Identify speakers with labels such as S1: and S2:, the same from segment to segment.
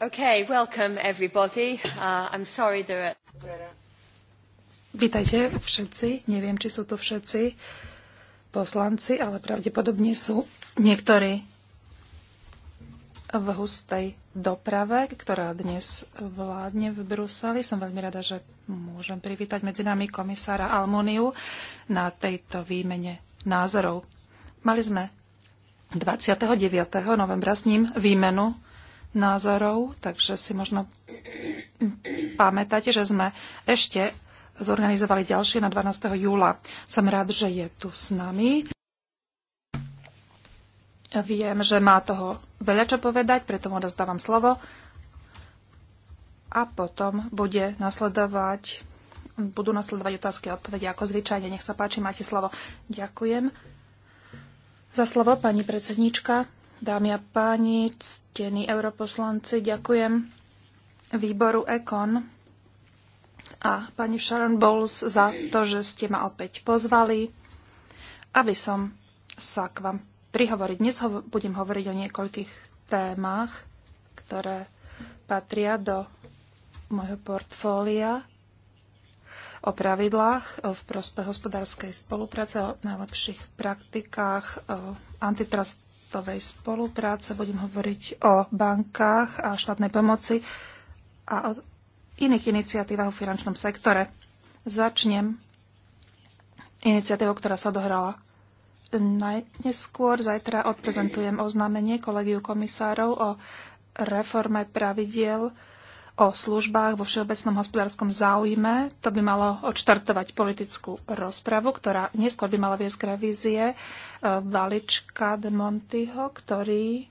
S1: Okay, welcome everybody. Uh, I'm sorry there are...
S2: Vítajte všetci. Neviem, či sú to všetci poslanci, ale pravdepodobne sú niektorí v hustej doprave, ktorá dnes vládne v Bruseli. Som veľmi rada, že môžem privítať medzi nami komisára Almuniu na tejto výmene názorov. Mali sme 29. novembra s ním výmenu názorov, takže si možno pamätáte, že sme ešte zorganizovali ďalšie na 12. júla. Som rád, že je tu s nami. Viem, že má toho veľa čo povedať, preto mu dostávam slovo. A potom bude nasledovať, budú nasledovať otázky a odpovede, ako zvyčajne. Nech sa páči, máte slovo. Ďakujem za slovo, pani predsedníčka. Dámy a páni, ctení europoslanci, ďakujem výboru EKON a pani Sharon Bowles za to, že ste ma opäť pozvali, aby som sa k vám prihovoriť. Dnes ho- budem hovoriť o niekoľkých témach, ktoré patria do môjho portfólia o pravidlách v prospech hospodárskej spolupráce, o najlepších praktikách, o antitrust rozpočtovej spolupráce. Budem hovoriť o bankách a štátnej pomoci a o iných iniciatívach v finančnom sektore. Začnem iniciatívou, ktorá sa dohrala najneskôr. Zajtra odprezentujem oznámenie kolegiu komisárov o reforme pravidiel o službách vo všeobecnom hospodárskom záujme. To by malo odštartovať politickú rozpravu, ktorá neskôr by mala viesť k revízie e, Valička de Montyho, ktorý e,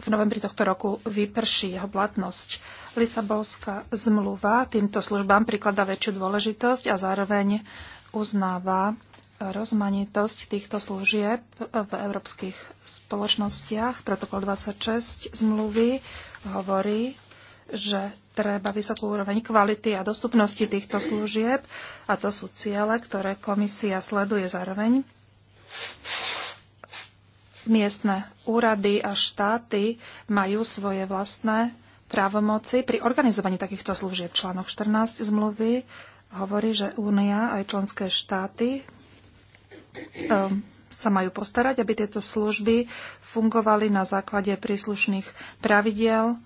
S2: v novembri tohto roku vyprší jeho platnosť. Lisabonská zmluva týmto službám prikladá väčšiu dôležitosť a zároveň uznáva rozmanitosť týchto služieb v európskych spoločnostiach. Protokol 26 zmluvy hovorí že treba vysokú úroveň kvality a dostupnosti týchto služieb a to sú ciele, ktoré komisia sleduje zároveň. Miestne úrady a štáty majú svoje vlastné právomoci pri organizovaní takýchto služieb. Článok 14 zmluvy hovorí, že Únia aj členské štáty um, sa majú postarať, aby tieto služby fungovali na základe príslušných pravidiel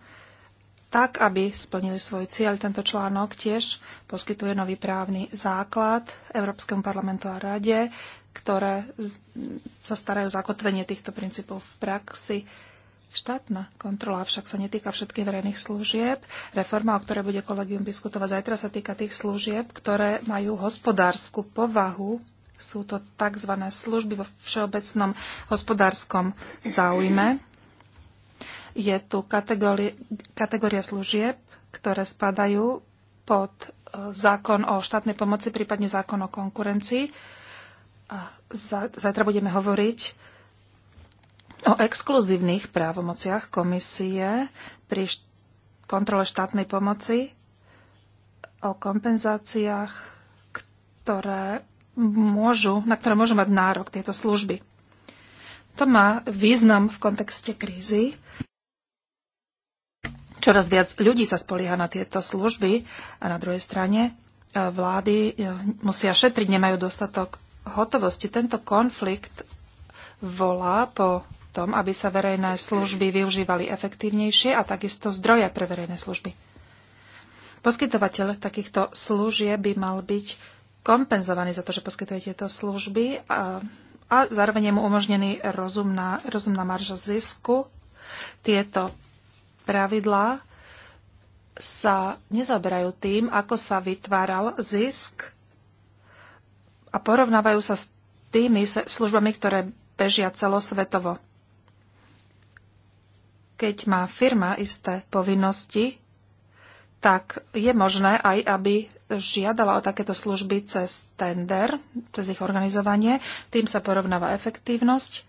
S2: tak, aby splnili svoj cieľ. Tento článok tiež poskytuje nový právny základ Európskemu parlamentu a Rade, ktoré sa starajú zakotvenie týchto princípov v praxi. Štátna kontrola však sa netýka všetkých verejných služieb. Reforma, o ktorej bude kolegium diskutovať zajtra, sa týka tých služieb, ktoré majú hospodárskú povahu. Sú to tzv. služby vo všeobecnom hospodárskom záujme. Je tu kategórie kategória služieb, ktoré spadajú pod e, zákon o štátnej pomoci, prípadne zákon o konkurencii. A zajtra budeme hovoriť o exkluzívnych právomociach komisie pri kontrole štátnej pomoci, o kompenzáciách, ktoré môžu, na ktoré môžu mať nárok tieto služby. To má význam v kontexte krízy. Čoraz viac ľudí sa spolieha na tieto služby a na druhej strane e, vlády e, musia šetriť, nemajú dostatok hotovosti. Tento konflikt volá po tom, aby sa verejné služby využívali efektívnejšie a takisto zdroje pre verejné služby. Poskytovateľ takýchto služieb by mal byť kompenzovaný za to, že poskytuje tieto služby a, a zároveň je mu umožnený rozumná, rozumná marža zisku. Tieto pravidlá sa nezaberajú tým, ako sa vytváral zisk a porovnávajú sa s tými službami, ktoré bežia celosvetovo. Keď má firma isté povinnosti, tak je možné aj, aby žiadala o takéto služby cez tender, cez ich organizovanie. Tým sa porovnáva efektívnosť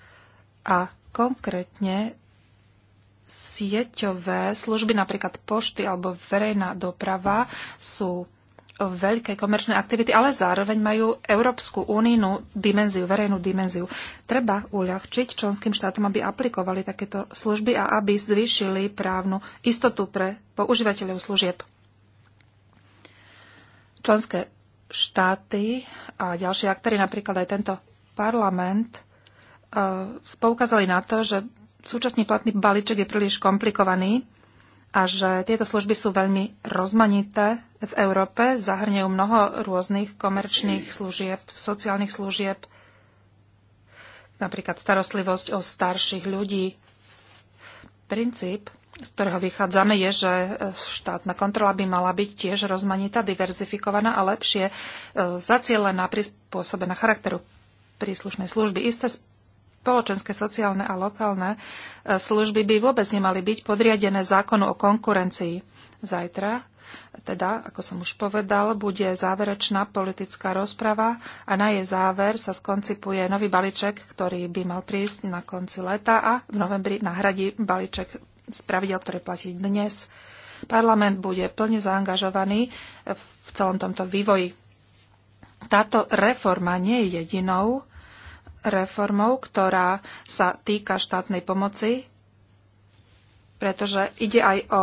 S2: a konkrétne sieťové služby, napríklad pošty alebo verejná doprava, sú veľké komerčné aktivity, ale zároveň majú Európsku únijnú dimenziu, verejnú dimenziu. Treba uľahčiť členským štátom, aby aplikovali takéto služby a aby zvýšili právnu istotu pre používateľov služieb. Členské štáty a ďalší aktéry, napríklad aj tento parlament, e, poukázali na to, že Súčasný platný balíček je príliš komplikovaný a že tieto služby sú veľmi rozmanité v Európe, zahrňujú mnoho rôznych komerčných služieb, sociálnych služieb, napríklad starostlivosť o starších ľudí. Princíp, z ktorého vychádzame, je, že e, štátna kontrola by mala byť tiež rozmanitá, diverzifikovaná a lepšie e, zacielená, prispôsobená charakteru príslušnej služby. Isté spoločenské, sociálne a lokálne e, služby by vôbec nemali byť podriadené zákonu o konkurencii. Zajtra, teda, ako som už povedal, bude záverečná politická rozprava a na jej záver sa skoncipuje nový balíček, ktorý by mal prísť na konci leta a v novembri nahradí balíček z pravidel, ktoré platí dnes. Parlament bude plne zaangažovaný v celom tomto vývoji. Táto reforma nie je jedinou, reformou, ktorá sa týka štátnej pomoci, pretože ide aj o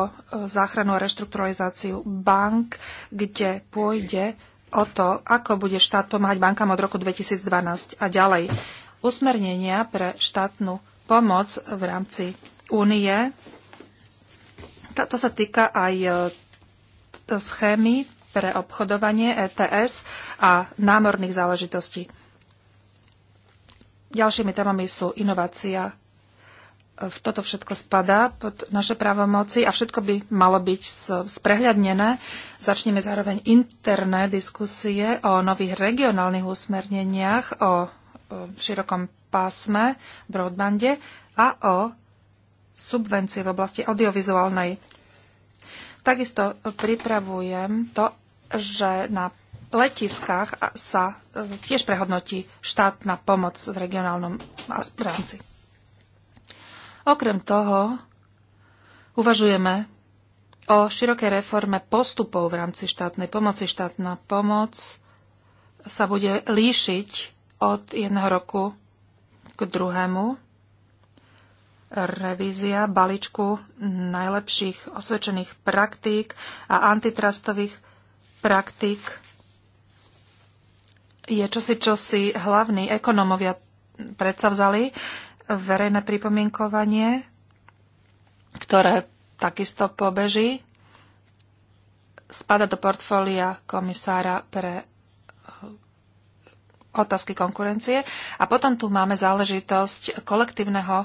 S2: záchranu a reštrukturalizáciu bank, kde pôjde o to, ako bude štát pomáhať bankám od roku 2012 a ďalej. Usmernenia pre štátnu pomoc v rámci únie. To sa týka aj e, schémy pre obchodovanie ETS a námorných záležitostí. Ďalšími témami sú inovácia. Toto všetko spadá pod naše právomoci a všetko by malo byť sprehľadnené. Začneme zároveň interné diskusie o nových regionálnych usmerneniach, o širokom pásme, broadbande a o subvencie v oblasti audiovizuálnej. Takisto pripravujem to, že na letiskách sa e, tiež prehodnotí štátna pomoc v regionálnom rámci. Okrem toho uvažujeme o širokej reforme postupov v rámci štátnej pomoci. Štátna pomoc sa bude líšiť od jedného roku k druhému. Revízia balíčku najlepších osvedčených praktík a antitrustových praktík je čosi, čo si hlavní ekonomovia predsa vzali. Verejné pripomienkovanie, ktoré takisto pobeží, spada do portfólia komisára pre eh, otázky konkurencie. A potom tu máme záležitosť kolektívneho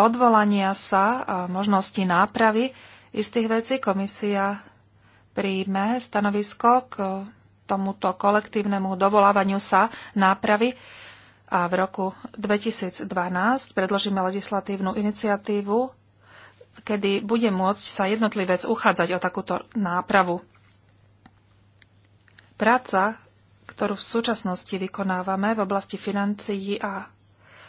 S2: odvolania sa a eh, možnosti nápravy istých vecí. Komisia príjme stanovisko k tomuto kolektívnemu dovolávaniu sa nápravy. A v roku 2012 predložíme legislatívnu iniciatívu, kedy bude môcť sa jednotlivec uchádzať o takúto nápravu. Práca, ktorú v súčasnosti vykonávame v oblasti financií a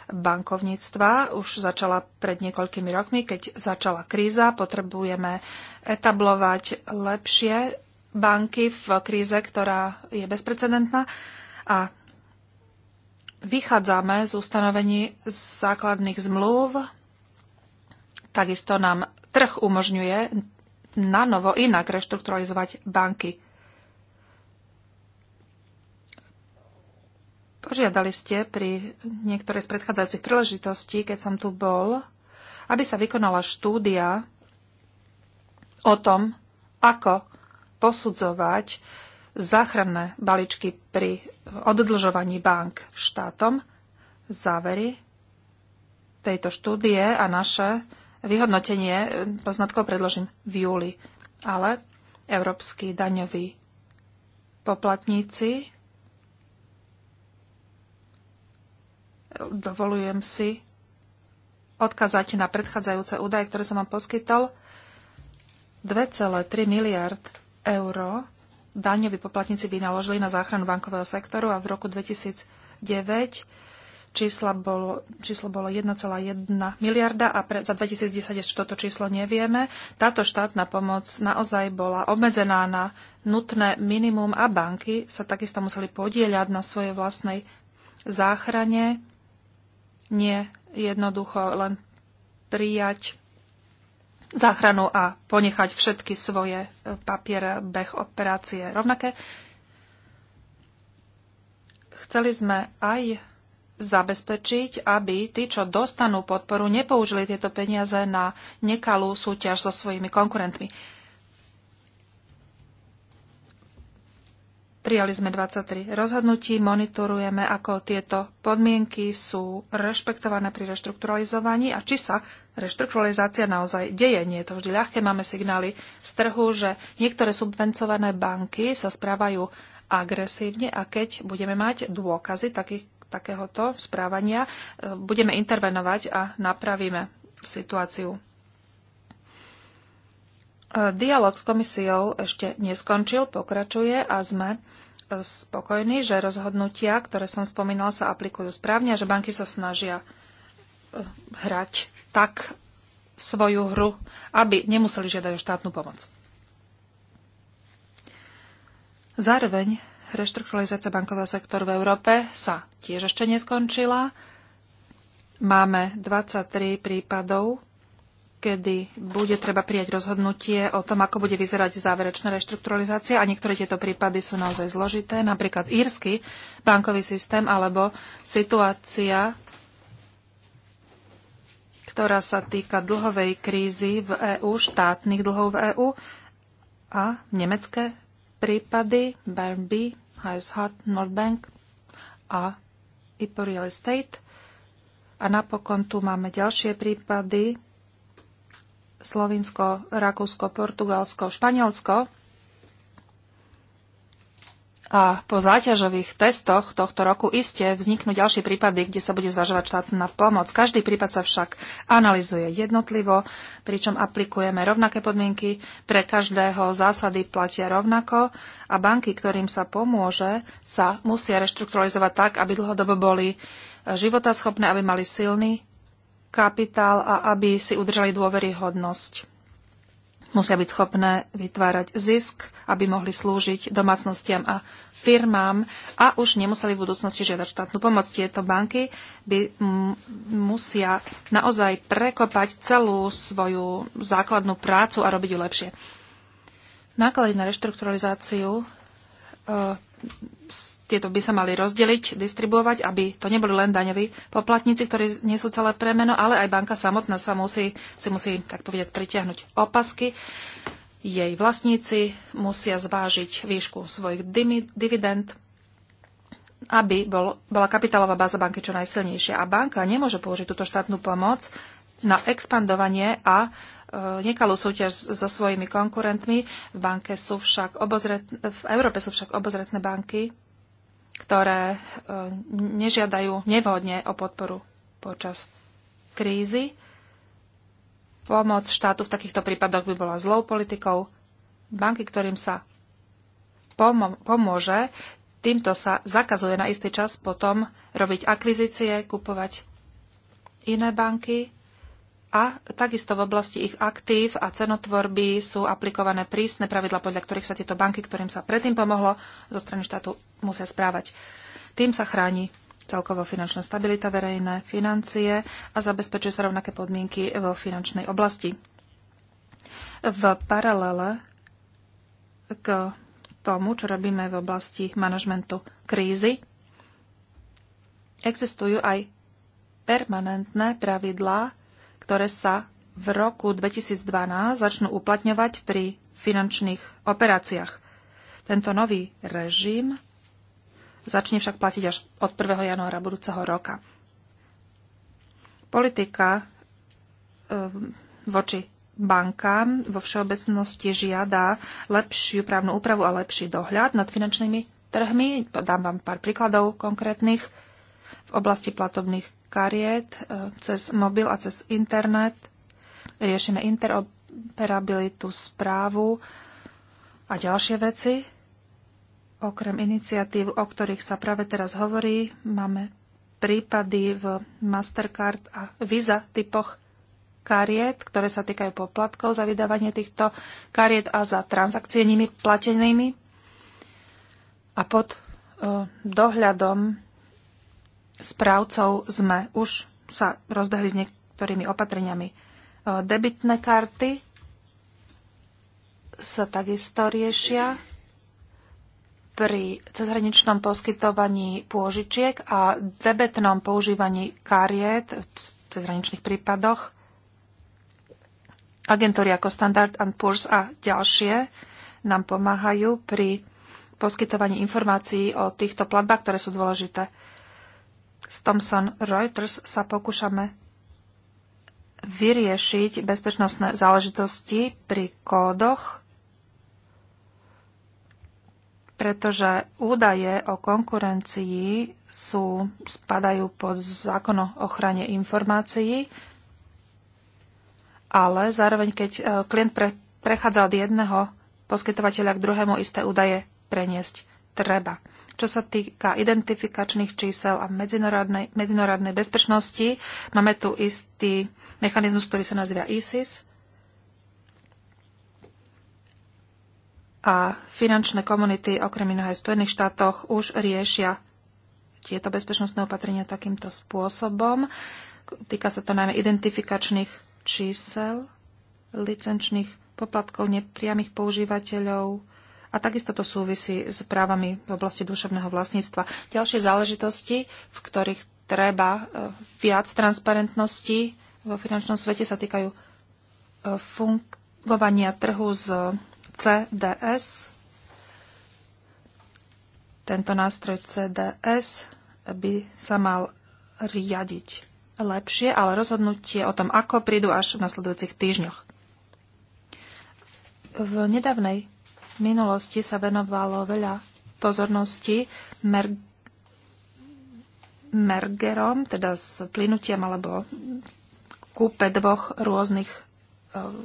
S2: bankovníctva už začala pred niekoľkými rokmi, keď začala kríza. Potrebujeme etablovať lepšie banky v kríze, ktorá je bezprecedentná a vychádzame z ustanovení základných zmluv. Takisto nám trh umožňuje na novo inak reštrukturalizovať banky. Požiadali ste pri niektorej z predchádzajúcich príležitostí, keď som tu bol, aby sa vykonala štúdia o tom, ako posudzovať záchranné baličky pri oddlžovaní bank štátom. Závery tejto štúdie a naše vyhodnotenie poznatkov predložím v júli. Ale európsky daňoví poplatníci dovolujem si odkazať na predchádzajúce údaje, ktoré som vám poskytol. 2,3 miliard euro daňoví poplatníci vynaložili na záchranu bankového sektoru a v roku 2009 čísla bolo, číslo bolo 1,1 miliarda a pre, za 2010 ešte toto číslo nevieme. Táto štátna pomoc naozaj bola obmedzená na nutné minimum a banky sa takisto museli podieľať na svojej vlastnej záchrane. Nie jednoducho len prijať záchranu a ponechať všetky svoje e, papiere, beh operácie rovnaké. Chceli sme aj zabezpečiť, aby tí, čo dostanú podporu, nepoužili tieto peniaze na nekalú súťaž so svojimi konkurentmi. Prijali sme 23 rozhodnutí, monitorujeme, ako tieto podmienky sú rešpektované pri reštrukturalizovaní a či sa reštrukturalizácia naozaj deje. Nie je to vždy ľahké. Máme signály z trhu, že niektoré subvencované banky sa správajú agresívne a keď budeme mať dôkazy takých, takéhoto správania, e, budeme intervenovať a napravíme situáciu. Dialóg s komisiou ešte neskončil, pokračuje a sme spokojní, že rozhodnutia, ktoré som spomínal, sa aplikujú správne a že banky sa snažia e, hrať tak svoju hru, aby nemuseli žiadať o štátnu pomoc. Zároveň reštrukturalizácia bankového sektoru v Európe sa tiež ešte neskončila. Máme 23 prípadov kedy bude treba prijať rozhodnutie o tom, ako bude vyzerať záverečná reštrukturalizácia a niektoré tieto prípady sú naozaj zložité, napríklad írsky bankový systém alebo situácia, ktorá sa týka dlhovej krízy v EÚ, štátnych dlhov v EÚ a nemecké prípady BNB, Heishot, Nordbank a IPO Real Estate. A napokon tu máme ďalšie prípady, Slovinsko, Rakúsko, Portugalsko, Španielsko. A po záťažových testoch tohto roku iste vzniknú ďalšie prípady, kde sa bude zvažovať štátna pomoc. Každý prípad sa však analizuje jednotlivo, pričom aplikujeme rovnaké podmienky, pre každého zásady platia rovnako a banky, ktorým sa pomôže, sa musia reštrukturalizovať tak, aby dlhodobo boli životaschopné, aby mali silný kapitál a aby si udržali dôveryhodnosť. Musia byť schopné vytvárať zisk, aby mohli slúžiť domácnostiam a firmám a už nemuseli v budúcnosti žiadať štátnu pomoc. Tieto banky by musia naozaj prekopať celú svoju základnú prácu a robiť ju lepšie. Náklady na reštrukturalizáciu e, tieto by sa mali rozdeliť, distribuovať, aby to neboli len daňoví poplatníci, ktorí nie sú celé premeno, ale aj banka samotná sa musí, si musí, tak povedať, pritiahnuť opasky. Jej vlastníci musia zvážiť výšku svojich dividend, aby bol, bola kapitálová báza banky čo najsilnejšia. A banka nemôže použiť túto štátnu pomoc na expandovanie a e, nekalú súťaž so svojimi konkurentmi. V, banke sú však obozret, v Európe sú však obozretné banky, ktoré e, nežiadajú nevhodne o podporu počas krízy. Pomoc štátu v takýchto prípadoch by bola zlou politikou. Banky, ktorým sa pomôže, týmto sa zakazuje na istý čas potom robiť akvizície, kupovať iné banky a takisto v oblasti ich aktív a cenotvorby sú aplikované prísne pravidla, podľa ktorých sa tieto banky, ktorým sa predtým pomohlo zo strany štátu, musia správať. Tým sa chráni celkovo finančná stabilita, verejné financie a zabezpečuje sa rovnaké podmienky vo finančnej oblasti. V paralele k tomu, čo robíme v oblasti manažmentu krízy, existujú aj permanentné pravidlá, ktoré sa v roku 2012 začnú uplatňovať pri finančných operáciách. Tento nový režim začne však platiť až od 1. januára budúceho roka. Politika ehm, voči bankám vo všeobecnosti žiada lepšiu právnu úpravu a lepší dohľad nad finančnými trhmi. Dám vám pár príkladov konkrétnych v oblasti platobných kariet e, cez mobil a cez internet. Riešime interoperabilitu, správu a ďalšie veci. Okrem iniciatív, o ktorých sa práve teraz hovorí, máme prípady v Mastercard a Visa typoch kariet, ktoré sa týkajú poplatkov za vydávanie týchto kariet a za transakcie nimi platenými. A pod e, dohľadom správcov sme už sa rozbehli s niektorými opatreniami. Debitné karty sa takisto riešia pri cezhraničnom poskytovaní pôžičiek a debetnom používaní kariet v cezhraničných prípadoch. Agentúry ako Standard and Poor's a ďalšie nám pomáhajú pri poskytovaní informácií o týchto platbách, ktoré sú dôležité s Thomson Reuters sa pokúšame vyriešiť bezpečnostné záležitosti pri kódoch, pretože údaje o konkurencii sú, spadajú pod zákon o ochrane informácií, ale zároveň, keď e, klient pre, prechádza od jedného poskytovateľa k druhému, isté údaje preniesť treba. Čo sa týka identifikačných čísel a medzinárodnej, medzinárodnej bezpečnosti, máme tu istý mechanizmus, ktorý sa nazýva ISIS a finančné komunity, okrem iného aj v Spojených štátoch, už riešia tieto bezpečnostné opatrenia takýmto spôsobom. Týka sa to najmä identifikačných čísel, licenčných poplatkov nepriamých používateľov, a takisto to súvisí s právami v oblasti duševného vlastníctva. Ďalšie záležitosti, v ktorých treba e, viac transparentnosti vo finančnom svete, sa týkajú e, fungovania trhu z CDS. Tento nástroj CDS by sa mal riadiť lepšie, ale rozhodnutie o tom, ako prídu až v nasledujúcich týždňoch. V nedávnej v minulosti sa venovalo veľa pozornosti mer- mergerom, teda s plynutiem alebo kúpe dvoch rôznych e,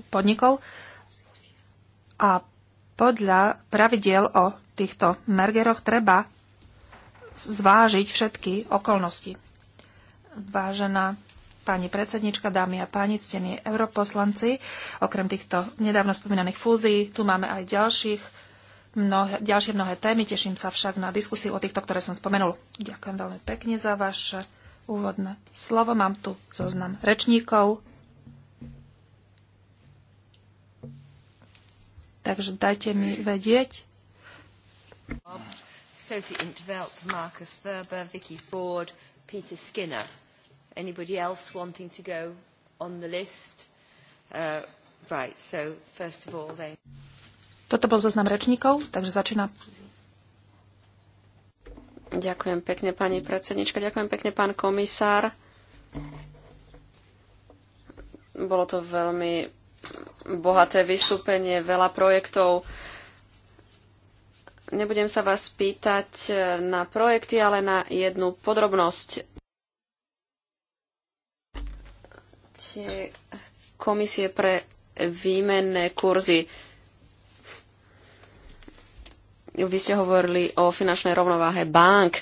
S2: podnikov. A podľa pravidiel o týchto mergeroch treba zvážiť všetky okolnosti. Vážená pani predsednička, dámy a páni, ctení europoslanci. Okrem týchto nedávno spomínaných fúzií, tu máme aj ďalších, mnohé, ďalšie mnohé témy. Teším sa však na diskusiu o týchto, ktoré som spomenul. Ďakujem veľmi pekne za vaše úvodné slovo. Mám tu zoznam rečníkov. Takže dajte mi vedieť.
S1: Sophie Intveld, Marcus Ferber, Vicky Ford, Peter Skinner. Anybody else wanting to go on the list? Uh, right, so first of all they...
S2: Toto bol zoznam rečníkov, takže začína.
S1: Ďakujem pekne, pani predsednička. Ďakujem pekne, pán komisár. Bolo to veľmi bohaté vystúpenie, veľa projektov. Nebudem sa vás pýtať na projekty, ale na jednu podrobnosť. tie komisie pre výmenné kurzy. Vy ste hovorili o finančnej rovnováhe bank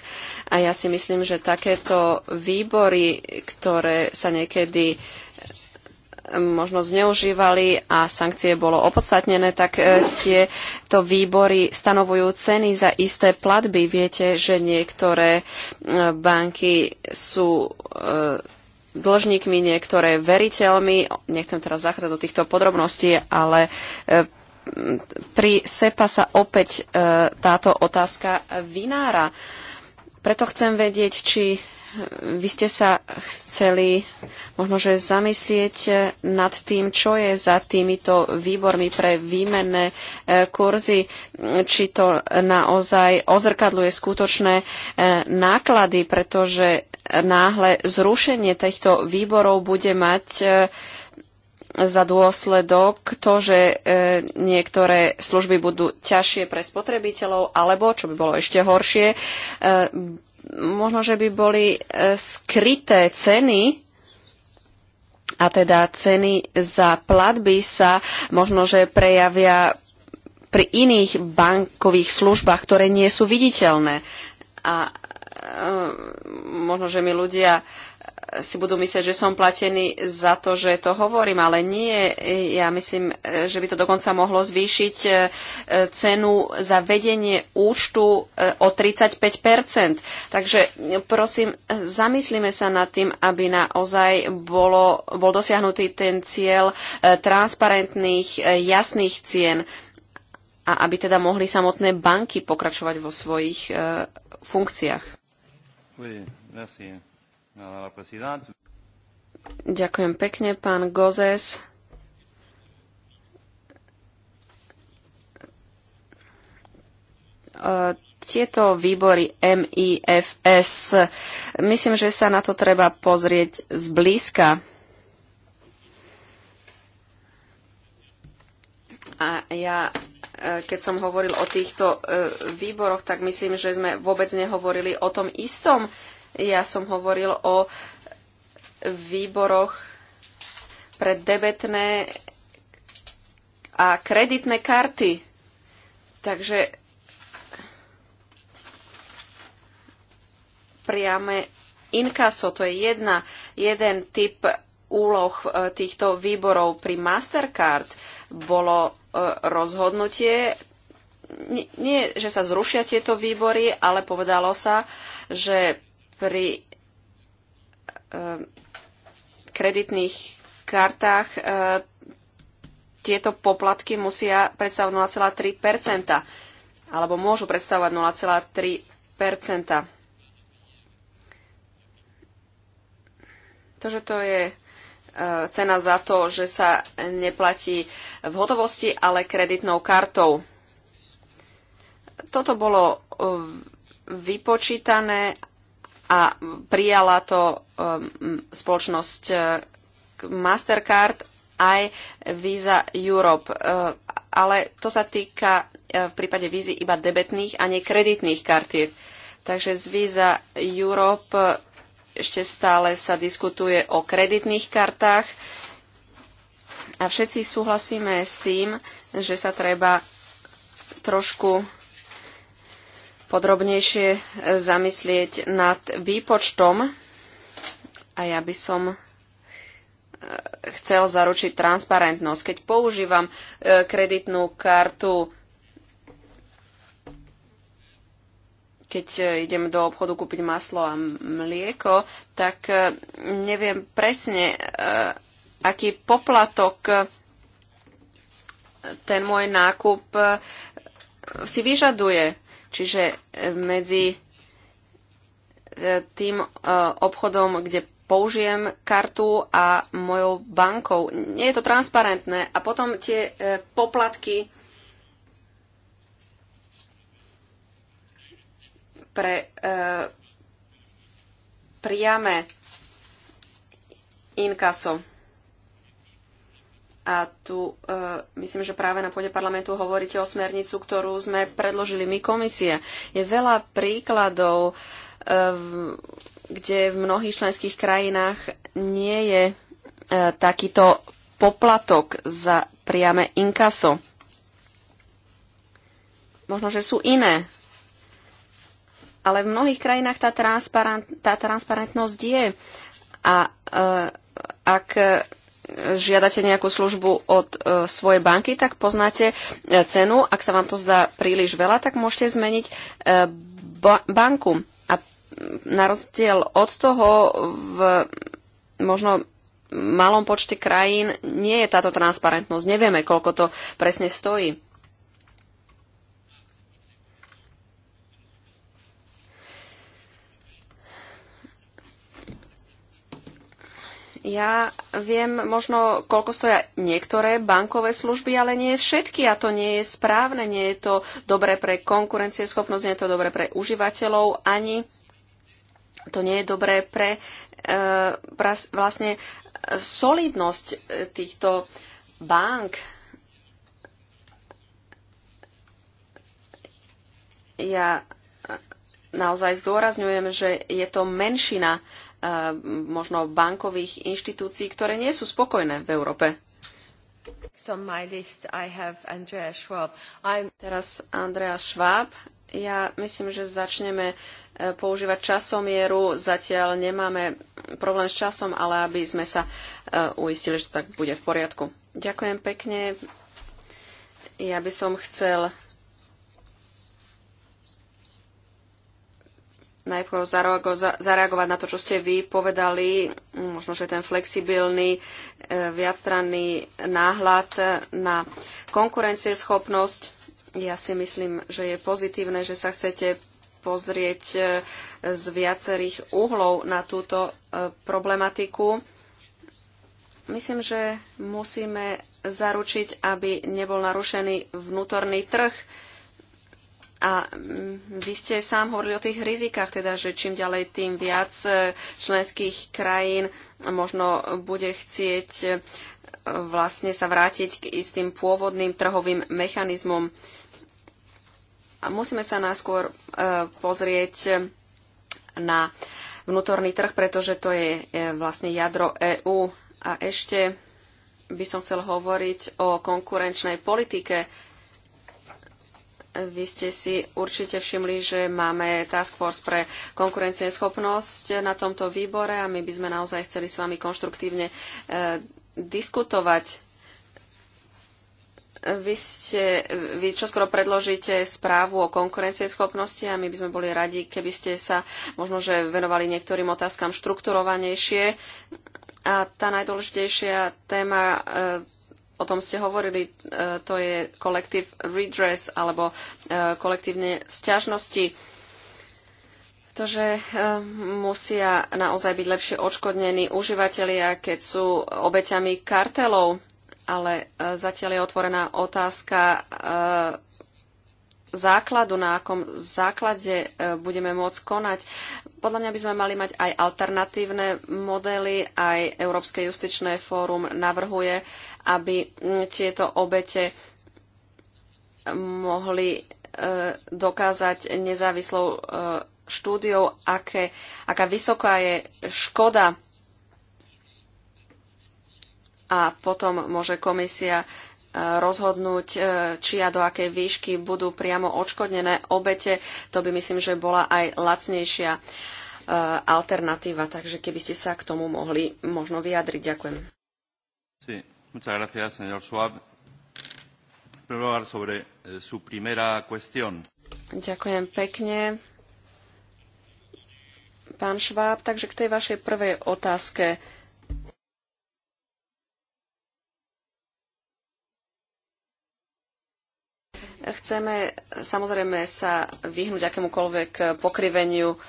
S1: a ja si myslím, že takéto výbory, ktoré sa niekedy eh, možno zneužívali a sankcie bolo opodstatnené, tak eh, tieto výbory stanovujú ceny za isté platby. Viete, že niektoré eh, banky sú dlžníkmi, niektoré veriteľmi. Nechcem teraz zachádzať do týchto podrobností, ale e, pri SEPA sa opäť e, táto otázka vynára. Preto chcem vedieť, či vy ste sa chceli možno, zamyslieť nad tým, čo je za týmito výbormi pre výmenné e, kurzy, či to naozaj ozrkadluje skutočné náklady, pretože náhle zrušenie týchto výborov bude mať e, za dôsledok to, že e, niektoré služby budú ťažšie pre spotrebiteľov, alebo, čo by bolo ešte horšie, e, možno, že by boli skryté ceny a teda ceny za platby sa možno, že prejavia pri iných bankových službách, ktoré nie sú viditeľné. A Ehm, možno, že mi ľudia eh, si budú myslieť, že som platený za to, že to hovorím, ale nie. Ja myslím, eh, že by to dokonca mohlo zvýšiť eh, cenu za vedenie účtu o 35 Takže prosím, zamyslíme sa nad tým, aby naozaj bolo, bol dosiahnutý ten cieľ transparentných, jasných cien a aby teda mohli samotné banky pokračovať vo svojich funkciách. Ďakujem pekne, pán Gozes. E, tieto výbory MIFS. Myslím, že sa na to treba pozrieť zblízka. A ja E, keď som hovoril o týchto e, výboroch, tak myslím, že sme vôbec nehovorili o tom istom. Ja som hovoril o výboroch pre debetné a kreditné karty. Takže priame inkaso, to je jedna, jeden typ úloh e, týchto výborov pri Mastercard bolo e, rozhodnutie, nie, že sa zrušia tieto výbory, ale povedalo sa, že pri e, kreditných kartách e, tieto poplatky musia predstavovať 0,3 alebo môžu predstavovať 0,3 To, že to je E, cena za to, že sa neplatí v hotovosti, ale kreditnou kartou. Toto bolo e, vypočítané a prijala to e, spoločnosť Mastercard aj Visa Europe. Ale to sa týka v prípade vízy iba debetných a nie kreditných kartiet. Takže z Visa Europe ešte stále sa diskutuje o kreditných kartách a všetci súhlasíme s tým, že sa treba trošku podrobnejšie e, zamyslieť nad výpočtom a ja by som e, chcel zaručiť transparentnosť. Keď používam e, kreditnú kartu keď e, idem do obchodu kúpiť maslo a mlieko, tak e, neviem presne, e, aký poplatok ten môj nákup si vyžaduje. Čiže medzi tým obchodom, kde použijem kartu a mojou bankou. Nie je to transparentné. A potom tie poplatky pre e, priame inkaso. A tu e, myslím, že práve na pôde parlamentu hovoríte o smernicu, ktorú sme predložili my komisie. Je veľa príkladov, e, v, kde v mnohých členských krajinách nie je e, takýto poplatok za priame inkaso. Možno, že sú iné ale v mnohých krajinách tá, transparent, tá transparentnosť je. A eh, ak žiadate nejakú službu od uh, svojej banky, tak poznáte uh, cenu. Ak sa vám to zdá príliš veľa, tak môžete zmeniť uh, ba- banku. A na rozdiel od toho v možno malom počte krajín nie je táto transparentnosť. Nevieme, koľko to presne stojí. Ja viem možno, koľko stoja niektoré bankové služby, ale nie všetky a to nie je správne, nie je to dobre pre konkurencieschopnosť, nie je to dobre pre užívateľov, ani to nie je dobré pre e, vlastne solidnosť e, týchto bank. Ja e, naozaj zdôrazňujem, že je to menšina Eh, možno bankových inštitúcií, ktoré nie sú spokojné v Európe. Teraz Andrea Schwab. Ja myslím, že začneme eh, používať časomieru. Zatiaľ nemáme problém s časom, ale aby sme sa eh, uistili, že to tak bude v poriadku. Ďakujem pekne. Ja by som chcel najprv zareagovať na to, čo ste vy povedali, mm, možno, že ten flexibilný, e, viacstranný náhľad na konkurencieschopnosť. Ja si myslím, že je pozitívne, že sa chcete pozrieť e, z viacerých uhlov na túto e, problematiku. Myslím, že musíme zaručiť, aby nebol narušený vnútorný trh a mm, vy ste sám hovorili o tých rizikách, teda, že čím ďalej, tým viac e, členských krajín možno bude chcieť e, vlastne sa vrátiť k istým pôvodným trhovým mechanizmom. A musíme sa náskôr e, pozrieť na vnútorný trh, pretože to je vlastne jadro EÚ. A ešte by som chcel hovoriť o konkurenčnej politike vy ste si určite všimli, že máme Task Force pre konkurencieschopnosť na tomto výbore a my by sme naozaj chceli s vami konštruktívne e, diskutovať. Vy, ste, vy čoskoro predložíte správu o konkurencieschopnosti a my by sme boli radi, keby ste sa možno, že venovali niektorým otázkam štrukturovanejšie. A tá najdôležitejšia téma e, o tom ste hovorili, e, to je kolektív redress alebo e, kolektívne sťažnosti. To, že e, musia naozaj byť lepšie odškodnení užívateľia, keď sú obeťami kartelov, ale zatiaľ je otvorená otázka základu, na akom základe budeme môcť konať. Podľa mňa by sme mali mať aj alternatívne modely, aj Európske justičné fórum navrhuje aby mm, tieto obete mohli e, dokázať nezávislou e, štúdiou, aké, aká vysoká je škoda. A potom môže komisia e, rozhodnúť, či a do akej výšky budú priamo odškodnené obete. To by myslím, že bola aj lacnejšia alternatíva. Takže keby ste sa k tomu mohli možno vyjadriť. Ďakujem.
S3: Muchas gracias, señor Schwab.
S2: sobre eh, su primera cuestión.
S1: Ďakujem pekne. Pán Šváb, takže k tej vašej prvej otázke. Chceme samozrejme sa vyhnúť akémukoľvek pokriveniu eh,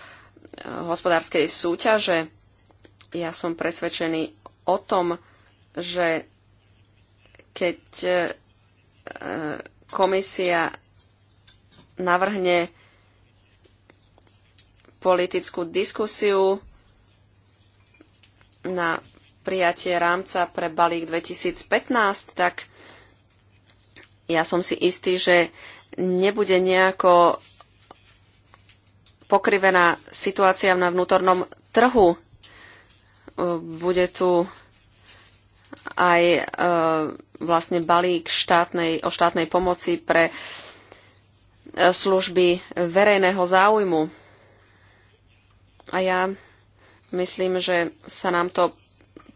S1: hospodárskej súťaže. Ja som presvedčený o tom, že keď e, e, komisia navrhne politickú diskusiu na prijatie rámca pre balík 2015, tak ja som si istý, že nebude nejako pokrivená situácia na vnútornom trhu. E, bude tu aj e, vlastne balík štátnej, o štátnej pomoci pre e, služby verejného záujmu. A ja myslím, že sa nám to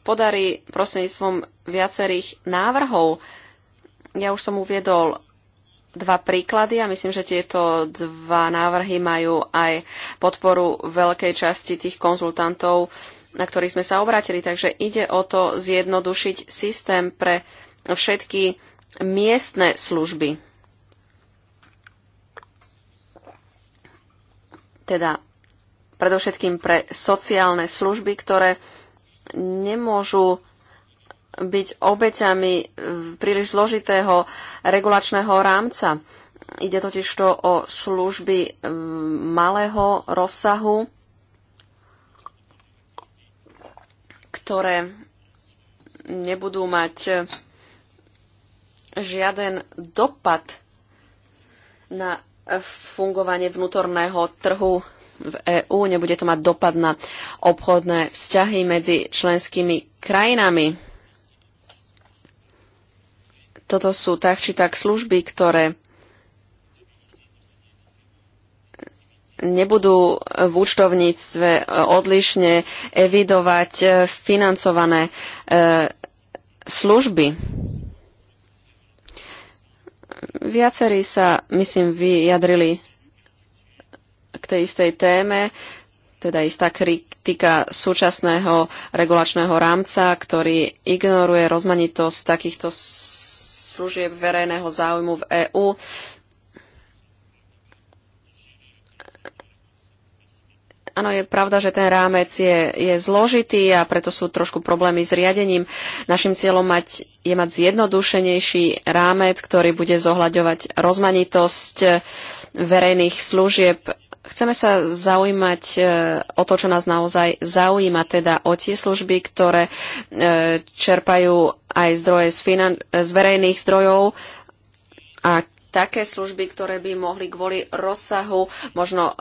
S1: podarí prostredníctvom viacerých návrhov. Ja už som uviedol dva príklady a myslím, že tieto dva návrhy majú aj podporu veľkej časti tých konzultantov na ktorý sme sa obrátili. Takže ide o to zjednodušiť systém pre všetky miestne služby. Teda predovšetkým pre sociálne služby, ktoré nemôžu byť obeťami príliš zložitého regulačného rámca. Ide totiž to o služby mm, malého rozsahu, ktoré nebudú mať žiaden dopad na fungovanie vnútorného trhu v EÚ, nebude to mať dopad na obchodné vzťahy medzi členskými krajinami. Toto sú tak či tak služby, ktoré nebudú v účtovníctve e, odlišne evidovať e, financované e, služby. Viacerí sa, myslím, vyjadrili k tej istej téme, teda istá kritika súčasného regulačného rámca, ktorý ignoruje rozmanitosť takýchto služieb verejného záujmu v EÚ. Áno, je pravda, že ten rámec je, je zložitý a preto sú trošku problémy s riadením. Našim cieľom mať, je mať zjednodušenejší rámec, ktorý bude zohľadovať rozmanitosť verejných služieb. Chceme sa zaujímať e, o to, čo nás naozaj zaujíma, teda o tie služby, ktoré e, čerpajú aj zdroje z, finan- z verejných zdrojov a také služby, ktoré by mohli kvôli rozsahu možno e,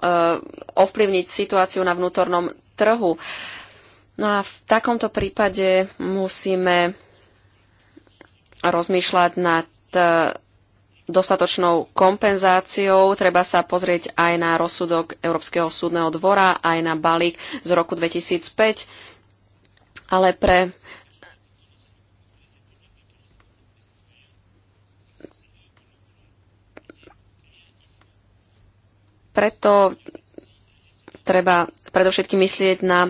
S1: ovplyvniť situáciu na vnútornom trhu. No a v takomto prípade musíme rozmýšľať nad e, dostatočnou kompenzáciou. Treba sa pozrieť aj na rozsudok Európskeho súdneho dvora, aj na balík z roku 2005. Ale pre preto Treba predovšetkým myslieť na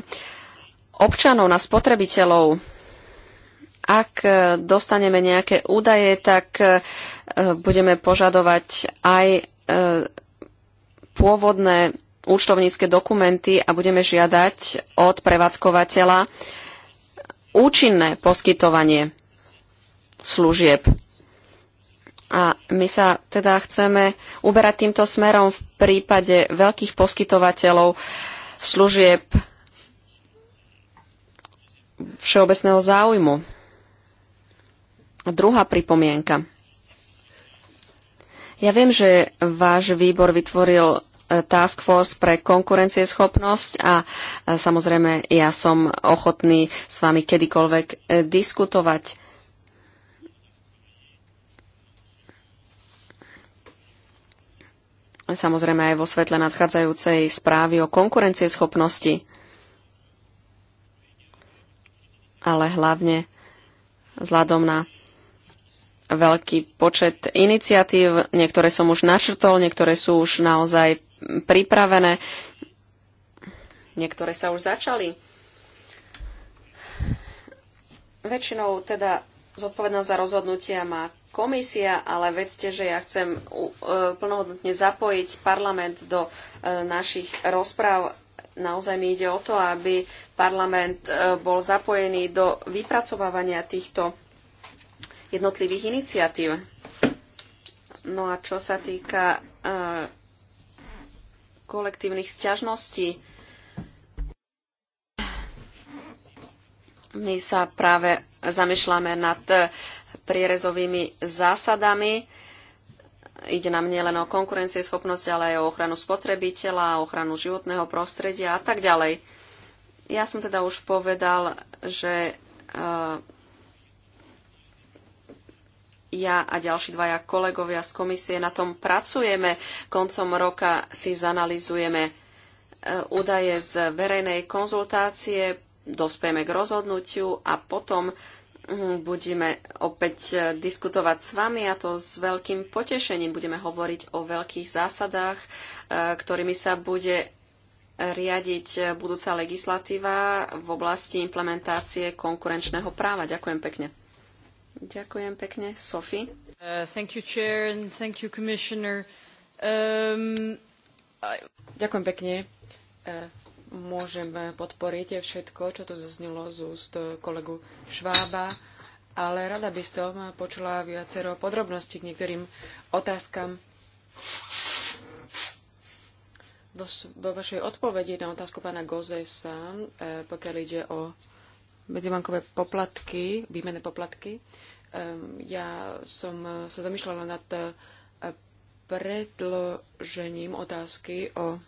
S1: občanov, na spotrebiteľov. Ak dostaneme nejaké údaje, tak e, budeme požadovať aj e, pôvodné účtovnícke dokumenty a budeme žiadať od prevádzkovateľa účinné poskytovanie služieb. A my sa teda chceme uberať týmto smerom v prípade veľkých poskytovateľov služieb všeobecného záujmu. druhá pripomienka. Ja viem, že váš výbor vytvoril e, Task Force pre konkurencieschopnosť a e, samozrejme ja som ochotný s vami kedykoľvek e, diskutovať. Samozrejme aj vo svetle nadchádzajúcej správy o konkurencieschopnosti, ale hlavne vzhľadom na veľký počet iniciatív. Niektoré som už načrtol, niektoré sú už naozaj pripravené, niektoré sa už začali. Väčšinou teda zodpovednosť za rozhodnutia má komisia, ale vedzte, že ja chcem e, plnohodnotne zapojiť parlament do e, našich rozpráv. Naozaj mi ide o to, aby parlament e, bol zapojený do vypracovávania týchto jednotlivých iniciatív. No a čo sa týka kolektívnych sťažností, my sa práve zamýšľame nad prierezovými zásadami. Ide nám nielen o konkurencieschopnosť, ale aj o ochranu spotrebiteľa, ochranu životného prostredia a tak ďalej. Ja som teda už povedal, že e, ja a ďalší dvaja kolegovia z komisie na tom pracujeme. Koncom roka si zanalizujeme e, údaje z verejnej konzultácie, dospieme k rozhodnutiu a potom Mhm, budeme opäť e, diskutovať s vami a to s veľkým potešením. Budeme hovoriť o veľkých zásadách, e, ktorými sa bude riadiť e, budúca legislatíva v oblasti implementácie konkurenčného práva. Ďakujem pekne. Ďakujem pekne. Sofi. Uh, thank you, Chair, and thank you, Commissioner. Um,
S3: Ďakujem pekne. Uh, môžem podporiť všetko, čo tu zaznelo z úst kolegu Švába, ale rada by som počula viacero podrobností k niektorým otázkam. Vo, vo vašej odpovedi na otázku pána Gozesa, e, pokiaľ ide o medzibankové poplatky, výmenné poplatky, e, ja som sa zamýšľala nad e, predložením otázky o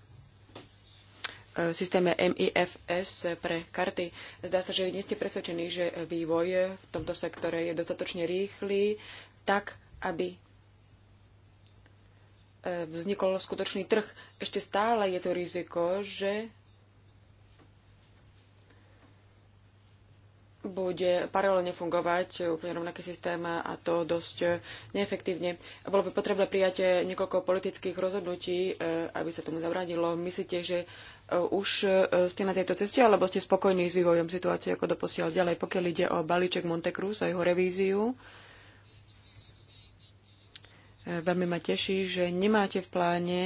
S3: systéme MIFS pre karty. Zdá sa, že nie ste presvedčení, že vývoj v tomto sektore je dostatočne rýchly, tak, aby e, vznikol skutočný trh. Ešte stále je to riziko, že bude paralelne fungovať úplne rovnaký systém a to dosť neefektívne. Bolo by potrebné prijať niekoľko politických rozhodnutí, e, aby sa tomu zabranilo. Myslíte, že E, už e, ste na tejto ceste, alebo ste spokojní s vývojom situácie ako doposiaľ ďalej, pokiaľ ide o balíček Monte Montekrus a jeho revíziu? E, veľmi ma teší, že nemáte v pláne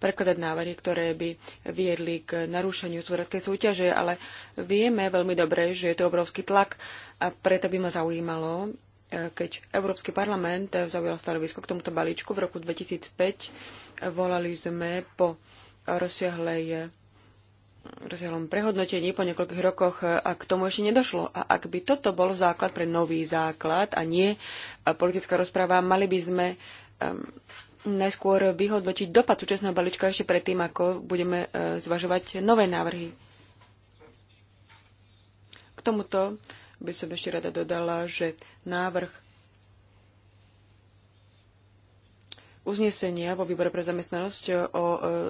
S3: prekladať návrhy, ktoré by viedli k narušeniu súverenskej súťaže, ale vieme veľmi dobre, že je to obrovský tlak a preto by ma zaujímalo, keď Európsky parlament zaujal stanovisko k tomuto balíčku v roku 2005, volali sme po rozsiahlej rozsiahlom prehodnotení po niekoľkých rokoch a k tomu ešte nedošlo. A ak by toto bol základ pre nový základ a nie politická rozpráva, mali by sme um, najskôr vyhodnotiť dopad súčasného balíčka ešte predtým, ako budeme uh, zvažovať nové návrhy. K tomuto by som ešte rada dodala, že návrh uznesenia vo výbore pre zamestnanosť o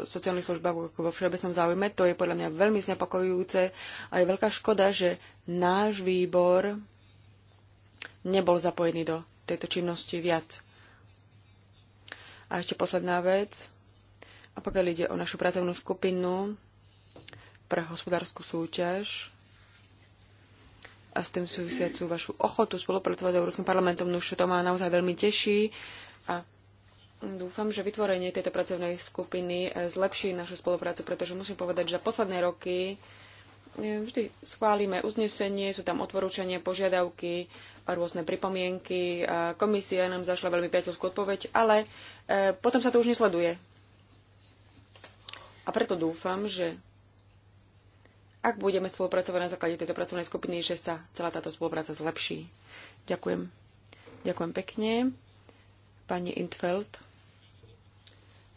S3: sociálnych službách vo všeobecnom záujme, to je podľa mňa veľmi znepokojujúce a je veľká škoda, že náš výbor nebol zapojený do tejto činnosti viac. A ešte posledná vec. A pokiaľ ide o našu pracovnú skupinu pre hospodárskú súťaž, a s tým súvisiacu vašu ochotu spolupracovať s Európskym parlamentom. No už to ma naozaj veľmi teší a dúfam, že vytvorenie tejto pracovnej skupiny e, zlepší našu spoluprácu, pretože musím povedať, že za posledné roky e, vždy schválime uznesenie, sú tam odporúčania, požiadavky, a rôzne pripomienky a komisia nám zašla veľmi priateľskú odpoveď, ale e, potom sa to už nesleduje. A preto dúfam, že ak budeme spolupracovať na základe tejto pracovnej skupiny, že sa celá táto spolupráca zlepší. Ďakujem. Ďakujem pekne. Pani Intfeld,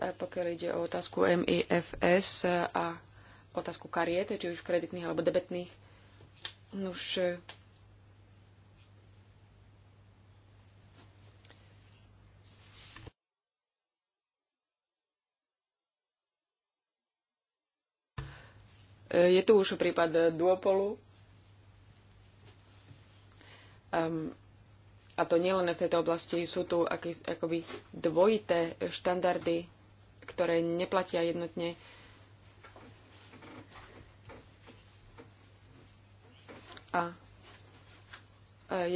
S3: e, pokiaľ ide o otázku MIFS a otázku kariet, či už kreditných alebo debetných, už Je tu už prípad duopolu. Um, a to nielen v tejto oblasti, sú tu aký, akoby dvojité štandardy, ktoré neplatia jednotne. A e,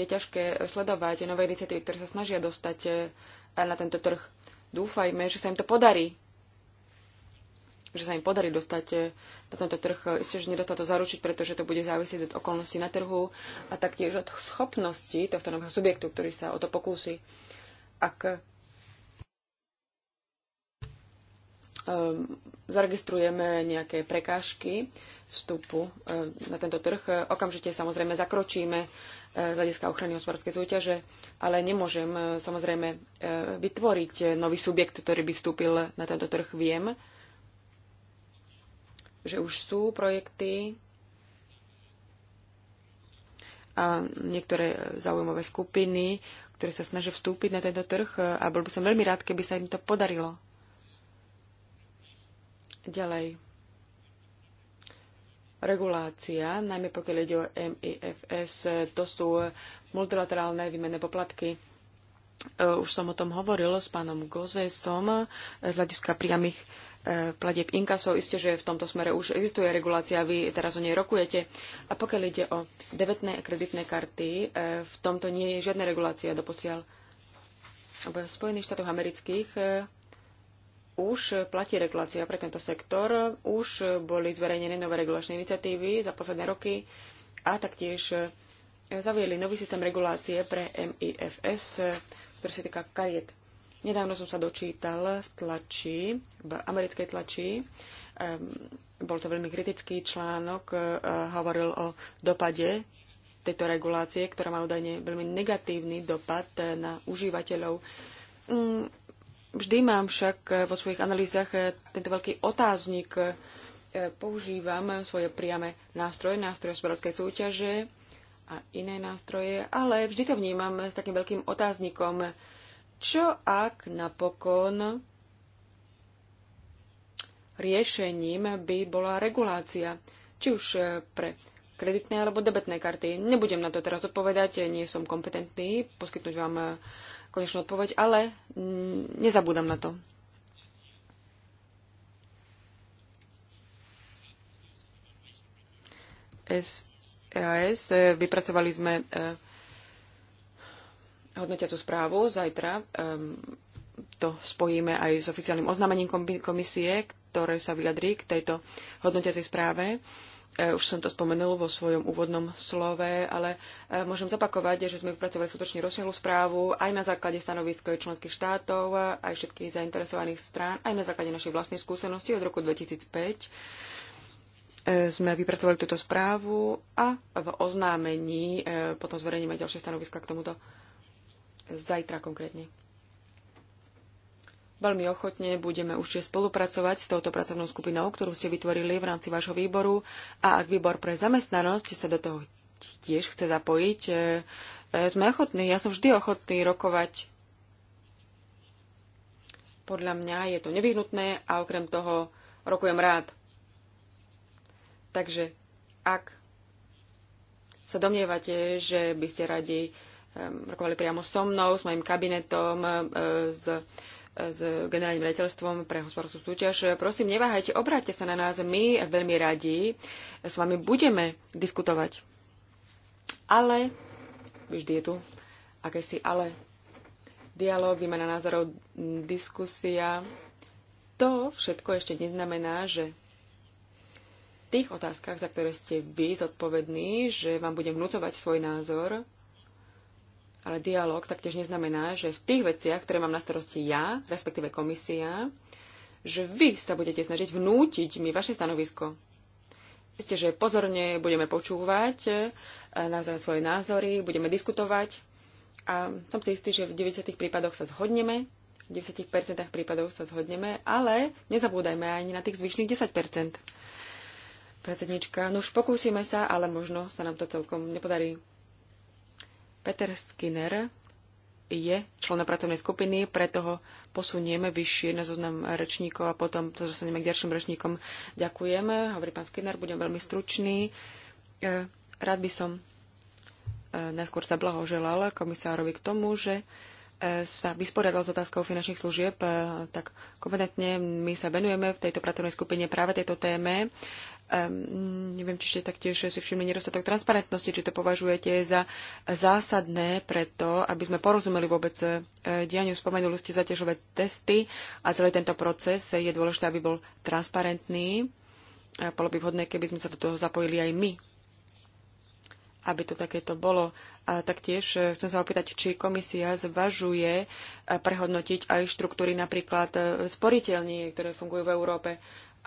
S3: je ťažké sledovať nové iniciatívy, ktoré sa snažia dostať e, na tento trh. Dúfajme, že sa im to podarí že sa im podarí dostať e, na tento trh. Isté, že nedá to zaručiť, pretože to bude závisieť od okolností na trhu a taktiež od schopnosti tohto nového subjektu, ktorý sa o to pokúsi. Ak e, zaregistrujeme nejaké prekážky vstupu e, na tento trh. Okamžite samozrejme zakročíme z hľadiska ochrany hospodárskej súťaže, ale nemôžem samozrejme vytvoriť nový subjekt, ktorý by vstúpil na tento trh. Viem, že už sú projekty a niektoré zaujímavé skupiny, ktoré sa snažia vstúpiť na tento trh e, a bol by som veľmi rád, keby sa im to podarilo. Ďalej. Regulácia, najmä pokiaľ ide o MIFS, e, to sú multilaterálne výmenné poplatky. E, už som o tom hovoril s pánom Gozesom z hľadiska priamých platieb inkasov. Isté, že v tomto smere už existuje regulácia, vy teraz o nej rokujete. A pokiaľ ide o debetné a kreditné karty, e, v tomto nie je žiadna regulácia doposiaľ. V Spojených štátoch amerických e, už platí regulácia pre tento sektor, už boli zverejnené nové regulačné iniciatívy za posledné roky a taktiež e, zaviedli nový systém regulácie pre MIFS, ktorý sa týka kariet. Nedávno som sa dočítal v tlači, v americkej tlači, bol to veľmi kritický článok, e, hovoril o dopade tejto regulácie, ktorá má údajne veľmi negatívny dopad na užívateľov. Mm, vždy mám však e, vo svojich analýzach e, tento veľký otáznik. Používam svoje priame nástroje, nástroje hospodárskej súťaže a iné nástroje, ale vždy to vnímam s takým veľkým otáznikom. Čo ak napokon riešením by bola regulácia, či už eh, pre kreditné alebo debetné karty. Nebudem na to teraz odpovedať, eh, nie som kompetentný poskytnúť vám eh, konečnú odpoveď, ale mm, nezabúdam na to. SAS e vypracovali sme hodnotiacu správu zajtra. Um, to spojíme aj s oficiálnym oznámením komisie, ktoré sa vyjadrí k tejto hodnotiacej správe. E, už som to spomenul vo svojom úvodnom slove, ale e, môžem zopakovať, že sme vypracovali skutočne rozsiahlu správu aj na základe stanoviska členských štátov, e, aj všetkých zainteresovaných strán, aj na základe našej vlastnej skúsenosti od roku 2005 sme vypracovali túto správu a v oznámení potom zverejníme ďalšie stanoviska k tomuto zajtra konkrétne. Veľmi ochotne budeme už spolupracovať s touto pracovnou skupinou, ktorú ste vytvorili v rámci vášho výboru a ak výbor pre zamestnanosť sa do toho tiež chce zapojiť, e, e, sme ochotní. Ja som vždy ochotný rokovať. Podľa mňa je to nevyhnutné a okrem toho rokujem rád. Takže ak sa domnievate, že by ste radi rokovali priamo so mnou, s mojim kabinetom, s, s generálnym riaditeľstvom pre hospodárskú súťaž. Prosím, neváhajte, obráťte sa na nás. My veľmi radi s vami budeme diskutovať. Ale, vždy je tu akési ale. dialog, výmena názorov, diskusia. To všetko ešte neznamená, že v tých otázkach, za ktoré ste vy zodpovední, že vám budem vnúcovať svoj názor, ale dialog taktiež neznamená, že v tých veciach, ktoré mám na starosti ja, respektíve komisia, že vy sa budete snažiť vnútiť mi vaše stanovisko. Ste, že pozorne budeme počúvať e, navzájom svoje názory, budeme diskutovať a som si istý, že v 90 prípadoch sa zhodneme, v 90% prípadov sa zhodneme, ale nezabúdajme ani na tých zvyšných 10%. Predsednička, no už pokúsime sa, ale možno sa nám to celkom nepodarí. Peter Skinner je členom pracovnej skupiny, preto ho posunieme vyššie na zoznam rečníkov a potom to zostaneme k ďalším rečníkom. Ďakujem, hovorí pán Skinner, budem veľmi stručný. E, rád by som e, najskôr sa blahoželal komisárovi k tomu, že sa vysporiadal s otázkou finančných služieb, e, tak kompetentne my sa venujeme v tejto pracovnej skupine práve tejto téme. Ehm, neviem, či ste taktiež si všimli nedostatok transparentnosti, či to považujete za zásadné preto, aby sme porozumeli vôbec e, dianiu. Spomenuli ste zaťažové testy a celý tento proces je dôležité, aby bol transparentný. A bolo by vhodné, keby sme sa do toho zapojili aj my aby to takéto bolo. A taktiež eh, chcem sa opýtať, či komisia zvažuje eh, prehodnotiť aj štruktúry napríklad eh, sporiteľní, ktoré fungujú v Európe.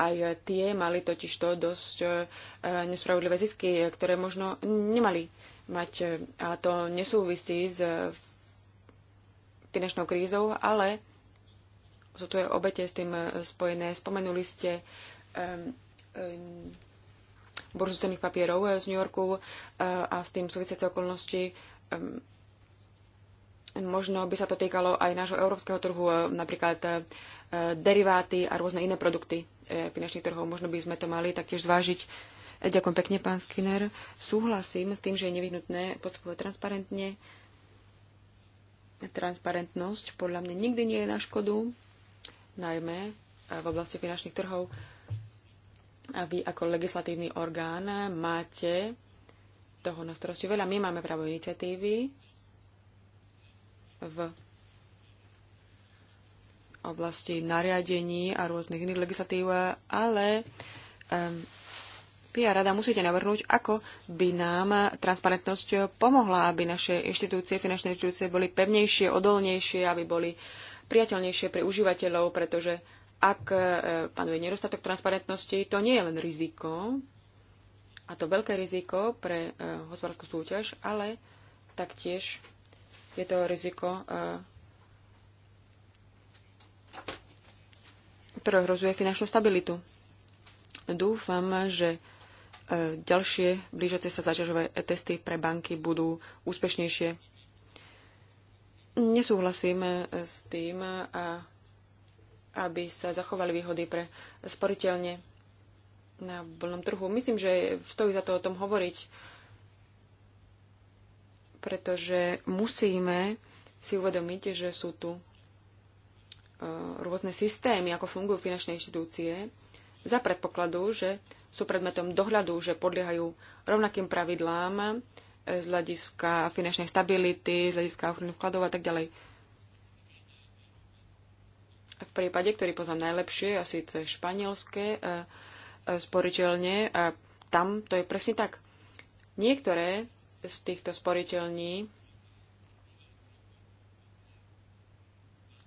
S3: Aj tie mali to dosť nespravodlivé zisky, ktoré možno nemali mať. A to nesúvisí s finančnou krízou, ale sú tu aj obete s tým spojené. Spomenuli ste um, um, burzu cených papierov eh, z New Yorku eh, a s tým súvisiace okolnosti. Možno by sa to týkalo aj nášho európskeho trhu, eh, napríklad deriváty a rôzne iné produkty finančných trhov. Možno by sme to mali taktiež zvážiť. Ďakujem pekne, pán Skinner. Súhlasím s tým, že je nevyhnutné postupovať transparentne. Transparentnosť podľa mňa nikdy nie je na škodu, najmä v oblasti finančných trhov a vy ako legislatívny orgán máte toho na starosti veľa. My máme právo iniciatívy v oblasti nariadení a rôznych iných legislatív, ale um, a rada musíte navrhnúť, ako by nám transparentnosť pomohla, aby naše inštitúcie, finančné inštitúcie boli pevnejšie, odolnejšie, aby boli priateľnejšie pre užívateľov, pretože ak e, panuje nedostatok transparentnosti, to nie je len riziko, a to veľké riziko pre e, hospodárskú súťaž, ale taktiež je to riziko, e, ktoré hrozuje finančnú stabilitu. Dúfam, že ďalšie blížiace sa zaťažové testy pre banky budú úspešnejšie. Nesúhlasím s tým, a aby sa zachovali výhody pre sporiteľne na voľnom trhu. Myslím, že stojí za to o tom hovoriť, pretože musíme si uvedomiť, že sú tu e, rôzne systémy, ako fungujú finančné inštitúcie, za predpokladu, že sú predmetom dohľadu, že podliehajú rovnakým pravidlám e, z hľadiska finančnej stability, z hľadiska ochrany vkladov a tak ďalej v prípade, ktorý poznám najlepšie, asi cez španielské, e, e, sporiteľne, a tam to je presne tak. Niektoré z týchto sporiteľní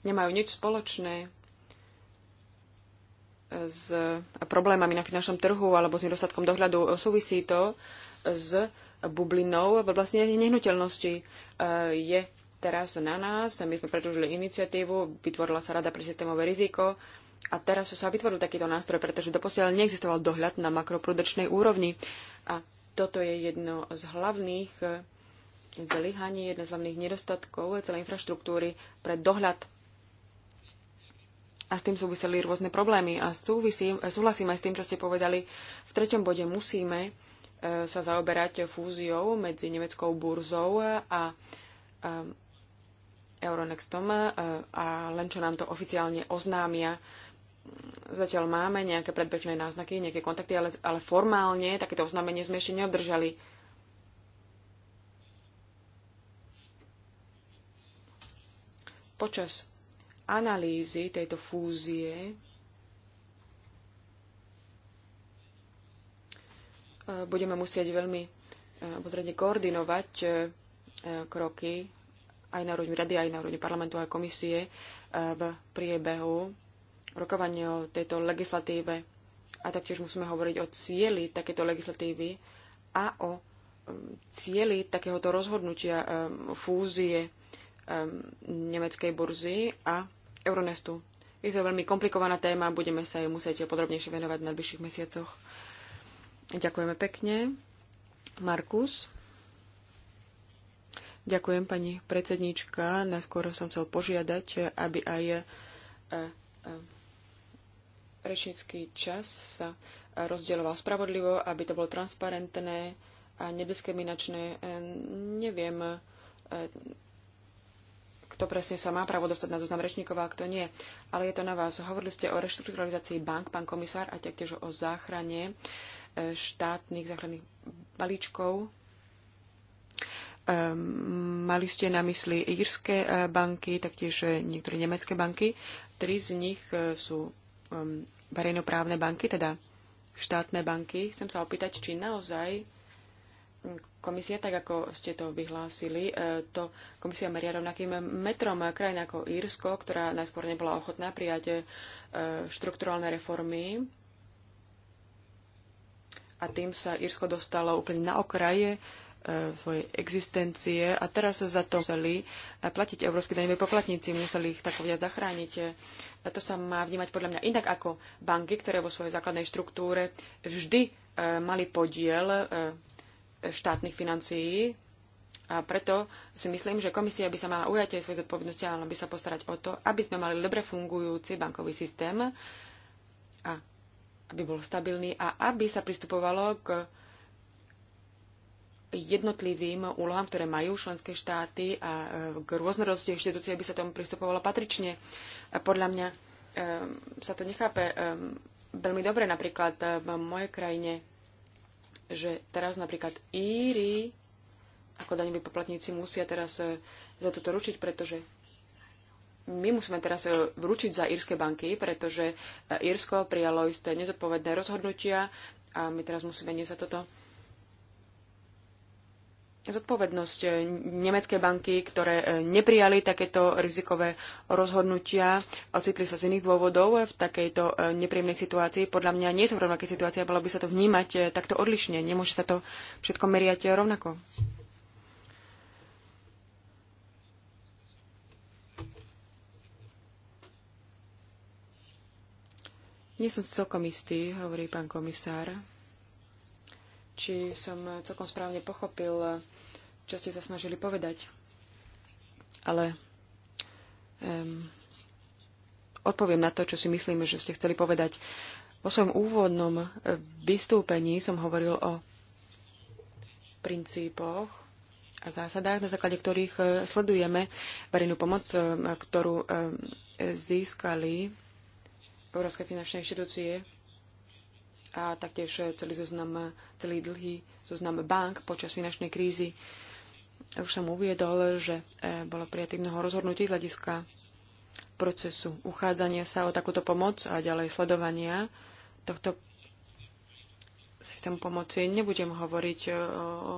S3: nemajú nič spoločné e, s problémami na finančnom trhu alebo s nedostatkom dohľadu. Súvisí to s bublinou v oblasti nehnuteľnosti. Je teraz na nás. My sme predložili iniciatívu, vytvorila sa Rada pre systémové riziko a teraz sa vytvoril takýto nástroj, pretože doposiaľ neexistoval dohľad na makroprudenčnej úrovni. A toto je jedno z hlavných eh, zlyhaní, jedno z hlavných nedostatkov eh, celej infraštruktúry pre dohľad a s tým súviseli rôzne problémy. A eh, súhlasím aj s tým, čo ste povedali. V treťom bode musíme sa zaoberať fúziou medzi nemeckou burzou a Euronextom e, a len čo nám to oficiálne oznámia. Zatiaľ máme nejaké predbežné náznaky, nejaké kontakty, ale, ale formálne takéto oznámenie sme ešte neobdržali. Počas analýzy tejto fúzie e, budeme musieť veľmi pozredne e, koordinovať kroky aj na úrovni rady, aj na úrovni parlamentu a komisie eh, v priebehu rokovania o tejto legislatíve. A taktiež musíme hovoriť o cieli takéto legislatívy a o cieli takéhoto rozhodnutia fúzie nemeckej burzy a Euronestu. Je to veľmi komplikovaná téma, budeme sa jej musieť podrobnejšie venovať v najbližších mesiacoch. Ďakujeme pekne. Markus. Ďakujem, pani predsednička. Naskôr som chcel požiadať, aby aj e, e, rečnícky čas sa rozdieloval spravodlivo, aby to bolo transparentné a nediskriminačné. E, neviem, kto presne sa má právo dostať na zoznam rečníkov a kto nie. Ale je to na vás. Hovorili ste o reštrukturalizácii bank, pán komisár, a taktiež o záchrane štátnych záchranných balíčkov Ehm, mali ste na mysli írske e, banky, taktiež e, niektoré nemecké banky. Tri z nich e, sú ehm, verejnoprávne banky, teda štátne banky. Chcem sa opýtať, či naozaj komisia, tak ako ste to vyhlásili, to komisia meria rovnakým metrom krajín ako Írsko, ktorá najskôr nebola ochotná prijať štrukturálne reformy. A tým sa Írsko dostalo úplne na okraje E, svojej existencie a teraz za to museli e, platiť európsky daňoví poplatníci, museli ich tak povedať zachrániť. E, a to sa má vnímať podľa mňa inak ako banky, ktoré vo svojej základnej štruktúre vždy mali podiel štátnych financií a preto si myslím, že komisia by sa mala ujať aj svoje zodpovednosti a mala by sa postarať o to, aby sme mali dobre fungujúci bankový systém a aby bol stabilný a aby sa pristupovalo k jednotlivým úlohám, ktoré majú členské štáty a e, k rôznorodosti inštitúcií by sa tomu pristupovalo patrične. Podľa mňa e, sa to nechápe e, veľmi dobre napríklad v mojej krajine, že teraz napríklad íri, ako daňoví poplatníci musia teraz za toto ručiť, pretože my musíme teraz vručiť za írske banky, pretože Írsko prijalo isté nezodpovedné rozhodnutia a my teraz musíme nie za toto zodpovednosť eh, nemecké banky, ktoré eh, neprijali takéto rizikové rozhodnutia, ocitli sa z iných dôvodov eh, v takejto nepríjemnej situácii. Podľa mňa nie sú v rovnakej situácii, malo by sa to vnímať takto odlišne. Nemôže sa to všetko meriať rovnako. Nie som celkom istý, hovorí pán komisár, či som celkom správne pochopil čo ste sa snažili povedať. Ale um, odpoviem na to, čo si myslím, že ste chceli povedať. Vo svojom úvodnom eh, vystúpení som hovoril o princípoch a zásadách, na základe ktorých eh, sledujeme verejnú pomoc, eh, ktorú získali Európske finančné inštitúcie a taktiež celý zoznam, celý dlhý zoznam bank počas finančnej krízy. Už som uviedol, že e, bolo prijatý mnoho rozhodnutí z hľadiska procesu uchádzania sa o takúto pomoc a ďalej sledovania tohto systému pomoci. Nebudem hovoriť e, o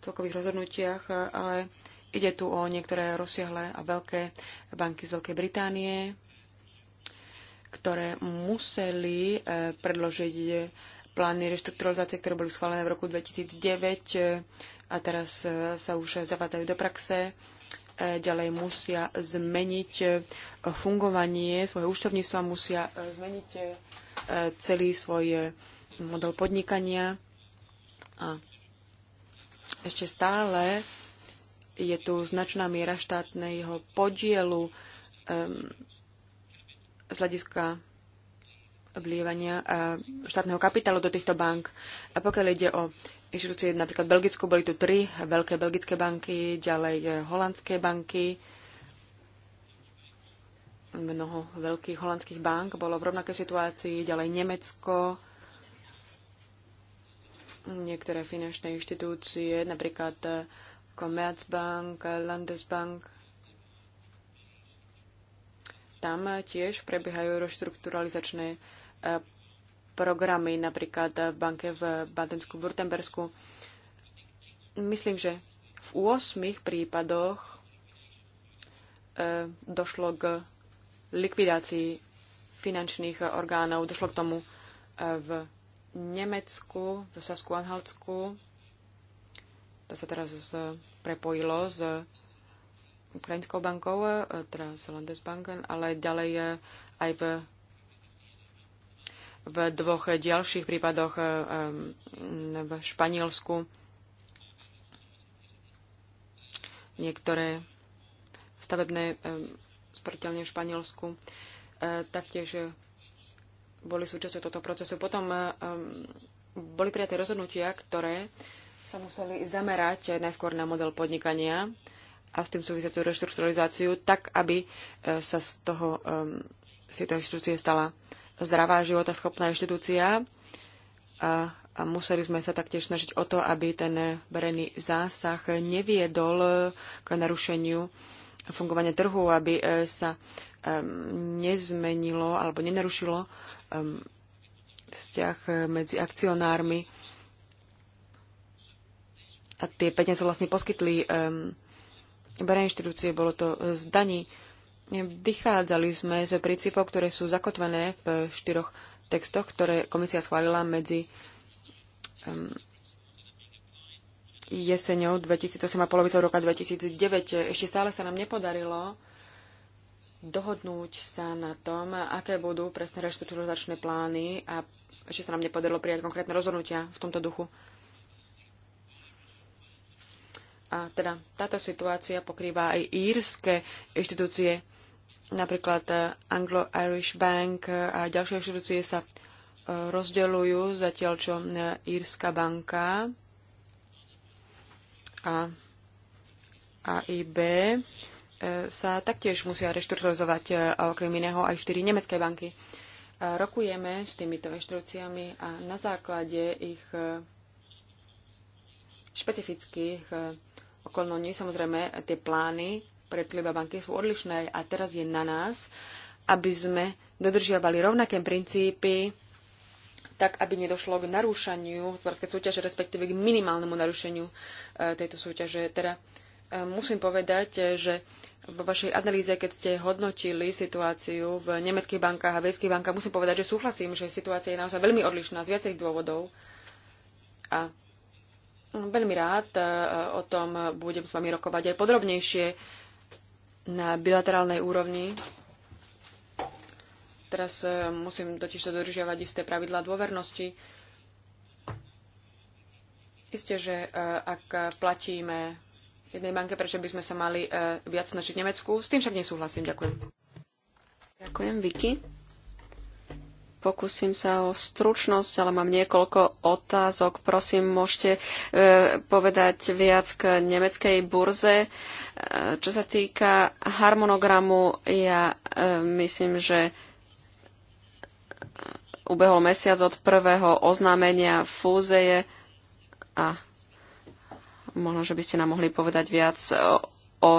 S3: celkových rozhodnutiach, e, ale ide tu o niektoré rozsiahle a veľké banky z Veľkej Británie, ktoré museli predložiť plány reštrukturalizácie, ktoré boli schválené v roku 2009 e, a teraz e, sa už zavádzajú do praxe. E, ďalej musia zmeniť fungovanie svojho účtovníctva, musia zmeniť celý svoj model podnikania. A ešte stále je tu značná miera štátneho podielu z hľadiska vlievania štátneho kapitálu do týchto bank. A pokiaľ ide o inštitúcie, napríklad Belgicku, boli tu tri veľké belgické banky, ďalej holandské banky, mnoho veľkých holandských bank bolo v rovnakej situácii, ďalej Nemecko, niektoré finančné inštitúcie, napríklad e, Commerzbank, Landesbank. Tam tiež prebiehajú reštrukturalizačné programy, napríklad v banke v Badensku, Württembersku. Myslím, že v 8 prípadoch e, došlo k likvidácii finančných orgánov. Došlo k tomu e, v Nemecku, v Sasku Anhaltsku. To sa teraz prepojilo s Ukrajinskou bankou, e, teraz Landesbanken, ale ďalej aj v v dvoch ďalších prípadoch eh, v Španielsku. Niektoré stavebné sporiteľne v Španielsku eh, taktiež boli súčasťou tohto procesu. Potom eh, boli prijaté rozhodnutia, ktoré sa museli zamerať najskôr na model podnikania a s tým súvisiacu reštrukturalizáciu, tak aby sa z toho z tejto inštitúcie stala zdravá životaschopná inštitúcia. A, a museli sme sa taktiež snažiť o to, aby ten verejný zásah neviedol e, k narušeniu fungovania trhu, aby e, sa nezmenilo alebo nenarušilo vzťah medzi akcionármi. A tie peniaze vlastne poskytli verejné inštitúcie, bolo to z daní. Vlastne vychádzali sme z princípov, ktoré sú zakotvené v štyroch textoch, ktoré komisia schválila medzi um, jeseňou 2008 a polovicou roka 2009. Ešte stále sa nám nepodarilo dohodnúť sa na tom, aké budú presné reštrukturalizačné plány a ešte sa nám nepodarilo prijať konkrétne rozhodnutia v tomto duchu. A teda táto situácia pokrýva aj írske inštitúcie Napríklad eh, Anglo-Irish Bank eh, a ďalšie inštitúcie sa eh, rozdeľujú, zatiaľ čo Írska banka a AIB sa taktiež musia reštrukturalizovať okrem iného aj štyri nemecké banky. Rokujeme s týmito inštitúciami a na základe ich špecifických okolností samozrejme tie plány pre kliba banky sú odlišné a teraz je na nás, aby sme dodržiavali rovnaké princípy, tak aby nedošlo k narúšaniu hospodárskej súťaže, respektíve k minimálnemu narušeniu e, tejto súťaže. Teda e, musím povedať, že vo vašej analýze, keď ste hodnotili situáciu v nemeckých bankách a vejských bankách, musím povedať, že súhlasím, že situácia je naozaj veľmi odlišná z viacerých dôvodov. A veľmi rád e, o tom budem s vami rokovať aj podrobnejšie na bilaterálnej úrovni. Teraz e, musím totiž to dodržiavať isté pravidlá dôvernosti. Isté, že e, ak platíme jednej banke, prečo by sme sa mali e, viac snažiť Nemecku,
S1: s tým však nesúhlasím. Ďakujem. Ďakujem, Vicky. Pokúsim sa o stručnosť, ale mám niekoľko otázok. Prosím, môžete e, povedať viac k nemeckej burze. E, čo sa týka harmonogramu, ja e, myslím, že ubehol mesiac od prvého oznámenia fúzeje a možno, že by ste nám mohli povedať viac o, o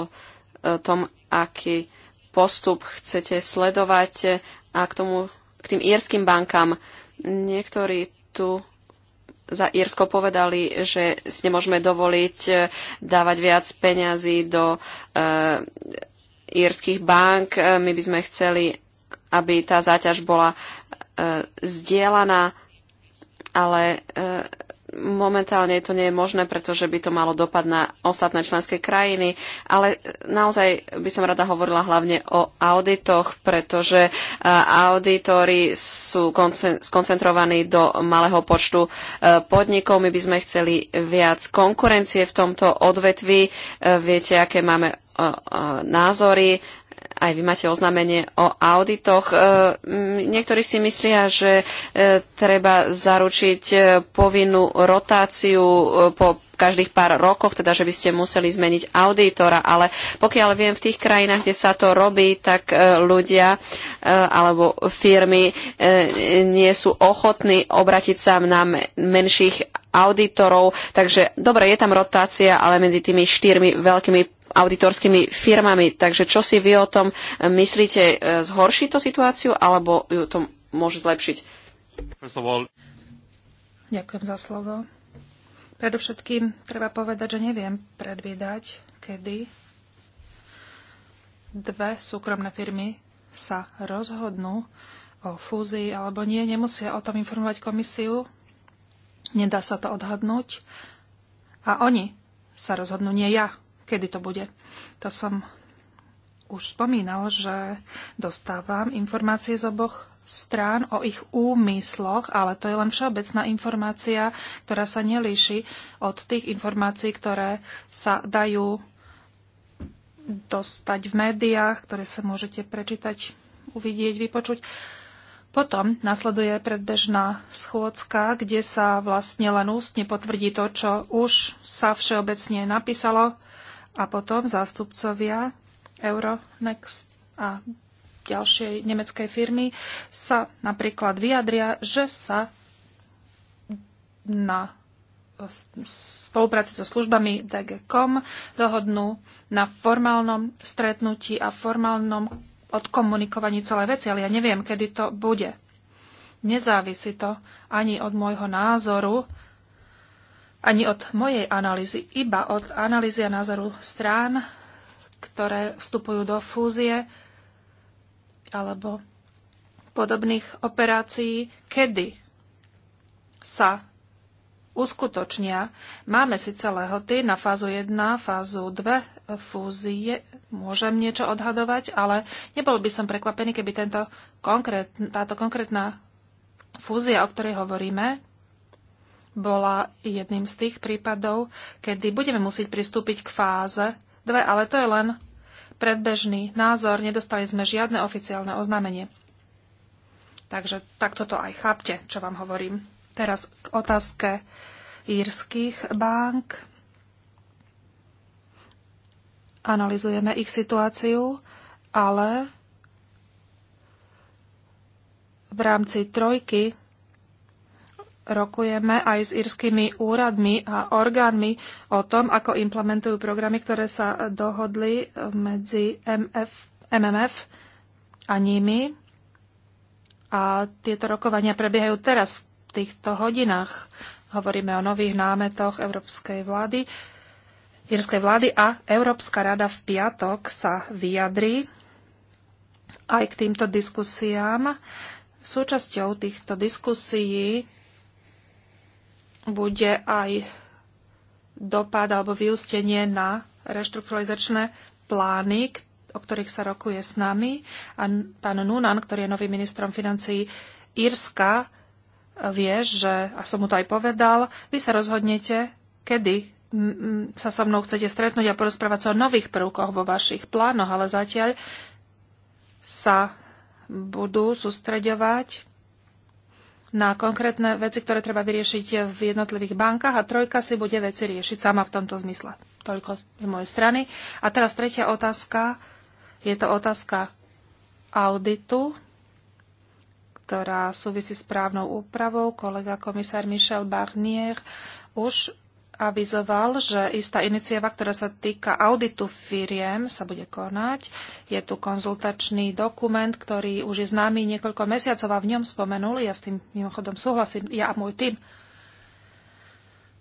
S1: tom, aký postup chcete sledovať a k tomu k tým írským bankám. Niektorí tu za Írsko povedali, že si nemôžeme dovoliť e, dávať viac peňazí do e, írskych bank. E, my by sme chceli, aby tá záťaž bola e, zdieľaná, ale e, momentálne to nie je možné, pretože by to malo dopad na ostatné členské krajiny, ale naozaj by som rada hovorila hlavne o auditoch, pretože e, auditory sú skoncentrovaní do malého počtu e, podnikov. My by sme chceli viac konkurencie v tomto odvetvi. E, viete, aké máme názory aj vy máte oznámenie o auditoch. E, niektorí si myslia, že e, treba zaručiť e, povinnú rotáciu po každých pár rokoch, teda že by ste museli zmeniť auditora, ale pokiaľ viem, v tých krajinách, kde sa to robí, tak ľudia alebo firmy nie sú ochotní obratiť sa na menších auditorov, takže dobre, je tam rotácia, ale medzi tými štyrmi veľkými auditorskými firmami. Takže čo si vy o tom myslíte? E, zhorší to situáciu alebo ju to môže zlepšiť?
S2: Ďakujem za slovo. Predovšetkým treba povedať, že neviem predvídať, kedy dve súkromné firmy sa rozhodnú o fúzii alebo nie. Nemusia o tom informovať komisiu. Nedá sa to odhadnúť. A oni sa rozhodnú, nie ja. Kedy to bude? To som už spomínal, že dostávam informácie z oboch strán o ich úmysloch, ale to je len všeobecná informácia, ktorá sa nelíši od tých informácií, ktoré sa dajú dostať v médiách, ktoré sa môžete prečítať, uvidieť, vypočuť. Potom nasleduje predbežná schôdzka, kde sa vlastne len ústne potvrdí to, čo už sa všeobecne napísalo a potom zástupcovia Euronext a ďalšej nemeckej firmy sa napríklad vyjadria, že sa na spolupráci so službami DG.com dohodnú na formálnom stretnutí a formálnom odkomunikovaní celé veci, ale ja neviem, kedy to bude. Nezávisí to ani od môjho názoru ani od mojej analýzy, iba od analýzy a názoru strán, ktoré vstupujú do fúzie alebo podobných operácií, kedy sa uskutočnia. Máme síce lehoty na fázu 1, fázu 2 fúzie, môžem niečo odhadovať, ale nebol by som prekvapený, keby tento konkrét, táto konkrétna fúzia, o ktorej hovoríme, bola jedným z tých prípadov, kedy budeme musieť pristúpiť k fáze 2, ale to je len predbežný názor, nedostali sme žiadne oficiálne oznámenie. Takže takto to aj chápte, čo vám hovorím. Teraz k otázke írskych bank. Analizujeme ich situáciu, ale v rámci trojky rokujeme aj s írskymi úradmi a orgánmi o tom, ako implementujú programy, ktoré sa dohodli eh, medzi MF, MMF a nimi. A tieto rokovania prebiehajú teraz v týchto hodinách. Hovoríme o nových námetoch Európskej vlády, írskej vlády a Európska rada v piatok sa vyjadrí aj k týmto diskusiám. Súčasťou týchto diskusií bude aj dopad alebo vyústenie na reštrukturalizačné plány, o ktorých sa rokuje s nami. A pán Nunan, ktorý je novým ministrom financií Írska, vie, že, a som mu to aj povedal, vy sa rozhodnete, kedy sa so mnou chcete stretnúť a porozprávať sa o nových prvkoch vo vašich plánoch, ale zatiaľ sa budú sústreďovať na konkrétne veci, ktoré treba vyriešiť v jednotlivých bankách a trojka si bude veci riešiť sama v tomto zmysle. Toľko z mojej strany. A teraz tretia otázka. Je to otázka auditu, ktorá súvisí s právnou úpravou. Kolega komisár Michel Barnier už avizoval, že istá iniciáva, ktorá sa týka auditu firiem, sa bude konať. Je tu konzultačný dokument, ktorý už je známy niekoľko mesiacov a v ňom spomenuli. Ja s tým mimochodom súhlasím, ja a môj tým.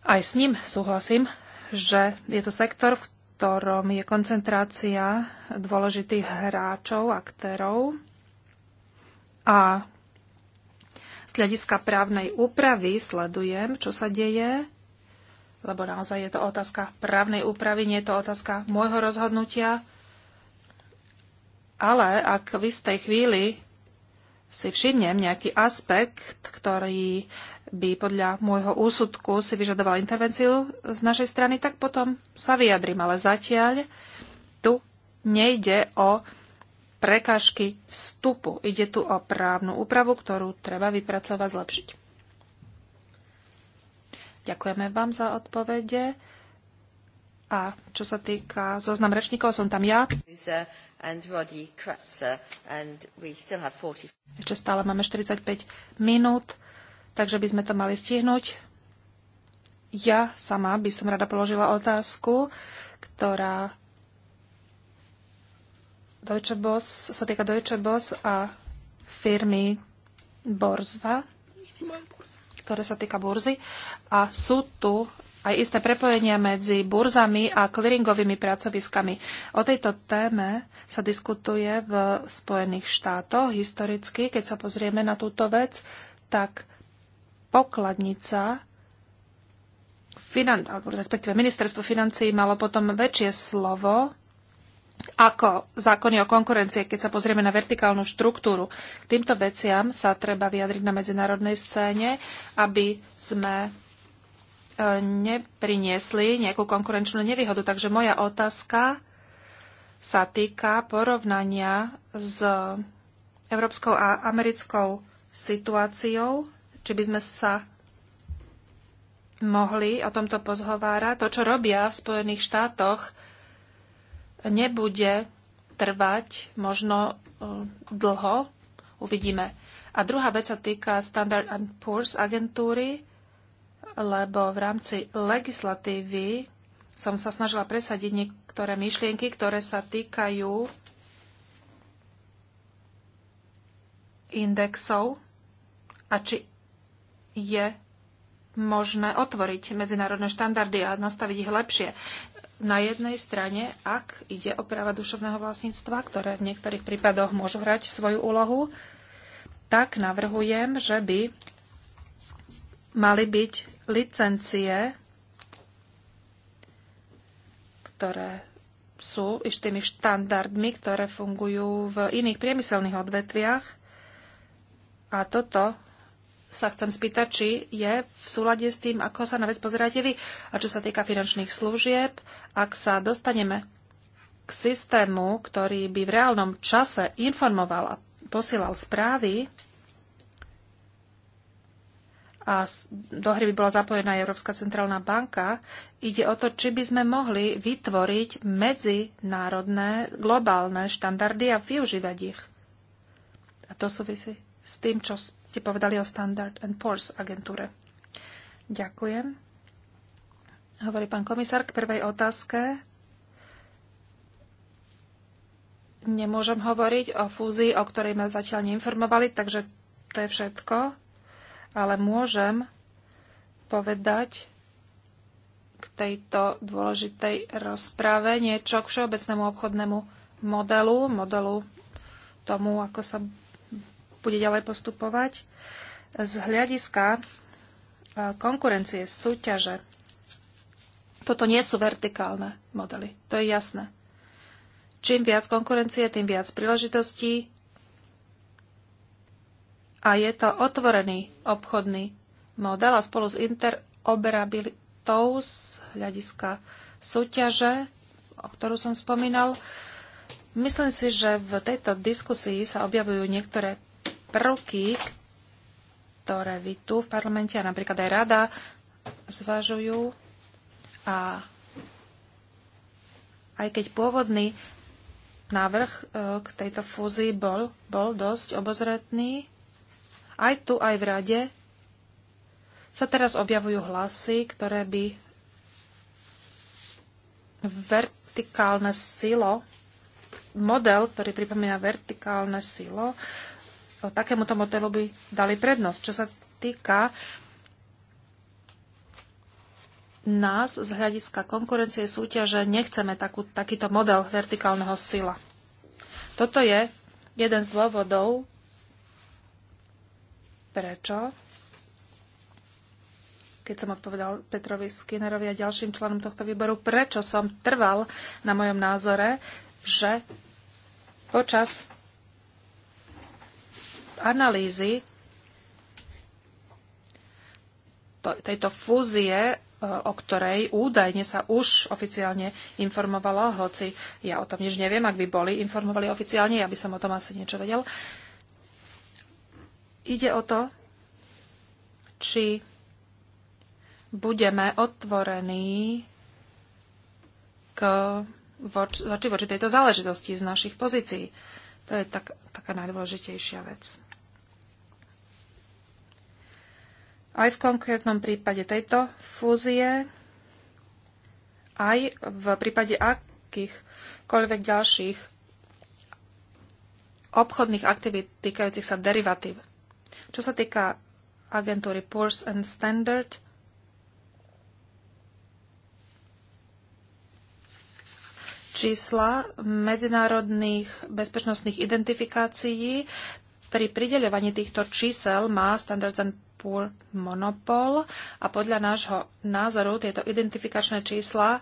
S2: Aj s ním súhlasím, že je to sektor, v ktorom je koncentrácia dôležitých hráčov, aktérov a z hľadiska právnej úpravy sledujem, čo sa deje lebo naozaj je to otázka právnej úpravy, nie je to otázka môjho rozhodnutia. Ale ak v istej chvíli si všimnem nejaký aspekt, ktorý by podľa môjho úsudku si vyžadoval intervenciu z našej strany, tak potom sa vyjadrím. Ale zatiaľ tu nejde o prekážky vstupu. Ide tu o právnu úpravu, ktorú treba vypracovať, zlepšiť. Ďakujeme vám za odpovede. A čo sa týka zoznam rečníkov, som tam ja. Ešte stále máme 45 minút, takže by sme to mali stihnúť. Ja sama by som rada položila otázku, ktorá Deutsche Boss, sa týka Deutsche Boss a firmy Borza. borza ktoré sa týka burzy. A sú tu aj isté prepojenia medzi burzami a clearingovými pracoviskami. O tejto téme sa diskutuje v Spojených štátoch historicky. Keď sa pozrieme na túto vec, tak pokladnica finan- respektíve ministerstvo financí malo potom väčšie slovo ako zákony o konkurencie, keď sa pozrieme na vertikálnu štruktúru. K týmto veciam sa treba vyjadriť na medzinárodnej scéne, aby sme e, nepriniesli nejakú konkurenčnú nevýhodu. Takže moja otázka sa týka porovnania s európskou a americkou situáciou, či by sme sa mohli o tomto pozhovárať. To, čo robia v Spojených štátoch, nebude trvať možno e, dlho. Uvidíme. A druhá vec sa týka Standard Poor's agentúry, lebo v rámci legislatívy som sa snažila presadiť niektoré myšlienky, ktoré sa týkajú indexov a či je možné otvoriť medzinárodné štandardy a nastaviť ich lepšie na jednej strane, ak ide o práva duševného vlastníctva, ktoré v niektorých prípadoch môžu hrať svoju úlohu, tak navrhujem, že by mali byť licencie, ktoré sú istými štandardmi, ktoré fungujú v iných priemyselných odvetviach. A toto sa chcem spýtať, či je v súlade s tým, ako sa na vec pozeráte vy. A čo sa týka finančných služieb, ak sa dostaneme k systému, ktorý by v reálnom čase informoval a posielal správy, a do hry by bola zapojená Európska centrálna banka, ide o to, či by sme mohli vytvoriť medzinárodné, globálne štandardy a využívať ich. A to súvisí s tým, čo ste povedali o Standard and Poor's agentúre. Ďakujem. Hovorí pán komisár k prvej otázke. Nemôžem hovoriť o fúzii, o ktorej ma zatiaľ neinformovali, takže to je všetko. Ale môžem povedať k tejto dôležitej rozprave niečo k všeobecnému obchodnému modelu, modelu tomu, ako sa bude ďalej postupovať z hľadiska e, konkurencie, súťaže. Toto nie sú vertikálne modely, to je jasné. Čím viac konkurencie, tým viac príležitostí a je to otvorený obchodný model a spolu s interoperabilitou z hľadiska súťaže, o ktorú som spomínal, myslím si, že v tejto diskusii sa objavujú niektoré prvky, ktoré vy tu v parlamente a napríklad aj rada zvažujú a aj keď pôvodný návrh e, k tejto fúzii bol, bol dosť obozretný, aj tu, aj v rade sa teraz objavujú hlasy, ktoré by vertikálne silo, model, ktorý pripomína vertikálne silo, takémuto modelu by dali prednosť. Čo sa týka nás z hľadiska konkurencie súťaže, nechceme takú, takýto model vertikálneho sila. Toto je jeden z dôvodov, prečo keď som odpovedal Petrovi Skinnerovi a ďalším členom tohto výboru, prečo som trval na mojom názore, že počas analýzy tejto fúzie, e, o ktorej údajne sa už oficiálne informovalo, hoci ja o tom nič neviem, ak by boli informovali oficiálne, ja by som o tom asi niečo vedel. Ide o to, či budeme otvorení k, voči, voči tejto záležitosti z našich pozícií. To je tak, taká najdôležitejšia vec. Aj v konkrétnom prípade tejto fúzie, aj v prípade akýchkoľvek ďalších obchodných aktivít týkajúcich sa derivatív. Čo sa týka agentúry Poor's and Standard, čísla medzinárodných bezpečnostných identifikácií. Pri prideľovaní týchto čísel má Standards and Poor monopol a podľa nášho názoru tieto identifikačné čísla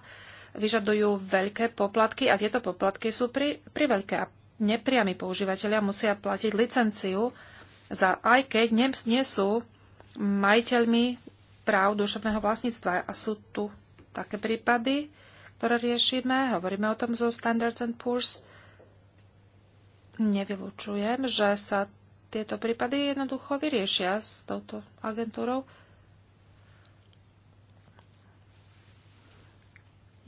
S2: vyžadujú veľké poplatky a tieto poplatky sú pri, pri veľké a nepriami používateľia musia platiť licenciu za aj keď nie, nie sú majiteľmi práv duševného vlastníctva a sú tu také prípady, ktoré riešime. Hovoríme o tom zo Standards and Poor's. Nevylučujem, že sa tieto prípady jednoducho vyriešia s touto agentúrou.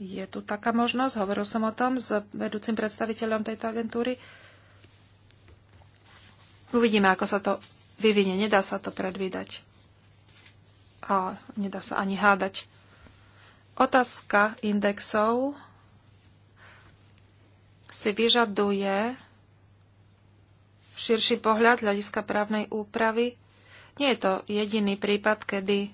S2: Je tu taká možnosť, hovoril som o tom s vedúcim predstaviteľom tejto agentúry. Uvidíme, ako sa to vyvinie. Nedá sa to predvídať. A nedá sa ani hádať. Otázka indexov si vyžaduje širší pohľad hľadiska právnej úpravy. Nie je to jediný prípad, kedy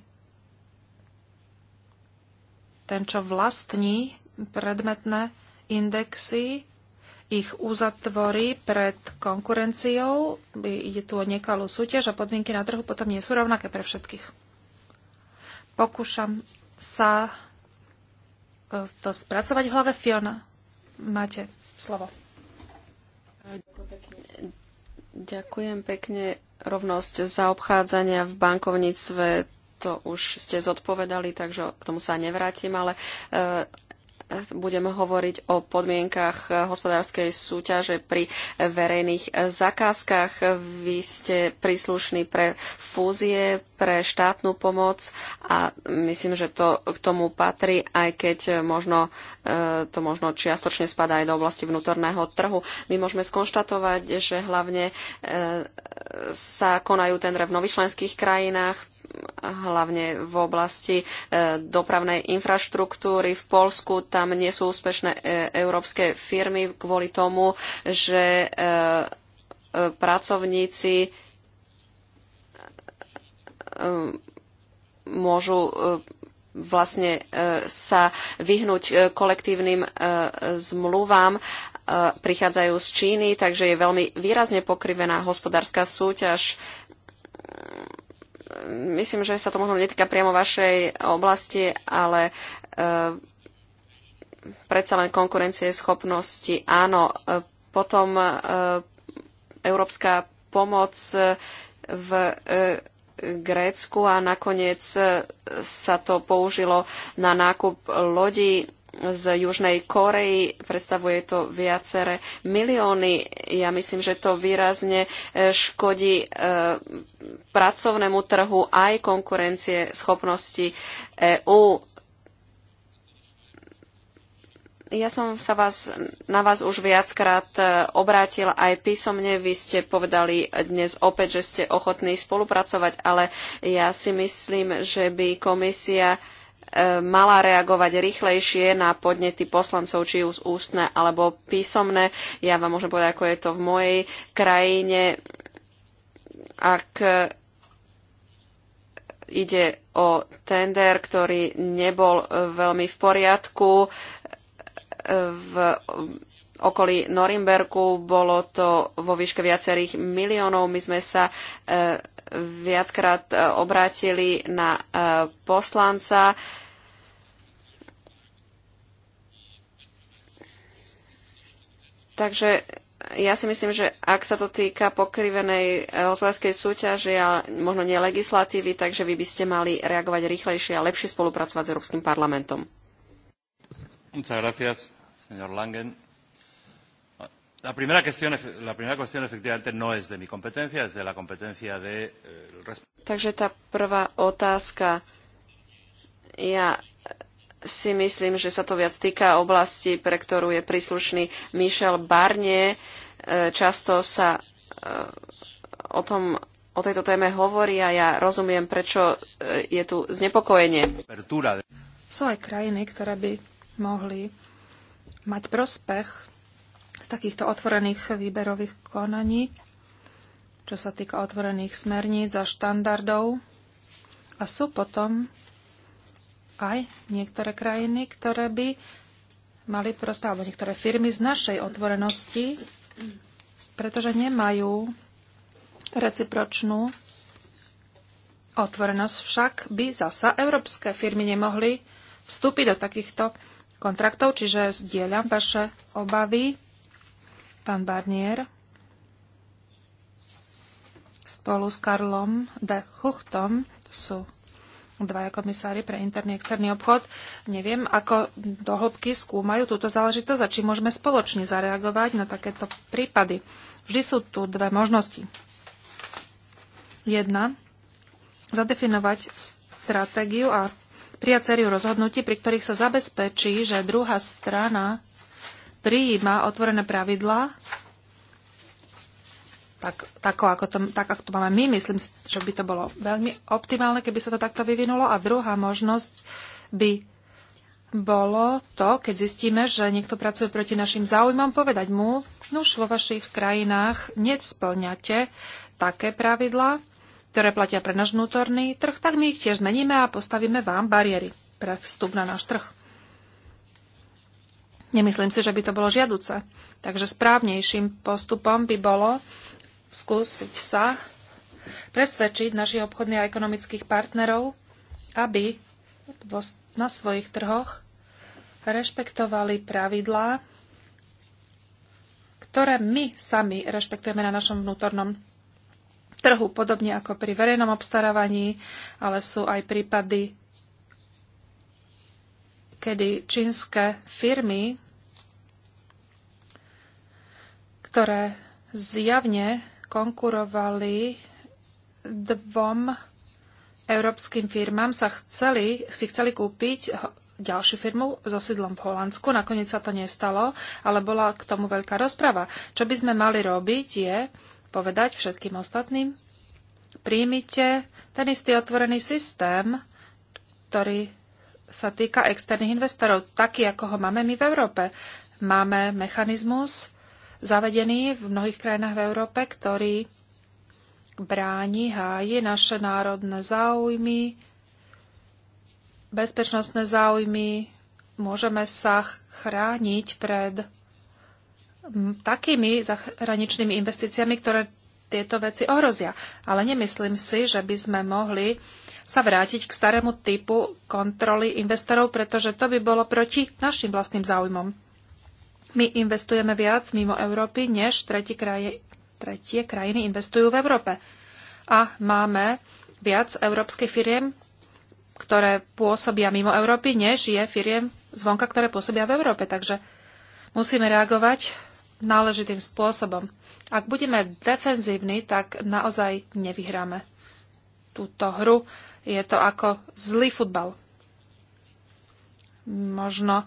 S2: ten, čo vlastní predmetné indexy, ich uzatvorí pred konkurenciou, ide tu o nekalú súťaž a podmienky na trhu potom nie sú rovnaké pre všetkých. Pokúšam sa
S1: e, to spracovať v hlave. Fiona, máte slovo. Ďakujem pekne. Rovnosť zaobchádzania v bankovníctve, to už ste zodpovedali, takže k tomu sa nevrátim, ale e, budeme hovoriť o podmienkach hospodárskej súťaže pri verejných zakázkach. Vy ste príslušní pre fúzie, pre štátnu pomoc a myslím, že to k tomu patrí, aj keď možno, e, to možno čiastočne spadá aj do oblasti vnútorného trhu. My môžeme skonštatovať, že hlavne e, sa konajú tendre v nových členských krajinách hlavne v oblasti e, dopravnej infraštruktúry v Polsku. Tam nie sú úspešné e, európske firmy kvôli tomu, že e, pracovníci môžu vlastne sa vyhnúť kolektívnym zmluvám prichádzajú z Číny, takže je veľmi výrazne pokrivená hospodárska súťaž myslím, že sa to možno netýka priamo vašej oblasti, ale e, predsa len konkurencie schopnosti. Áno, e, potom e, európska pomoc v Grécku a nakoniec sa to použilo na nákup lodí z Južnej Koreji. Predstavuje to viaceré milióny. Ja myslím, že to výrazne e, škodí e, pracovnému trhu aj konkurencie schopnosti EÚ. Ja som sa vás, na vás už viackrát e, obrátil aj písomne. Vy ste povedali dnes opäť, že ste ochotní spolupracovať, ale ja si myslím, že by komisia E, mala reagovať rýchlejšie na podnety poslancov, či už ústne alebo písomné. Ja vám môžem povedať, ako je to v mojej krajine. Ak ide o tender, ktorý nebol veľmi v poriadku, e, v okolí Norimberku bolo to vo výške viacerých miliónov. My sme sa e, viackrát e, obrátili na e, poslanca. Takže ja si myslím, že ak sa to týka pokrivenej e, hospodárskej súťaže a možno nie legislatívy, takže vy by ste mali reagovať rýchlejšie a lepšie spolupracovať s Európskym parlamentom. Muchas gracias, señor Langen. La primera, cuestión, la primera cuestión efectivamente no es de mi competencia, es de la competencia de... Eh, Takže tá prvá otázka, ja si myslím, že sa to viac týka oblasti, pre ktorú je príslušný Michel Barnier. E, často sa e, o, tom, o tejto téme hovorí a ja rozumiem, prečo e, je tu znepokojenie.
S2: Sú aj krajiny, ktoré by mohli mať prospech z takýchto otvorených výberových konaní, čo sa týka otvorených smerníc a štandardov. A sú potom aj niektoré krajiny, ktoré by mali prospech, alebo niektoré firmy z našej otvorenosti, pretože nemajú recipročnú otvorenosť. Však by zasa európske firmy nemohli vstúpiť do takýchto kontraktov, čiže zdieľam vaše obavy Pán Barnier spolu s Karlom de Huchtom sú dvaja komisári pre interný a externý obchod. Neviem, ako dohlbky skúmajú túto záležitosť a či môžeme spoločne zareagovať na takéto prípady. Vždy sú tu dve možnosti. Jedna, zadefinovať stratégiu a prijať sériu rozhodnutí, pri ktorých sa zabezpečí, že druhá strana prijíma otvorené pravidlá, tak, tako, ako to, tak ako to máme my, myslím, že by to bolo veľmi optimálne, keby sa to takto vyvinulo. A druhá možnosť by bolo to, keď zistíme, že niekto pracuje proti našim záujmom, povedať mu, no už vo vašich krajinách nesplňate také pravidlá, ktoré platia pre náš vnútorný trh, tak my ich tiež zmeníme a postavíme vám bariéry pre vstup na náš trh. Nemyslím si, že by to bolo žiaduce. Takže správnejším postupom by bolo skúsiť sa presvedčiť našich obchodných a ekonomických partnerov, aby na svojich trhoch rešpektovali pravidlá, ktoré my sami rešpektujeme na našom vnútornom trhu, podobne ako pri verejnom obstarávaní, ale sú aj prípady kedy čínske firmy, ktoré zjavne konkurovali dvom európskym firmám, sa chceli, si chceli kúpiť ďalšiu firmu so sídlom v Holandsku. Nakoniec sa to nestalo, ale bola k tomu veľká rozprava. Čo by sme mali robiť je povedať všetkým ostatným, príjmite ten istý otvorený systém, ktorý sa týka externých investorov, taký, ako ho máme my v Európe. Máme mechanizmus zavedený v mnohých krajinách v Európe, ktorý bráni, háji naše národné záujmy, bezpečnostné záujmy. Môžeme sa chrániť pred takými zahraničnými investíciami, ktoré tieto veci ohrozia. Ale nemyslím si, že by sme mohli sa vrátiť k starému typu kontroly investorov, pretože to by bolo proti našim vlastným záujmom. My investujeme viac mimo Európy, než tretie, kraj, tretie krajiny investujú v Európe. A máme viac európskych firiem, ktoré pôsobia mimo Európy, než je firiem zvonka, ktoré pôsobia v Európe. Takže musíme reagovať náležitým spôsobom. Ak budeme defenzívni, tak naozaj nevyhráme túto hru. Je to ako zlý futbal. Možno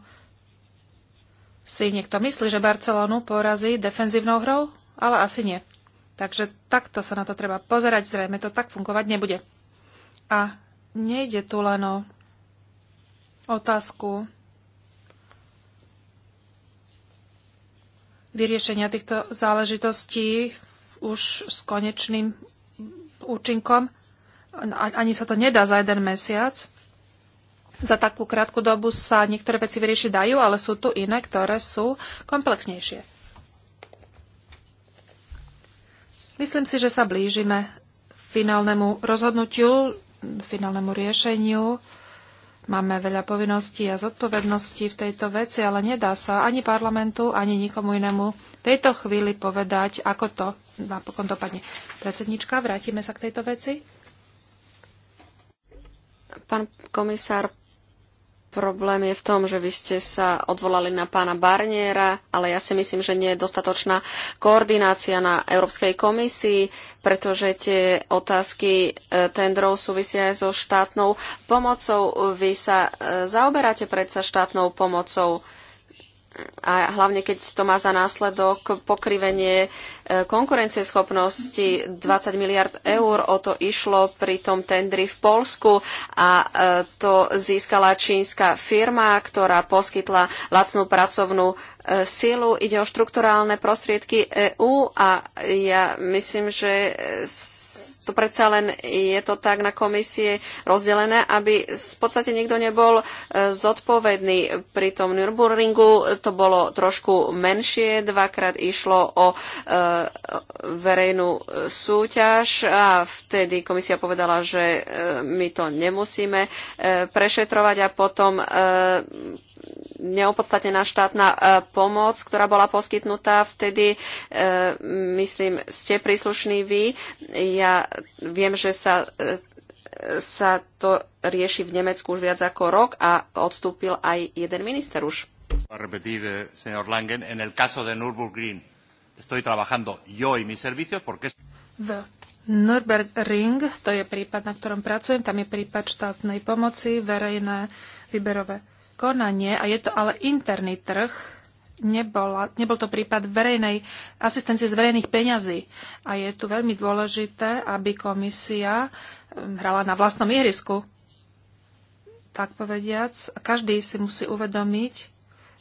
S2: si niekto myslí, že Barcelonu porazí defenzívnou hrou, ale asi nie. Takže takto sa na to treba pozerať, zrejme to tak fungovať nebude. A nejde tu len o otázku vyriešenia týchto záležitostí už s konečným účinkom ani sa to nedá za jeden mesiac. Za takú krátku dobu sa niektoré veci vyriešiť dajú, ale sú tu iné, ktoré sú komplexnejšie. Myslím si, že sa blížime finálnemu rozhodnutiu, finálnemu riešeniu. Máme veľa povinností a zodpovedností v tejto veci, ale nedá sa ani parlamentu, ani nikomu inému v tejto chvíli povedať, ako to napokon dopadne. Predsednička, vrátime sa k tejto veci.
S1: Pán komisár, problém je v tom, že vy ste sa odvolali na pána Barniera, ale ja si myslím, že nie je dostatočná koordinácia na Európskej komisii, pretože tie otázky e, tendrov súvisia aj so štátnou pomocou. Vy sa e, zaoberáte predsa štátnou pomocou a hlavne keď to má za následok pokrivenie e, konkurencieschopnosti 20 miliard eur, o to išlo pri tom tendri v Polsku a e, to získala čínska firma, ktorá poskytla lacnú pracovnú e, silu. Ide o štrukturálne prostriedky EÚ a ja myslím, že to predsa len je to tak na komisie rozdelené, aby v podstate nikto nebol e, zodpovedný. Pri tom Nürburgringu to bolo trošku menšie, dvakrát išlo o e, verejnú e, súťaž a vtedy komisia povedala, že my to nemusíme prešetrovať a potom neopodstatnená štátna e, pomoc, ktorá bola poskytnutá vtedy. E, myslím, ste príslušní vy. Ja viem, že sa e, sa to rieši v Nemecku už viac ako rok a odstúpil aj jeden minister už. Eh, v
S2: Nürburgring, to je prípad, na ktorom pracujem, tam je prípad štátnej pomoci, verejné výberové konanie, a je to ale interný trh, nebola, nebol to prípad verejnej asistencie z verejných peňazí. A je tu veľmi dôležité, aby komisia ehm, hrala na vlastnom ihrisku. Tak povediac, každý si musí uvedomiť,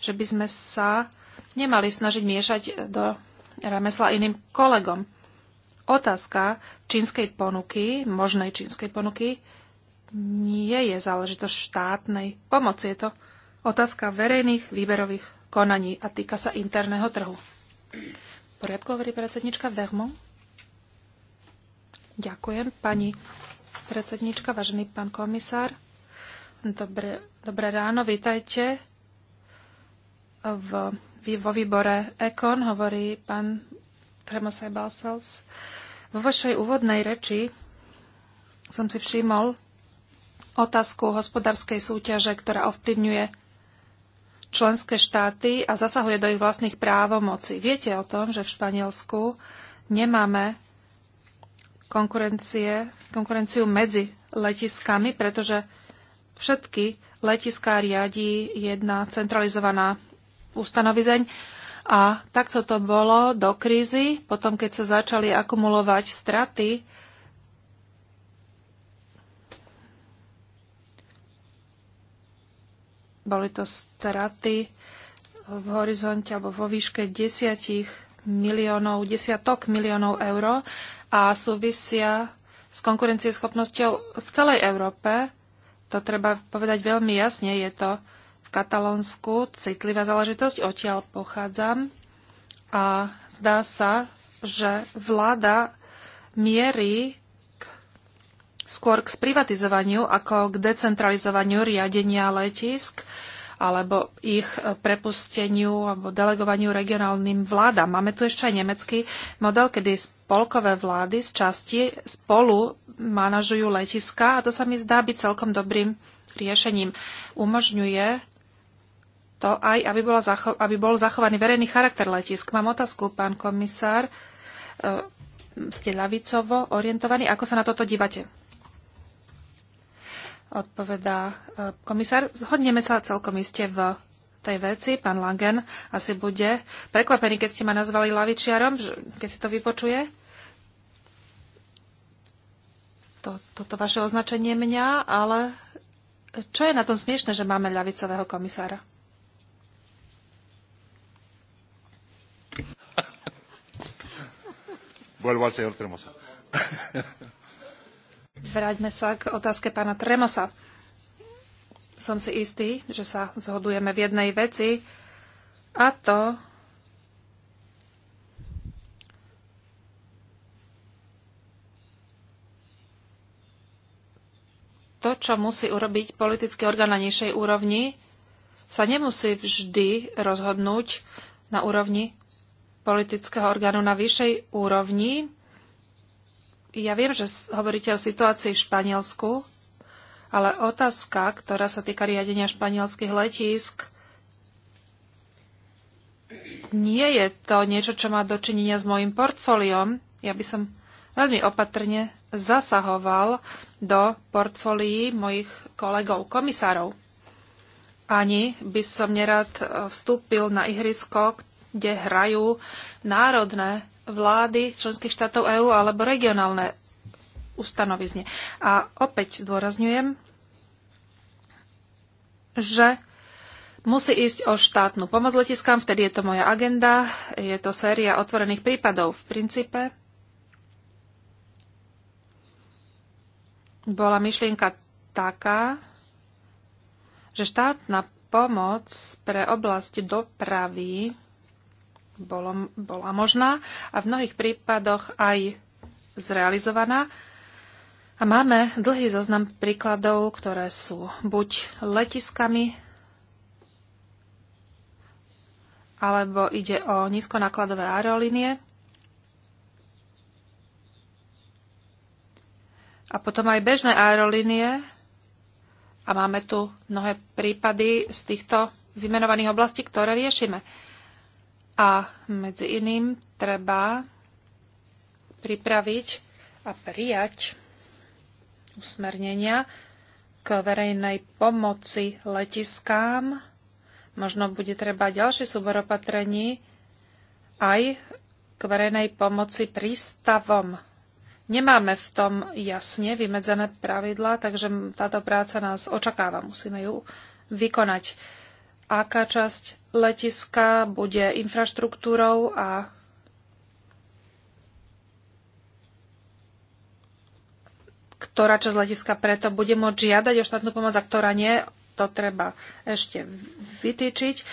S2: že by sme sa nemali snažiť miešať do remesla iným kolegom. Otázka čínskej ponuky, možnej čínskej ponuky, nie je záležitosť štátnej pomoci. Je to otázka verejných výberových konaní a týka sa interného trhu. V poriadku hovorí predsednička Vermo. Ďakujem, pani predsednička, vážený pán komisár. Dobre, dobré ráno, vítajte v, vo výbore EKON, hovorí pán Premosaj Balsels. Vo vašej úvodnej reči som si všimol otázku hospodárskej súťaže, ktorá ovplyvňuje členské štáty a zasahuje do ich vlastných právomocí. Viete o tom, že v Španielsku nemáme konkurencie, konkurenciu medzi letiskami, pretože všetky letiská riadi jedna centralizovaná ustanovizeň. A takto to bolo do krízy, potom keď sa začali akumulovať straty, Boli to straty v horizonte alebo vo výške desiatich miliónov, desiatok miliónov eur a súvisia s konkurencieschopnosťou v celej Európe. To treba povedať veľmi jasne. Je to v Katalónsku citlivá záležitosť, odtiaľ pochádzam. A zdá sa, že vláda mierí skôr k sprivatizovaniu ako k decentralizovaniu riadenia letisk alebo ich prepusteniu alebo delegovaniu regionálnym vládam. Máme tu ešte aj nemecký model, kedy spolkové vlády z časti spolu manažujú letiska a to sa mi zdá byť celkom dobrým riešením. Umožňuje to aj, aby, bola zacho- aby bol zachovaný verejný charakter letisk. Mám otázku, pán komisár. E, ste ľavicovo orientovaní. Ako sa na toto dívate? odpovedá e, komisár. Zhodneme sa celkom iste v tej veci. Pán Langen asi bude prekvapený, keď ste ma nazvali lavičiarom, keď si to vypočuje. To, toto vaše označenie mňa, ale čo je na tom smiešne, že máme ľavicového komisára? Vuelvo al señor Tremosa. Vráťme sa k otázke pána Tremosa. Som si istý, že sa zhodujeme v jednej veci, a to to, čo musí urobiť politický orgán na nižšej úrovni, sa nemusí vždy rozhodnúť na úrovni politického orgánu na vyššej úrovni ja viem, že hovoríte o situácii v Španielsku, ale otázka, ktorá sa týka riadenia španielských letísk, nie je to niečo, čo má dočinenia s môjim portfóliom. Ja by som veľmi opatrne zasahoval do portfólií mojich kolegov, komisárov. Ani by som nerad eh, vstúpil na ihrisko, kde hrajú národné vlády členských štátov EÚ alebo regionálne ustanovizne. A opäť zdôrazňujem, že musí ísť o štátnu pomoc letiskám, vtedy je to moja agenda, je to séria otvorených prípadov v princípe. Bola myšlienka taká, že štátna pomoc pre oblasti dopravy bolo, bola možná a v mnohých prípadoch aj zrealizovaná. A máme dlhý zoznam príkladov, ktoré sú buď letiskami, alebo ide o nízkonákladové aerolínie. A potom aj bežné aerolínie. A máme tu mnohé prípady z týchto vymenovaných oblastí, ktoré riešime. A medzi iným treba pripraviť a prijať usmernenia k verejnej pomoci letiskám. Možno bude treba ďalšie súbor opatrení aj k verejnej pomoci prístavom. Nemáme v tom jasne vymedzené pravidlá, takže táto práca nás očakáva. Musíme ju vykonať. Aká časť letiska bude infraštruktúrou a ktorá časť letiska preto bude môcť žiadať o štátnu pomoc a ktorá nie, to treba ešte vytýčiť.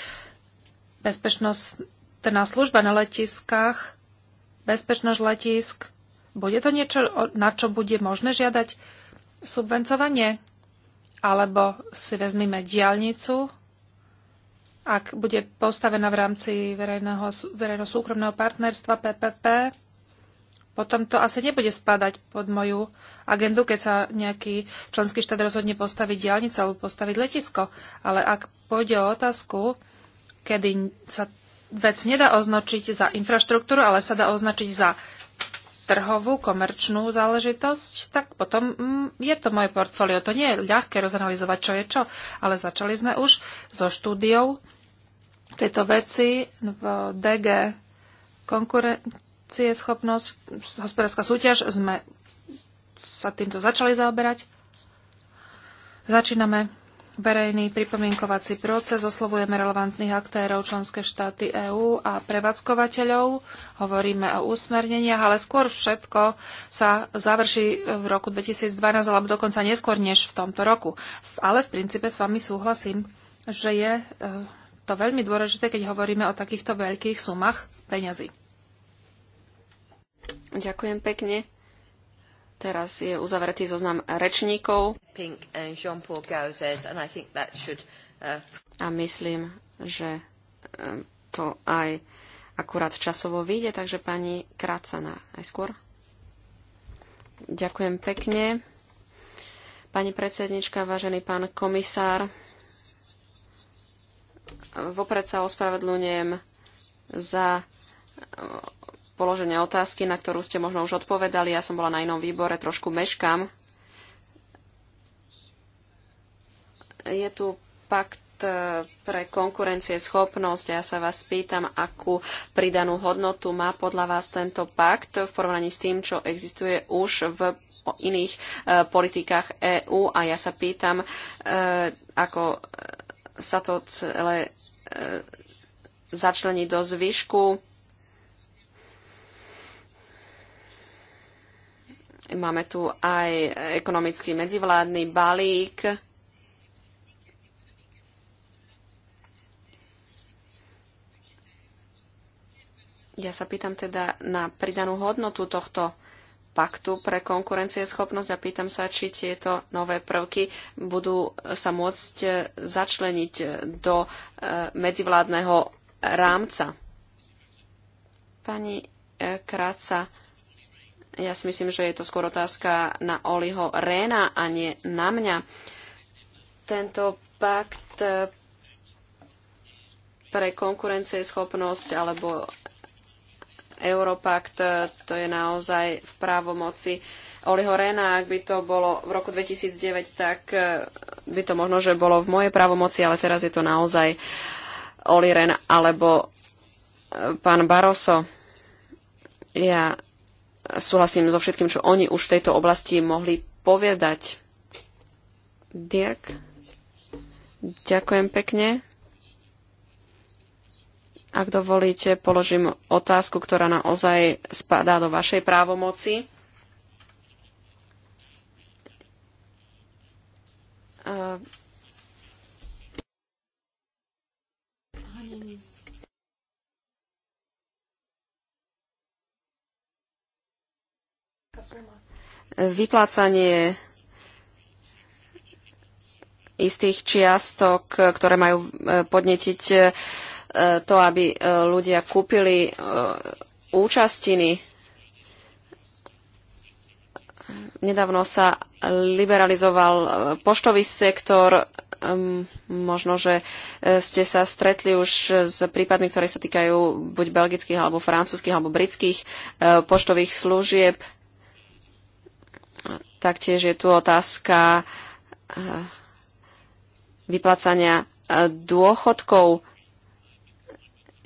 S2: Bezpečnostná služba na letiskách, bezpečnosť letisk, bude to niečo, na čo bude možné žiadať subvencovanie? Alebo si vezmime diálnicu, ak bude postavená v rámci verejno-súkromného partnerstva PPP, potom to asi nebude spadať pod moju agendu, keď sa nejaký členský štát rozhodne postaviť diálnicu alebo postaviť letisko. Ale ak pôjde o otázku, kedy sa vec nedá označiť za infraštruktúru, ale sa dá označiť za trhovú, komerčnú záležitosť, tak potom mm, je to moje portfólio. To nie je ľahké rozanalizovať, čo je čo, ale začali sme už so štúdiou tejto veci v DG konkurencieschopnosť, hospodárska súťaž. Sme sa týmto začali zaoberať. Začíname verejný pripomienkovací proces, oslovujeme relevantných aktérov, členské štáty EÚ a prevádzkovateľov, hovoríme o úsmerneniach, ale skôr všetko sa završí v roku 2012 alebo dokonca neskôr než v tomto roku. Ale v princípe s vami súhlasím, že je e, to veľmi dôležité, keď hovoríme o takýchto veľkých sumách peňazí.
S1: Ďakujem pekne. Teraz je uzavretý zoznam rečníkov. Uh, A myslím, že um, to aj akurát časovo vyjde, takže pani Krácana aj skôr. Ďakujem pekne. Pani predsednička, vážený pán komisár, Vopred sa ospravedlňujem za e, položenie otázky, na ktorú ste možno už odpovedali. Ja som bola na inom výbore, trošku meškam. Je tu pakt e, pre konkurencie schopnosť. Ja sa vás pýtam, akú pridanú hodnotu má podľa vás tento pakt v porovnaní s tým, čo existuje už v iných e, politikách EÚ. A ja sa pýtam, ako sa to celé e, začlení do zvyšku. Máme tu aj ekonomický medzivládny balík. Ja sa pýtam teda na pridanú hodnotu tohto paktu pre konkurencieschopnosť a pýtam sa, či tieto nové prvky budú sa môcť e, začleniť e, do e, medzivládneho rámca. Pani Kráca, ja si myslím, že je to skôr otázka na Oliho Réna a nie na mňa. Tento pakt pre konkurencieschopnosť alebo Europakt, e, to je naozaj v právomoci Oliho Rena, ak by to bolo v roku 2009, tak e, by to možno, že bolo v mojej právomoci, ale teraz je to naozaj Oli Ren alebo e, pán Baroso. Ja súhlasím so všetkým, čo oni už v tejto oblasti mohli povedať. Dirk, ďakujem pekne. Ak dovolíte, položím otázku, ktorá naozaj spadá do vašej právomoci. Eh, vyplácanie istých čiastok, eh, ktoré majú eh, podnetiť E, to, aby e, ľudia kúpili e, účastiny. Nedávno sa liberalizoval poštový sektor. Možno, že ste sa stretli už s prípadmi, ktoré sa týkajú buď belgických, alebo francúzských, alebo britských poštových služieb. Taktiež je tu otázka vyplácania dôchodkov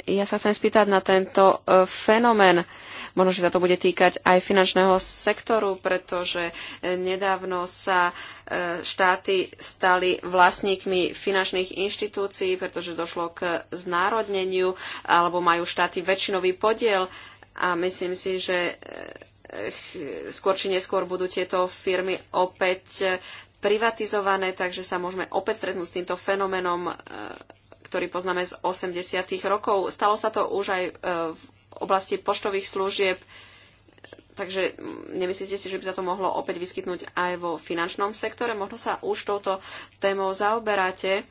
S1: ja sa chcem spýtať na tento e, fenomén. Možno, že sa to bude týkať aj finančného sektoru, pretože e, nedávno sa e, štáty stali vlastníkmi finančných inštitúcií, pretože došlo k znárodneniu, alebo majú štáty väčšinový podiel. A myslím si, že skôr či neskôr budú tieto firmy opäť privatizované, takže sa môžeme opäť stretnúť s týmto fenomenom ktorý poznáme z 80. rokov. Stalo sa to už aj e, v oblasti poštových služieb, takže nemyslíte si, že by sa to mohlo opäť vyskytnúť aj vo finančnom sektore? Možno sa už touto témou zaoberáte.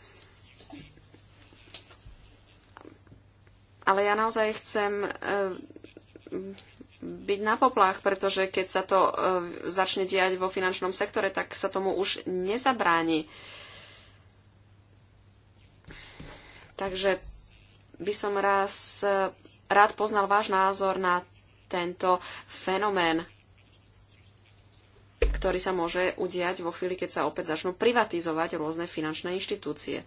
S1: Ale ja naozaj chcem e, byť na poplách, pretože keď sa to e, začne diať vo finančnom sektore, tak sa tomu už nezabráni. Takže by som raz rád poznal váš názor na tento fenomén, ktorý sa môže udiať vo chvíli, keď sa opäť začnú privatizovať rôzne finančné inštitúcie.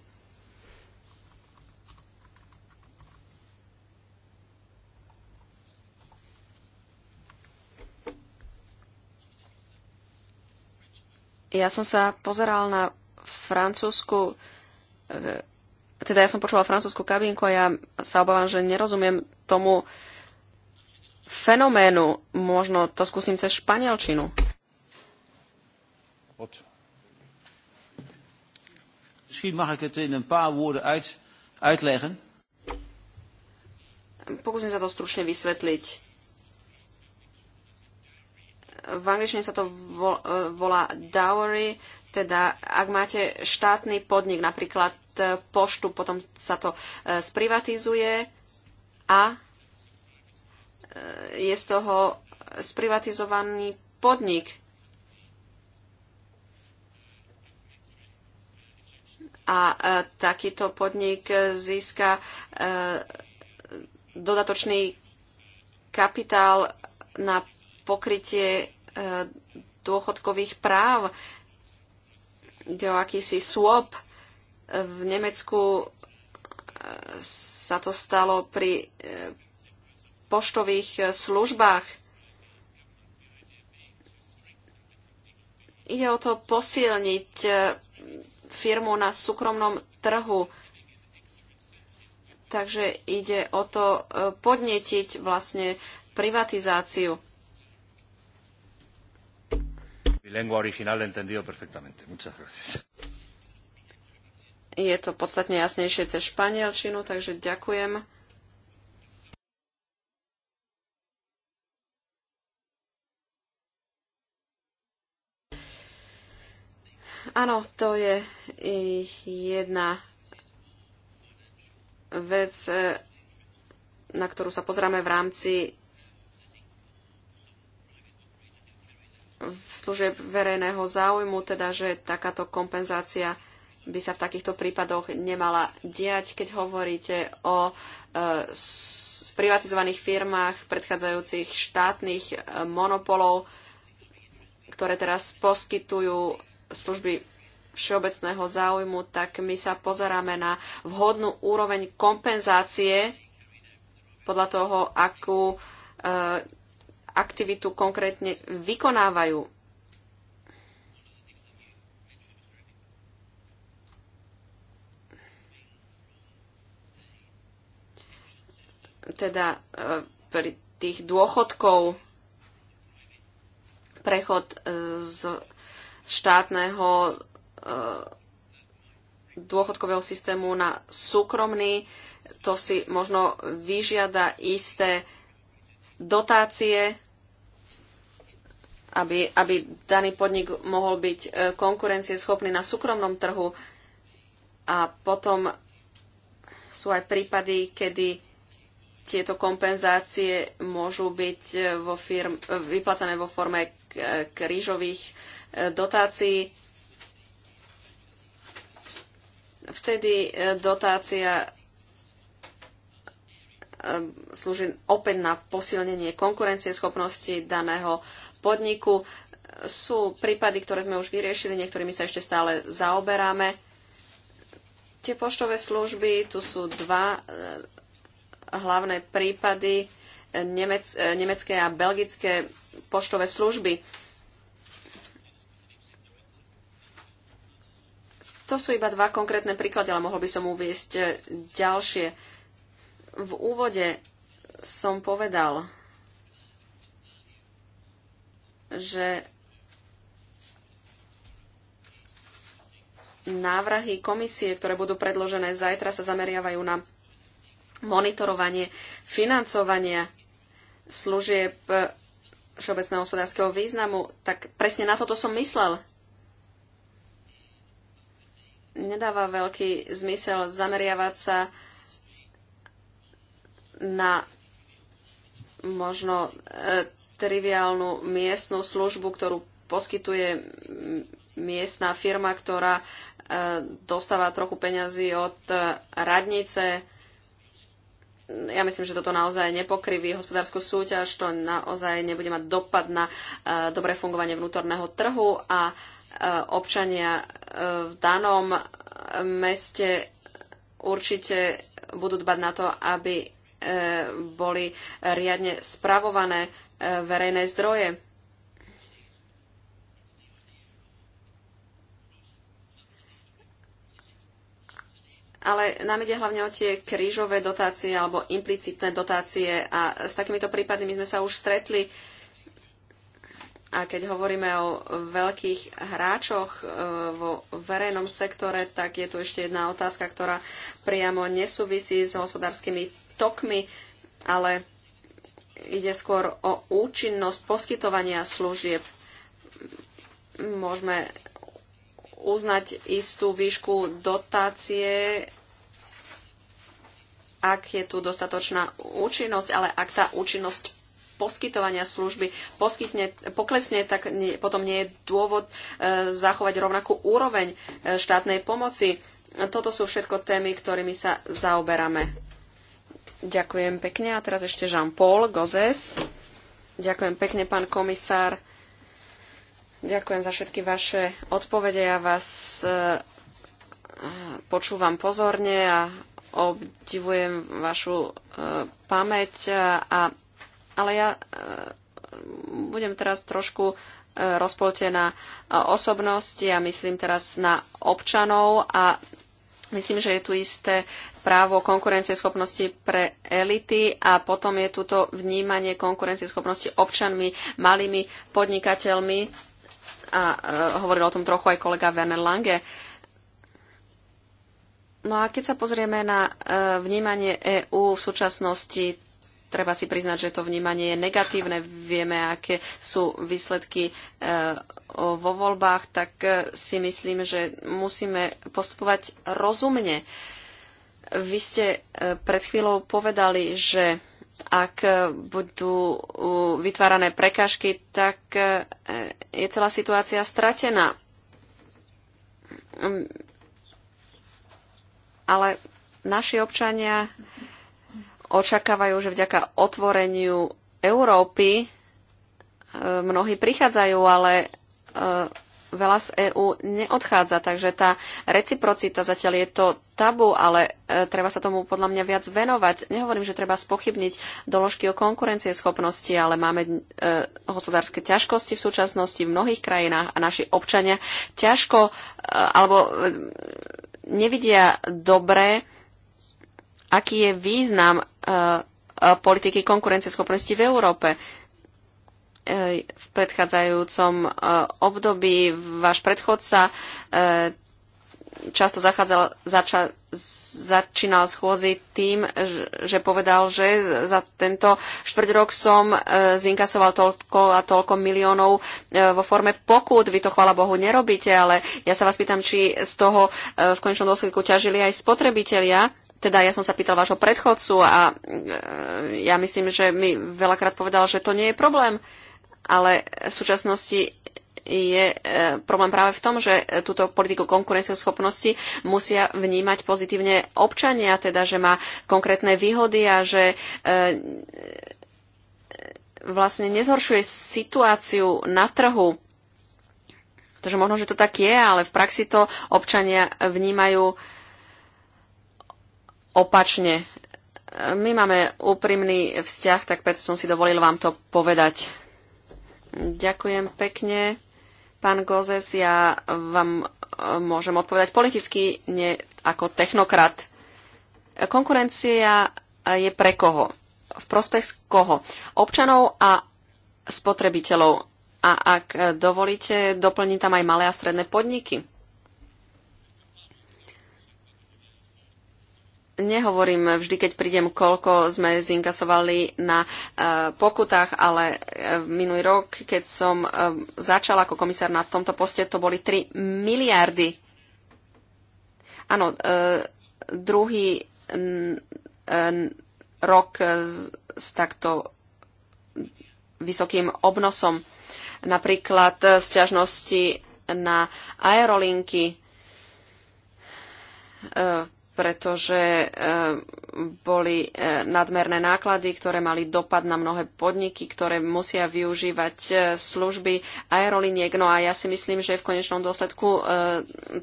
S1: Ja som sa pozeral na francúzsku e, teda ja som počula francúzsku kabinku a ja sa obávam, že nerozumiem tomu fenoménu. Možno to skúsim cez španielčinu. Oč.
S2: Misschien mag ik het in een paar woorden uit, uitleggen.
S1: Pokúsim sa to stručne vysvetliť. V angličtine sa to eh, volá dowry, teda ak máte štátny podnik, napríklad e, poštu, potom sa to e, sprivatizuje a e, je z toho sprivatizovaný podnik. A takýto podnik získa dodatočný kapitál na pokrytie dôchodkových práv ide o akýsi swap. V Nemecku e, sa to stalo pri e, poštových e, službách. Ide o to posilniť firmu na súkromnom trhu. Takže ide o to podnetiť vlastne privatizáciu. lengua original he entendido perfectamente. Muchas gracias. Je to podstatne jasnejšie cez španielčinu, takže ďakujem. Áno, to je jedna vec, na ktorú sa pozráme v rámci služieb verejného záujmu, teda že takáto kompenzácia by sa v takýchto prípadoch nemala diať, keď hovoríte o e, privatizovaných firmách predchádzajúcich štátnych e, monopolov, ktoré teraz poskytujú služby všeobecného záujmu, tak my sa pozeráme na vhodnú úroveň kompenzácie podľa toho, akú e, aktivitu konkrétne vykonávajú. Teda e, pri tých dôchodkov prechod e, z štátneho e, dôchodkového systému na súkromný. To si možno vyžiada isté dotácie aby, aby daný podnik mohol byť e, konkurencieschopný na súkromnom trhu. A potom sú aj prípady, kedy tieto kompenzácie môžu byť e, vo firm, e, vyplacané vo forme krížových dotácií. Vtedy dotácia slúži opäť na posilnenie konkurencieschopnosti daného podniku. Sú prípady, ktoré sme už vyriešili, niektorými sa ešte stále zaoberáme. Tie poštové služby, tu sú dva eh, hlavné prípady, eh, nemec, eh, nemecké a belgické poštové služby. To sú iba dva konkrétne príklady, ale mohol by som uviesť ďalšie. V úvode som povedal, že návrhy komisie, ktoré budú predložené zajtra, sa zameriavajú na monitorovanie financovania služieb eh, všeobecného hospodárskeho významu, tak presne na toto som myslel. Nedáva veľký zmysel zameriavať sa na možno eh, triviálnu miestnú službu, ktorú poskytuje miestná firma, ktorá e, dostáva trochu peňazí od e, radnice. Ja myslím, že toto naozaj nepokriví hospodárskú súťaž, to naozaj nebude mať dopad na e, dobré fungovanie vnútorného trhu a občania v danom meste určite budú dbať na to, aby boli riadne spravované verejné zdroje. ale nám ide hlavne o tie krížové dotácie alebo implicitné dotácie a s takýmito prípadmi sme sa už stretli a keď hovoríme o veľkých hráčoch e, vo verejnom sektore, tak je tu ešte jedna otázka, ktorá priamo nesúvisí s hospodárskymi tokmi, ale Ide skôr o účinnosť poskytovania služieb. Môžeme uznať istú výšku dotácie, ak je tu dostatočná účinnosť, ale ak tá účinnosť poskytovania služby poskytne, poklesne, tak nie, potom nie je dôvod e, zachovať rovnakú úroveň e, štátnej pomoci. Toto sú všetko témy, ktorými sa zaoberáme. Ďakujem pekne. A teraz ešte Jean-Paul Gozes. Ďakujem pekne, pán komisár. Ďakujem za všetky vaše odpovede. Ja vás eh, počúvam pozorne a obdivujem vašu eh, pamäť. A, ale ja eh, budem teraz trošku rozpoltená osobnosti a myslím teraz na občanov a myslím, že je tu isté právo konkurencieschopnosti pre elity a potom je tuto vnímanie konkurencieschopnosti občanmi, malými podnikateľmi a e, hovoril o tom trochu aj kolega Werner Lange. No a keď sa pozrieme na e, vnímanie EÚ v súčasnosti, treba si priznať, že to vnímanie je negatívne. Vieme, aké sú výsledky e, vo voľbách, tak e, si myslím, že musíme postupovať rozumne. E, vy ste e, pred chvíľou povedali, že ak budú vytvárané prekážky, tak e, je celá situácia stratená. Ale naši občania očakávajú, že vďaka otvoreniu Európy e, mnohí prichádzajú, ale veľa z EÚ neodchádza, takže tá reciprocita zatiaľ je to tabu, ale e, treba sa tomu podľa mňa viac venovať. Nehovorím, že treba spochybniť doložky o konkurencieschopnosti, ale máme e, hospodárske ťažkosti v súčasnosti v mnohých krajinách a naši občania ťažko e, alebo e, nevidia dobre, aký je význam e, e politiky konkurencieschopnosti v Európe. E, E, v predchádzajúcom e, období váš predchodca e, často zachádzal, zača, začínal schôzy tým, že povedal, že za tento štvrť rok som zinkasoval toľko a toľko miliónov vo forme pokut Vy to, chvala Bohu, nerobíte, ale ja sa vás pýtam, či z toho v končnom dôsledku ťažili aj spotrebitelia teda ja som sa pýtal vášho predchodcu a ja myslím, že mi veľakrát povedal, že to nie je problém ale v súčasnosti je e, problém práve v tom, že túto politiku konkurencieschopnosti musia vnímať pozitívne občania, teda že má konkrétne výhody a že e, vlastne nezhoršuje situáciu na trhu. Takže možno, že to tak je, ale v praxi to občania vnímajú opačne. E, my máme úprimný vzťah, tak preto som si dovolil vám to povedať. Ďakujem pekne. Pán Gozes, ja vám e, môžem odpovedať politicky, nie ako technokrat. Konkurencia je pre koho? V prospech koho? Občanov a spotrebiteľov. A ak dovolíte, doplním tam aj malé a stredné podniky. nehovorím vždy, keď prídem, koľko sme zinkasovali na e, pokutách, ale e, minulý rok, keď som e, začala ako komisár na tomto poste, to boli 3 miliardy. Áno, druhý rok s takto vysokým obnosom. Napríklad sťažnosti na aerolinky pretože eh, boli eh, nadmerné náklady, ktoré mali dopad na mnohé podniky, ktoré musia využívať eh, služby aeroliniek. No a ja si myslím, že v konečnom dôsledku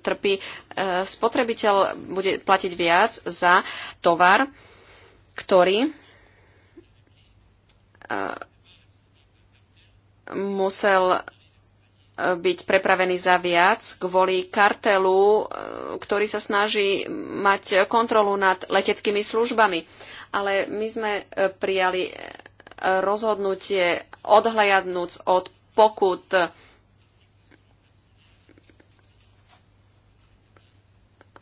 S1: trpí spotrebiteľ, bude platiť viac za tovar, ktorý musel byť prepravený za viac kvôli kartelu, e, ktorý sa snaží mať kontrolu nad leteckými službami. Ale my sme e, prijali e, rozhodnutie odhľadnúc od pokut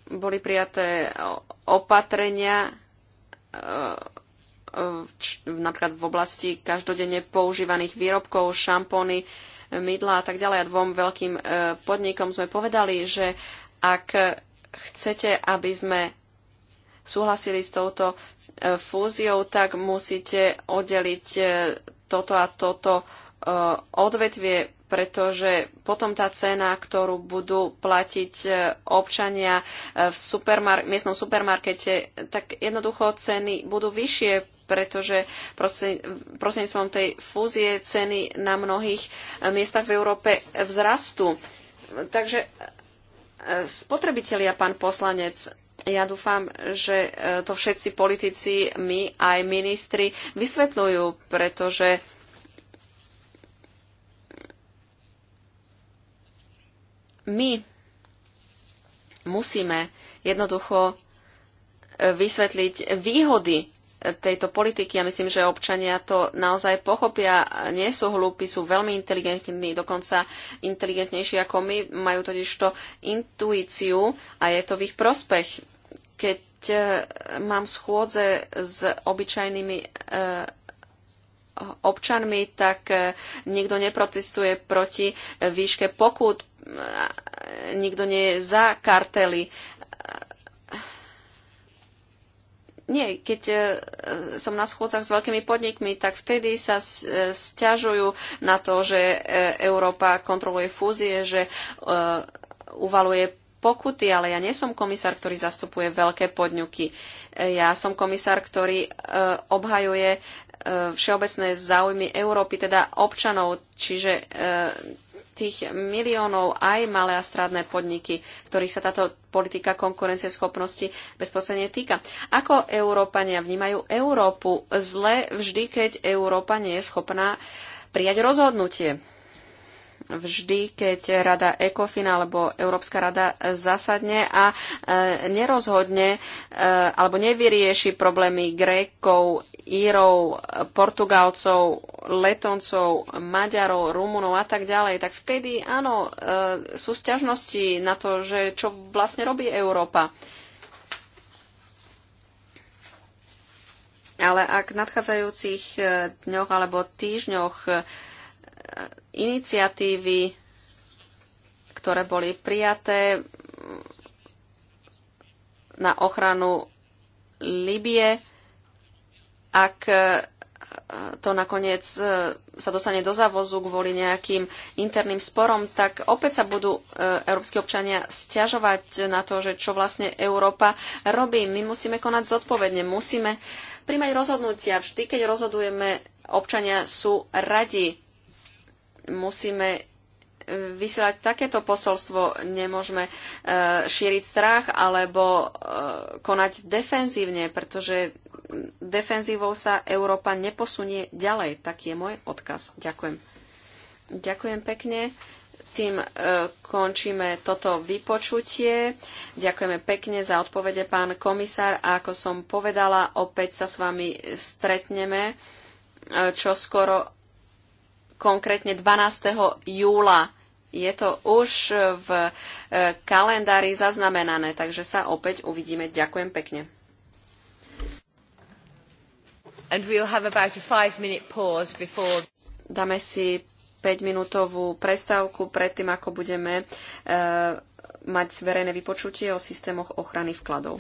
S1: boli prijaté opatrenia napríklad v oblasti každodenne používaných výrobkov, šampóny, mydla a tak ďalej. A dvom veľkým e, podnikom sme povedali, že ak chcete, aby sme súhlasili s touto e, fúziou, tak musíte oddeliť e, toto a toto odvetvie, pretože potom tá cena, ktorú budú platiť občania v supermar- miestnom supermarkete, tak jednoducho ceny budú vyššie pretože prostredníctvom tej fúzie ceny na mnohých eh, miestach v Európe vzrastú. Takže eh, spotrebitelia, pán poslanec, ja dúfam, že eh, to všetci politici, my aj ministri vysvetľujú, pretože my musíme jednoducho vysvetliť výhody tejto politiky. Ja myslím, že občania to naozaj pochopia. Nie sú hlúpi, sú veľmi inteligentní, dokonca inteligentnejší ako my. Majú totiž to intuíciu a je to v ich prospech. Keď e, mám schôdze s obyčajnými e, občanmi, tak e, nikto neprotestuje proti výške pokut nikto nie je za kartely nie, keď e, som na schôdzach s veľkými podnikmi, tak vtedy sa stiažujú e, na to, že e, Európa kontroluje fúzie, že uvaluje pokuty, ale ja nie som komisár, ktorý zastupuje veľké podniky. Ja som komisár, ktorý obhajuje všeobecné záujmy Európy, teda občanov, čiže tých miliónov aj malé a stradné podniky, ktorých sa táto politika konkurencieschopnosti bezprostredne týka. Ako Európania vnímajú Európu zle vždy, keď Európa nie je schopná prijať rozhodnutie? vždy, keď Rada ECOFIN alebo Európska rada zasadne a e, nerozhodne e, alebo nevyrieši problémy Grékov, Írov, Portugalcov, Letoncov, Maďarov, Rumunov a tak ďalej, tak vtedy áno, e, sú sťažnosti na to, že čo vlastne robí Európa. Ale ak v nadchádzajúcich e, dňoch alebo týždňoch e, iniciatívy, ktoré boli prijaté na ochranu Libie, ak e, to nakoniec e, sa dostane do závozu kvôli nejakým interným sporom, tak opäť sa budú e, európsky občania stiažovať na to, že čo vlastne Európa robí. My musíme konať zodpovedne, musíme príjmať rozhodnutia. Vždy, keď rozhodujeme, občania sú radi. Musíme vysielať takéto posolstvo, nemôžeme šíriť strach alebo konať defenzívne, pretože defenzívou sa Európa neposunie ďalej. Tak je môj odkaz. Ďakujem. Ďakujem pekne. Tým e, končíme toto vypočutie. Ďakujeme pekne za odpovede, pán komisár. A ako som povedala, opäť sa s vami stretneme e, čo skoro konkrétne 12. júla. Je to už v e, kalendári zaznamenané, takže sa opäť uvidíme. Ďakujem pekne. And we'll have about a five-minute pause before... Dáme si 5-minútovú prestávku pred tým, ako budeme uh, mať verejné vypočutie o systémoch ochrany vkladov.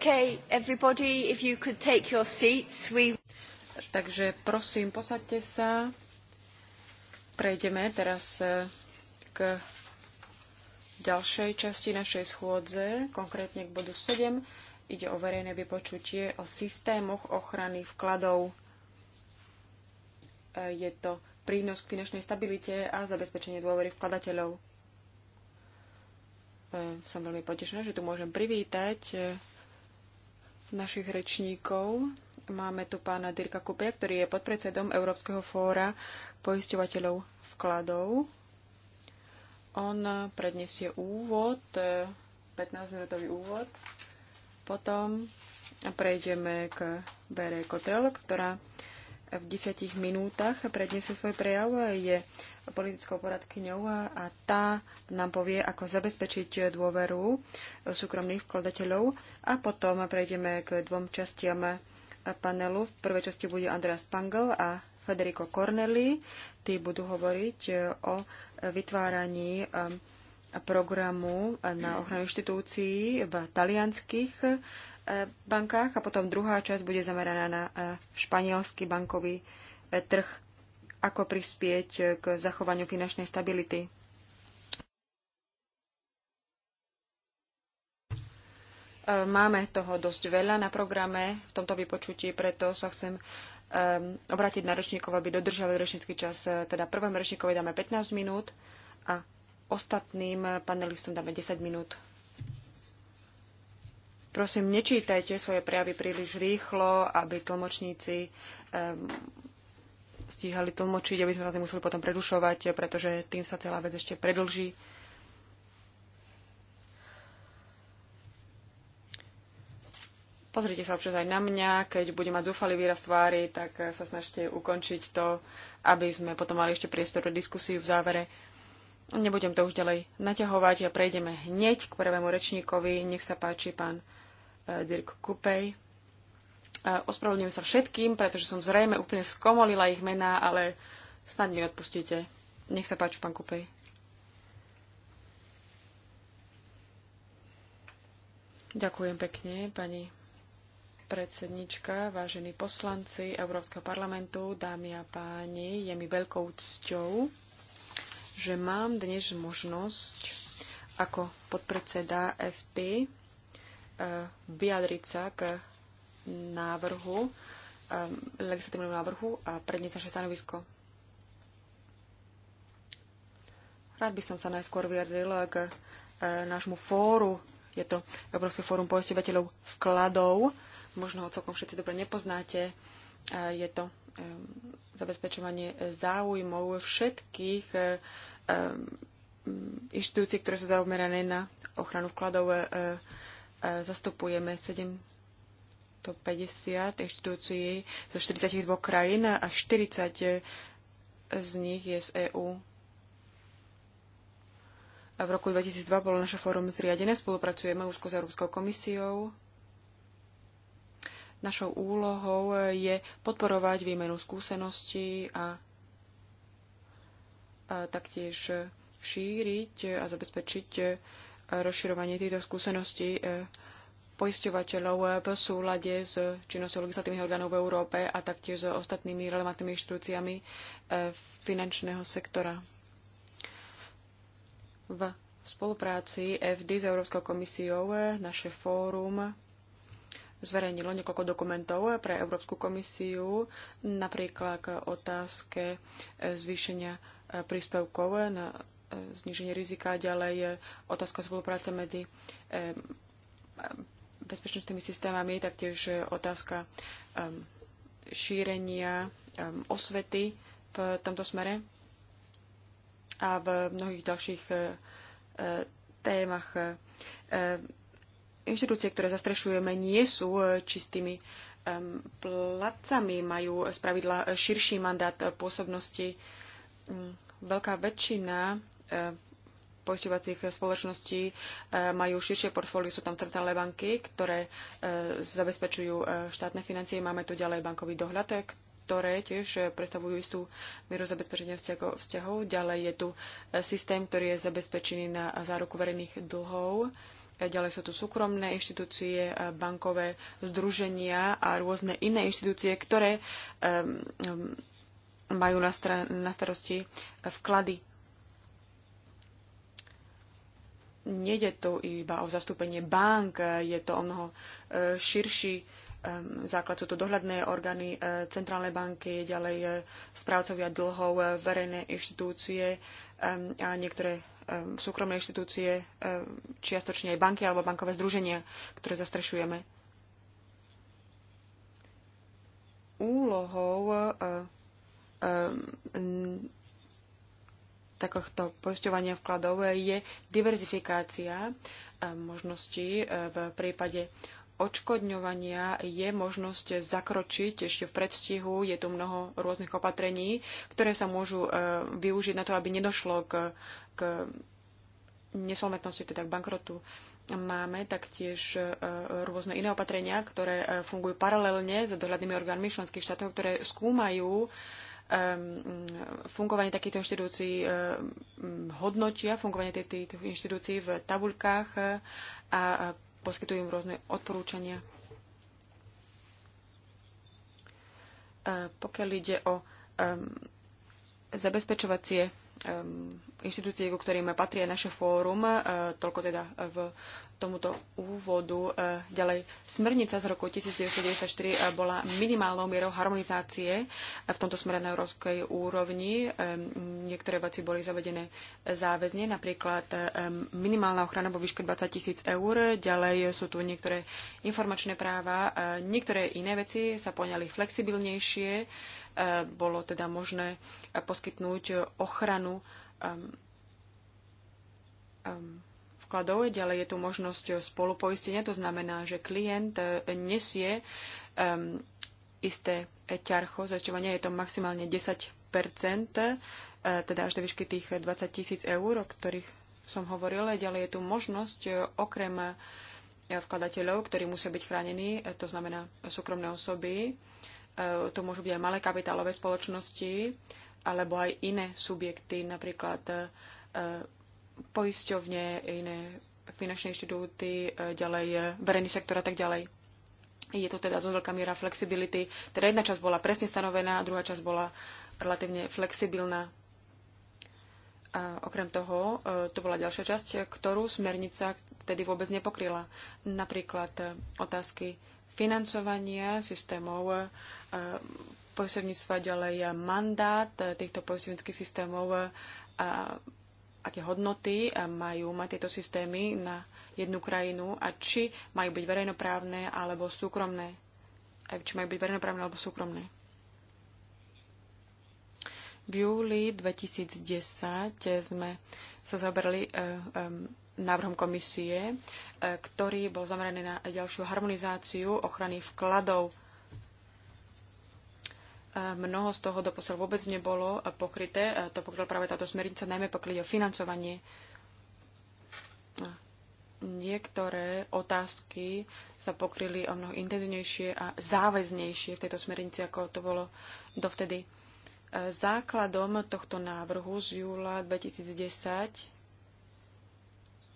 S1: Okay, everybody, if you could take your seats, we... Takže prosím, posaďte
S3: sa. Prejdeme teraz e, k ďalšej časti našej schôdze, konkrétne k bodu 7. Ide o verejné vypočutie o systémoch ochrany vkladov. E, je to prínos k finančnej stabilite a zabezpečenie dôvery vkladateľov. E, som veľmi potešená, že tu môžem privítať našich rečníkov. Máme tu pána Dirka Kupia, ktorý je podpredsedom Európskeho fóra poisťovateľov vkladov. On predniesie úvod, 15-minútový e, úvod. Potom prejdeme k Bere Kotrel, ktorá v 10 minútach predniesie svoj prejav. Je politickou poradkyňou a tá nám povie, ako zabezpečiť dôveru súkromných vkladateľov a potom prejdeme k dvom častiam panelu. V prvej časti bude Andreas Pangl a Federico Corneli. Tí budú hovoriť o vytváraní um, programu na ochranu inštitúcií v talianských uh, bankách a potom druhá časť bude zameraná na uh, španielský bankový uh, trh ako prispieť k zachovaniu finančnej stability. E, máme toho dosť veľa na programe v tomto vypočutí, preto sa chcem e, obrátiť na rečníkov, aby dodržali rečnícky čas. E, teda prvom rečníkovi dáme 15 minút a ostatným panelistom dáme 10 minút. Prosím, nečítajte svoje prejavy príliš rýchlo, aby tlmočníci stíhali tlmočiť, aby sme sa museli potom predušovať, pretože tým sa celá vec ešte predlží. Pozrite sa občas aj na mňa, keď budem mať zúfalý výraz tvári, tak sa snažte ukončiť to, aby sme potom mali ešte priestor do diskusiu v závere. Nebudem to už ďalej naťahovať a prejdeme hneď k prvému rečníkovi. Nech sa páči pán eh, Dirk Kupej. Ospravedlňujem sa všetkým, pretože som zrejme úplne skomolila ich mená, ale snad mi odpustíte. Nech sa páči, pán Kupej. Ďakujem pekne, pani predsednička, vážení poslanci Európskeho parlamentu, dámy a páni, je mi veľkou cťou, že mám dnes možnosť ako podpredseda FT eh, vyjadriť sa k návrhu, um, legislatívnemu návrhu a predniesť naše stanovisko. Rád by som sa najskôr vyjadril k e, nášmu fóru. Je to Európske fórum poisťovateľov vkladov. Možno ho celkom všetci dobre nepoznáte. E, je to zabezpečovanie záujmov všetkých e, inštitúcií, ktoré sú zaoberané na ochranu vkladov. Zastupujeme 7 150 inštitúcií zo 42 krajín a 40 z nich je z EÚ. A v roku 2002 bolo naše fórum zriadené, spolupracujeme úzko s Európskou komisiou. Našou úlohou je podporovať výmenu skúseností a, a taktiež šíriť a zabezpečiť rozširovanie týchto skúseností e, poisťovateľov v súlade s činnosťou legislatívnych orgánov v Európe a taktiež s ostatnými relevantnými inštitúciami eh, finančného sektora. V spolupráci FD s Európskou komisiou eh, naše fórum zverejnilo niekoľko dokumentov eh, pre Európsku komisiu, napríklad k otázke zvýšenia príspevkov na zniženie rizika, ďalej otázka spolupráce medzi bezpečnostnými systémami, taktiež e, otázka um, šírenia um, osvety v tomto smere a v mnohých ďalších uh, témach. Uh, inštitúcie, ktoré zastrešujeme, nie sú čistými um, placami, majú spravidla širší mandát pôsobnosti. Um, veľká väčšina poisťovacích spoločností e, majú širšie portfólio, sú tam centrálne banky, ktoré e, zabezpečujú e, štátne financie. Máme tu ďalej bankový dohľad, ktoré tiež predstavujú istú mieru zabezpečenia vzťahov. Ďalej je tu systém, ktorý je zabezpečený na záruku verejných dlhov. Ďalej sú tu súkromné inštitúcie, bankové združenia a rôzne iné inštitúcie, ktoré majú na starosti vklady Nede to iba o zastúpenie bank, je to o mnoho e, širší základ sú to dohľadné orgány e, centrálnej banky, ďalej e, správcovia dlhov, verejné inštitúcie a niektoré súkromné inštitúcie, čiastočne aj banky alebo bankové združenia, ktoré zastrešujeme. Úlohou takýchto poisťovania vkladov je diverzifikácia e, možností e, v prípade odškodňovania je možnosť zakročiť ešte v predstihu. Je tu mnoho rôznych opatrení, ktoré sa môžu e, využiť na to, aby nedošlo k, k nesolmetnosti, teda k bankrotu. Máme taktiež rôzne iné opatrenia, ktoré fungujú paralelne s dohľadnými orgánmi členských štátov, ktoré skúmajú Mm, fungovanie takýchto inštitúcií mm, hodnotia, fungovanie týchto inštitúcií v tabuľkách eh, a poskytujú im rôzne odporúčania. Eh, pokiaľ ide o zabezpečovacie inštitúcie, ku ktorým patrí naše fórum, eh, toľko teda v tomuto úvodu. E, ďalej, smernica z roku 1994 e, bola minimálnou mierou harmonizácie e, v tomto smere na európskej úrovni. Niektoré veci boli zavedené záväzne, napríklad minimálna ochrana vo výške 20 tisíc eur. Ďalej sú tu niektoré informačné práva. Niektoré iné veci sa poňali flexibilnejšie. Bolo teda možné poskytnúť ochranu um, um, vkladov. Ďalej je tu možnosť spolupoistenia, to znamená, že klient eh, nesie um, isté ťarcho zaisťovania, je to maximálne 10 eh, teda až do výšky tých 20 tisíc eur, o ktorých som hovorila. Ďalej je tu možnosť eh, okrem vkladateľov, ktorí musia byť chránení, to znamená súkromné osoby, to môžu byť aj malé kapitálové spoločnosti, alebo aj iné subjekty, napríklad poisťovne, iné finančné inštitúty, e, ďalej e, verejný sektor a tak ďalej. Je to teda zo veľká miera flexibility. Teda jedna časť bola presne stanovená, a druhá časť bola relatívne flexibilná. A okrem toho, e, to bola ďalšia časť, ktorú smernica vtedy vôbec nepokryla. Napríklad otázky financovania systémov poisťovníctva ďalej mandát týchto poisťovníckých systémov a aké hodnoty eh, majú mať tieto systémy na jednu krajinu a či majú byť verejnoprávne alebo súkromné. A či majú byť verejnoprávne alebo súkromné. V júli 2010 sme sa zaoberali eh, eh, návrhom komisie, ktorý bol zameraný na ďalšiu harmonizáciu ochrany vkladov Mnoho z toho doposiaľ vôbec nebolo pokryté. To pokryla práve táto smernica, najmä pokiaľ o financovanie. Niektoré otázky sa pokryli o mnoho intenzívnejšie a záväznejšie v tejto smernici, ako to bolo dovtedy. Základom tohto návrhu z júla 2010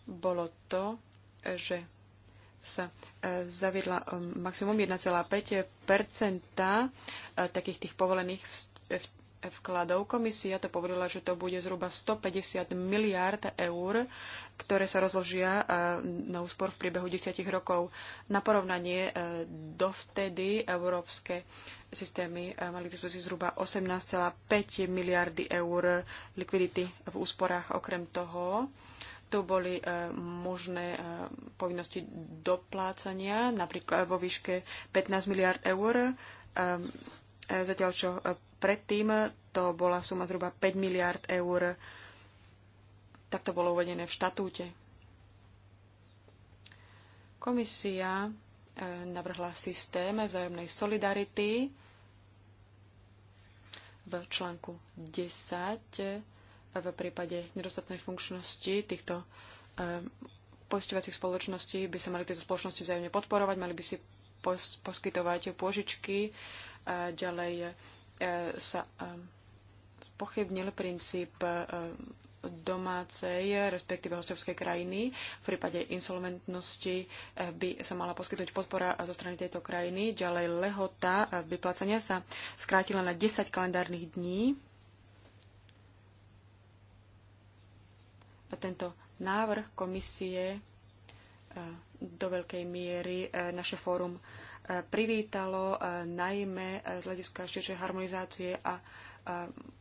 S3: bolo to, že sa e, zaviedla e, maximum 1,5 e, takých tých povolených vkladov. Komisia to povedala, že to bude zhruba 150 miliárd eur, ktoré sa rozložia na úspor v priebehu 10 rokov. Na porovnanie dovtedy európske systémy mali k dispozícii zhruba 18,5 miliardy eur likvidity v úsporách. Okrem toho, tu boli e, možné e, povinnosti doplácania, napríklad e, vo výške 15 miliard eur, zatiaľ čo predtým to bola suma zhruba 5 miliard eur. Tak to bolo uvedené v štatúte. Komisia navrhla systém vzájomnej solidarity v článku 10 v prípade nedostatnej funkčnosti týchto eh, poisťovacích spoločností by sa mali tieto spoločnosti vzájomne podporovať, mali by si pos- poskytovať pôžičky, eh, ďalej eh, sa pochybnil princíp domácej, respektíve hostovskej krajiny. V prípade insolventnosti by sa mala poskytnúť podpora zo strany tejto krajiny. Ďalej lehota vyplácania sa skrátila na 10 kalendárnych dní tento návrh komisie e, do veľkej miery e, naše fórum e, privítalo, najmä z hľadiska širšej harmonizácie a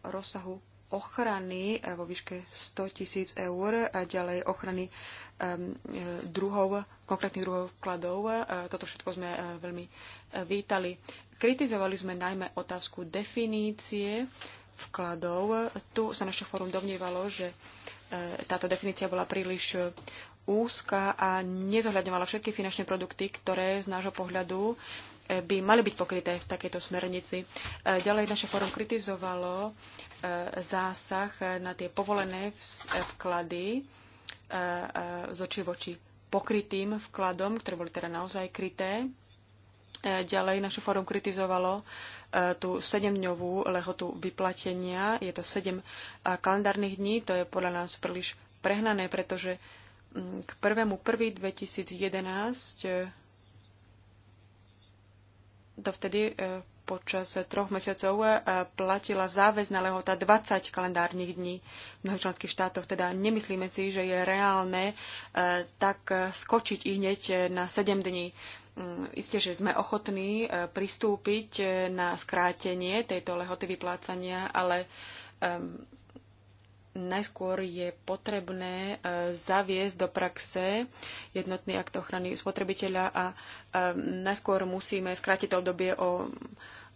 S3: rozsahu ochrany vo výške 100 tisíc eur a ďalej ochrany druhov, konkrétnych druhov vkladov. Toto všetko sme veľmi vítali. Kritizovali sme najmä otázku definície vkladov. Tu sa naše fórum domnievalo, že E, táto definícia bola príliš e, úzka a nezohľadňovala všetky finančné produkty, ktoré z nášho pohľadu e, by mali byť pokryté v takejto smernici. Ďalej naše fórum kritizovalo zásah na tie povolené vklady z očí voči pokrytým vkladom, ktoré boli teda naozaj kryté. Ďalej naše fórum kritizovalo E, tú 7-dňovú lehotu vyplatenia. Je to 7 e, kalendárnych dní, to je podľa nás príliš prehnané, pretože mm, k 1.1.2011 e, dovtedy počas troch mesiacov platila záväzná lehota 20 kalendárnych dní v mnohých členských štátoch. Teda nemyslíme si, že je reálne tak skočiť i hneď na 7 dní. Mm, Isté, že sme ochotní e, pristúpiť e, na skrátenie tejto lehoty vyplácania, ale najskôr je potrebné e, zaviesť do praxe jednotný akt ochrany spotrebiteľa a najskôr musíme skrátiť to obdobie o,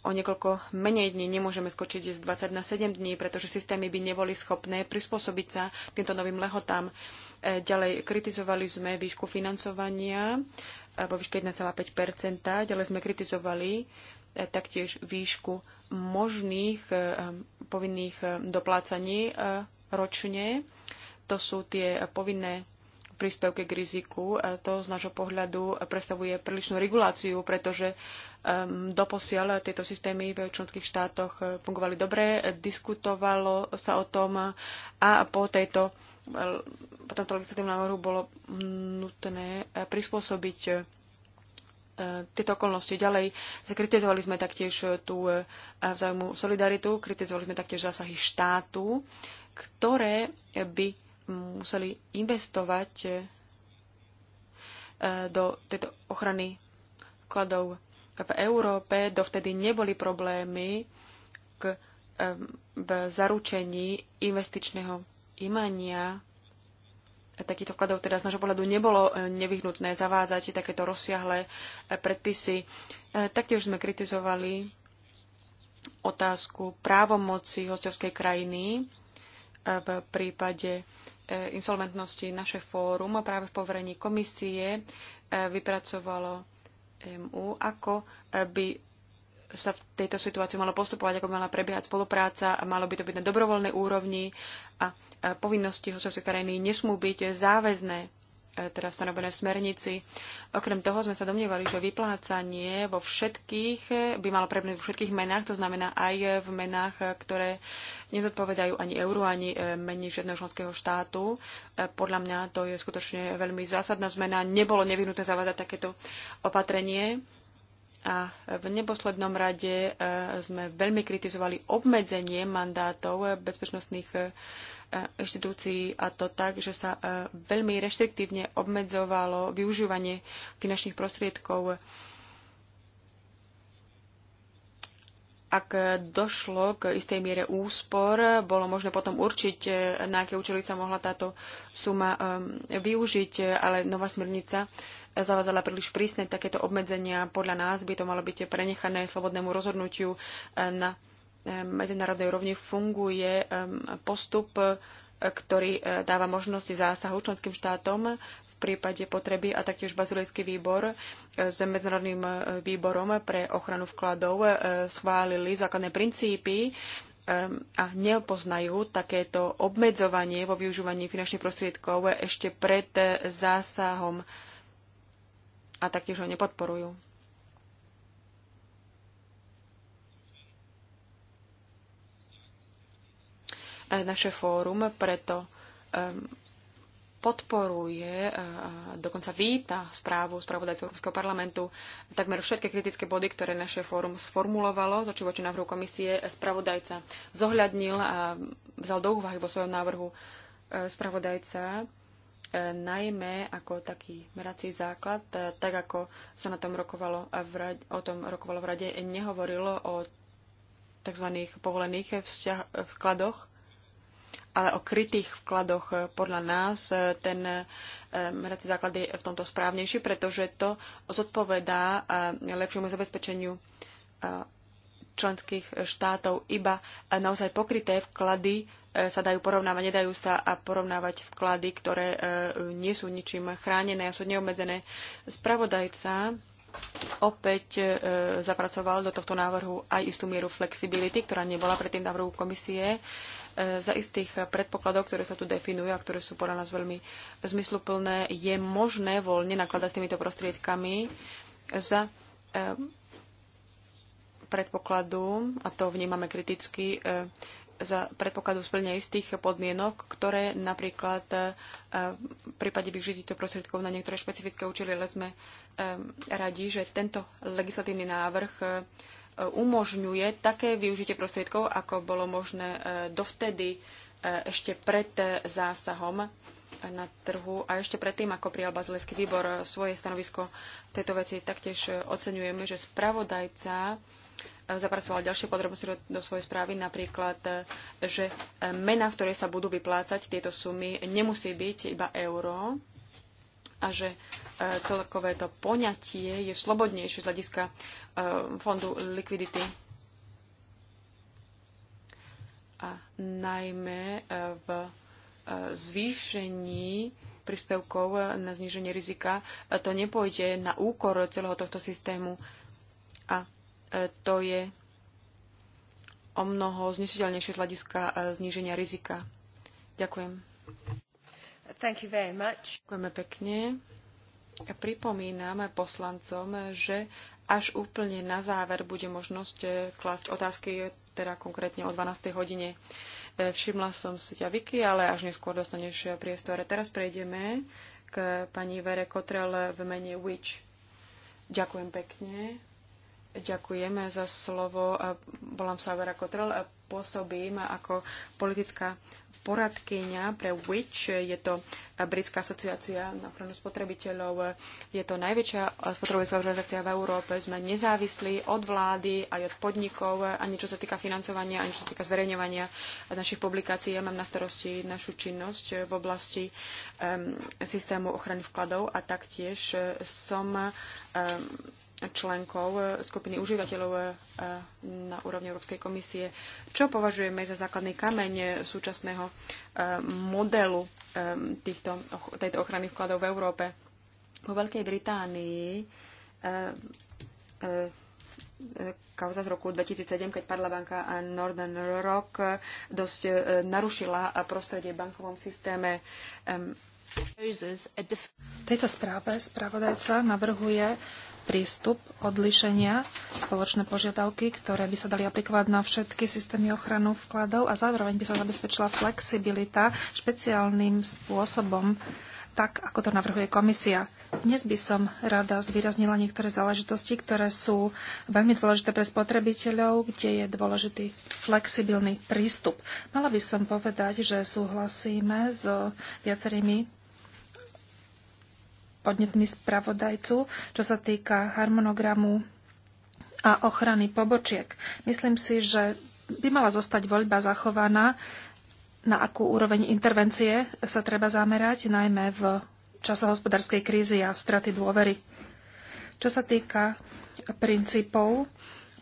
S3: o niekoľko menej dní. Nemôžeme skočiť z 20 na 7 dní, pretože systémy by neboli schopné prispôsobiť sa týmto novým lehotám. Ďalej kritizovali sme výšku financovania vo výške 1,5 ďalej sme kritizovali e, taktiež výšku možných e, e, povinných doplácaní ročne. To sú tie povinné príspevky k riziku. To z nášho pohľadu predstavuje prílišnú reguláciu, pretože doposiaľ tieto systémy v členských štátoch fungovali dobre, diskutovalo sa o tom a po tejto po tomto legislatívnom návrhu bolo nutné eh, prispôsobiť eh, tieto okolnosti. Ďalej kritizovali sme taktiež eh, tú vzájomnú solidaritu, kritizovali sme taktiež zásahy štátu, ktoré by museli investovať do tejto ochrany vkladov v Európe. Dovtedy neboli problémy k, v zaručení investičného imania takýchto vkladov teda z nášho pohľadu nebolo e, nevyhnutné zavádzať takéto rozsiahle e, predpisy. E, taktiež sme kritizovali otázku právomoci hostovskej krajiny v prípade insolventnosti naše fórum a práve v poverení komisie vypracovalo MU, ako by sa v tejto situácii malo postupovať, ako mala prebiehať spolupráca a malo by to byť na dobrovoľnej úrovni a povinnosti hostovskej krajiny nesmú byť záväzné e, teda stanovené smernici. Okrem toho sme sa domnievali, že vyplácanie vo všetkých e, by malo prebnúť vo všetkých menách, to znamená aj v menách, e, ktoré nezodpovedajú ani euru, ani mení žiadneho členského štátu. Podľa mňa to je skutočne veľmi zásadná zmena. Nebolo nevyhnuté zavádať takéto opatrenie. A v neposlednom rade e, sme veľmi kritizovali obmedzenie mandátov bezpečnostných e, inštitúcií a to tak, že sa e, veľmi reštriktívne obmedzovalo využívanie finančných prostriedkov. Ak došlo k istej miere úspor, bolo možné potom určiť, na aké účely sa mohla táto suma využiť, ale nová smernica zavádzala príliš prísne takéto obmedzenia. Podľa nás by to malo byť prenechané slobodnému rozhodnutiu eh, na eh, medzinárodnej rovni funguje eh, postup, ktorý dáva možnosti zásahu členským štátom v prípade potreby a taktiež Bazilejský výbor s Medzinárodným výborom pre ochranu vkladov schválili základné princípy a nepoznajú takéto obmedzovanie vo využívaní finančných prostriedkov ešte pred zásahom a taktiež ho nepodporujú. E, naše fórum preto podporuje a dokonca víta správu spravodajcu Európskeho parlamentu. Takmer všetky kritické body, ktoré naše fórum sformulovalo, to či voči návrhu komisie, spravodajca zohľadnil a vzal do úvahy vo svojom návrhu. E, spravodajca E, najmä ako taký merací základ, e, tak ako sa na tom rokovalo v rade, o tom rokovalo v rade, nehovorilo o tzv. povolených vzťah, e, vkladoch, ale o krytých vkladoch podľa nás ten merací základ je v tomto správnejší, pretože to zodpovedá lepšiemu zabezpečeniu členských štátov iba naozaj pokryté vklady sa dajú porovnávať, nedajú sa a porovnávať vklady, ktoré e, nie sú ničím chránené a sú neobmedzené. Spravodajca opäť e, zapracoval do tohto návrhu aj istú mieru flexibility, ktorá nebola predtým návrhu komisie e, za istých predpokladov, ktoré sa tu definujú a ktoré sú podľa nás veľmi zmysluplné, je možné voľne nakladať s týmito prostriedkami za predpokladu, a to vnímame kriticky, za predpokladu splnenia istých podmienok, ktoré napríklad e, v prípade využití týchto prostriedkov na niektoré špecifické účely, ale sme e, radi, že tento legislatívny návrh e, umožňuje také využitie prostriedkov, ako bolo možné dovtedy ešte pred zásahom na trhu a ešte predtým, ako prijal Bazilecký výbor svoje stanovisko v tejto veci, taktiež oceňujeme, že spravodajca zapracovala ďalšie podrobnosti do, do svojej správy, napríklad, e, že e, mena, v ktorej sa budú vyplácať tieto sumy, nemusí byť iba euro a že e, celkové to poňatie je slobodnejšie z hľadiska fondu likvidity. A najmä v zvýšení príspevkov na zníženie rizika to nepôjde na úkor celého tohto systému. A to je o mnoho znesiteľnejšie z hľadiska e, zníženia rizika. Ďakujem.
S1: Thank you very much.
S3: Ďakujeme pekne. Pripomínam poslancom, že až úplne na záver bude možnosť e, klásť otázky, teda konkrétne o 12. hodine. E, všimla som si ťa, Vicky, ale až neskôr dostaneš priestore. Teraz prejdeme k pani Vere Kotrel v mene Witch. Ďakujem pekne. Ďakujeme za slovo. Volám sa Vera Kotrel a pôsobím ako politická poradkyňa pre WITCH. Je to Britská asociácia na ochranu spotrebiteľov. Je to najväčšia spotrebiteľská organizácia v Európe. Sme nezávislí od vlády aj od podnikov, ani čo sa týka financovania, ani čo sa týka zverejňovania našich publikácií. Ja mám na starosti našu činnosť v oblasti um, systému ochrany vkladov a taktiež eh, som um, členkov e, skupiny užívateľov e, e, na úrovni Európskej komisie. Čo považujeme za základný kameň súčasného modelu týchto, tejto ochrany vkladov v Európe? Vo Veľkej Británii kauza z roku 2007, keď padla banka Northern Rock, dosť narušila prostredie v bankovom systéme.
S2: V tejto správe spravodajca navrhuje prístup, odlišenia, spoločné požiadavky, ktoré by sa dali aplikovať na všetky systémy ochranu vkladov a zároveň by sa zabezpečila flexibilita špeciálnym spôsobom, tak ako to navrhuje komisia. Dnes by som rada zvýraznila niektoré záležitosti, ktoré sú veľmi dôležité pre spotrebiteľov, kde je dôležitý flexibilný prístup. Mala by som povedať, že súhlasíme s viacerými podnetmi spravodajcu, čo sa týka harmonogramu a ochrany pobočiek. Myslím si, že by mala zostať voľba zachovaná, na akú úroveň intervencie sa treba zamerať, najmä v čase hospodárskej krízy a straty dôvery. Čo sa týka princípov,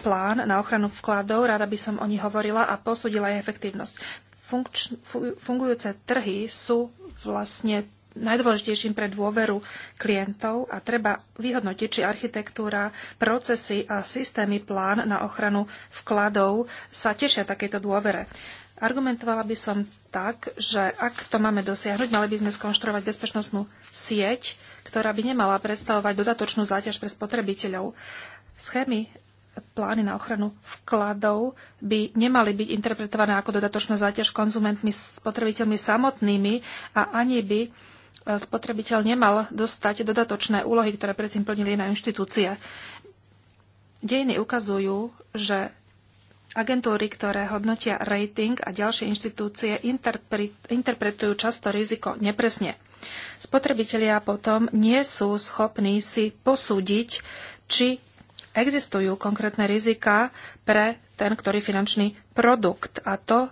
S2: plán na ochranu vkladov, rada by som o nich hovorila a posúdila jej efektívnosť. Funkč, fungujúce trhy sú vlastne najdôležitejším pre dôveru klientov a treba vyhodnotiť, či architektúra, procesy a systémy plán na ochranu vkladov sa tešia takéto dôvere. Argumentovala by som tak, že ak to máme dosiahnuť, mali by sme skonštruovať bezpečnostnú sieť, ktorá by nemala predstavovať dodatočnú záťaž pre spotrebiteľov. Schémy plány na ochranu vkladov by nemali byť interpretované ako dodatočná záťaž konzumentmi, spotrebiteľmi samotnými a ani by spotrebiteľ nemal dostať dodatočné úlohy, ktoré predtým plnili iné inštitúcie. Dejiny ukazujú, že agentúry, ktoré hodnotia rating a ďalšie inštitúcie, interpretujú často riziko nepresne. Spotrebitelia potom nie sú schopní si posúdiť, či existujú konkrétne rizika pre ten, ktorý finančný produkt a to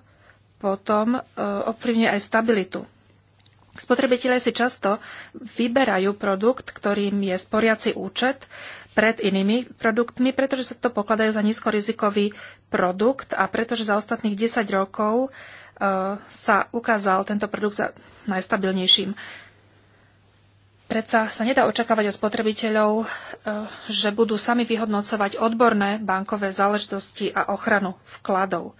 S2: potom e, ovplyvňuje aj stabilitu Spotrebitelia si často vyberajú produkt, ktorým je sporiaci účet pred inými produktmi, pretože sa to pokladajú za nízkorizikový produkt a pretože za ostatných 10 rokov e, sa ukázal tento produkt za najstabilnejším. Predsa sa nedá očakávať od spotrebiteľov, e, že budú sami vyhodnocovať odborné bankové záležitosti a ochranu vkladov.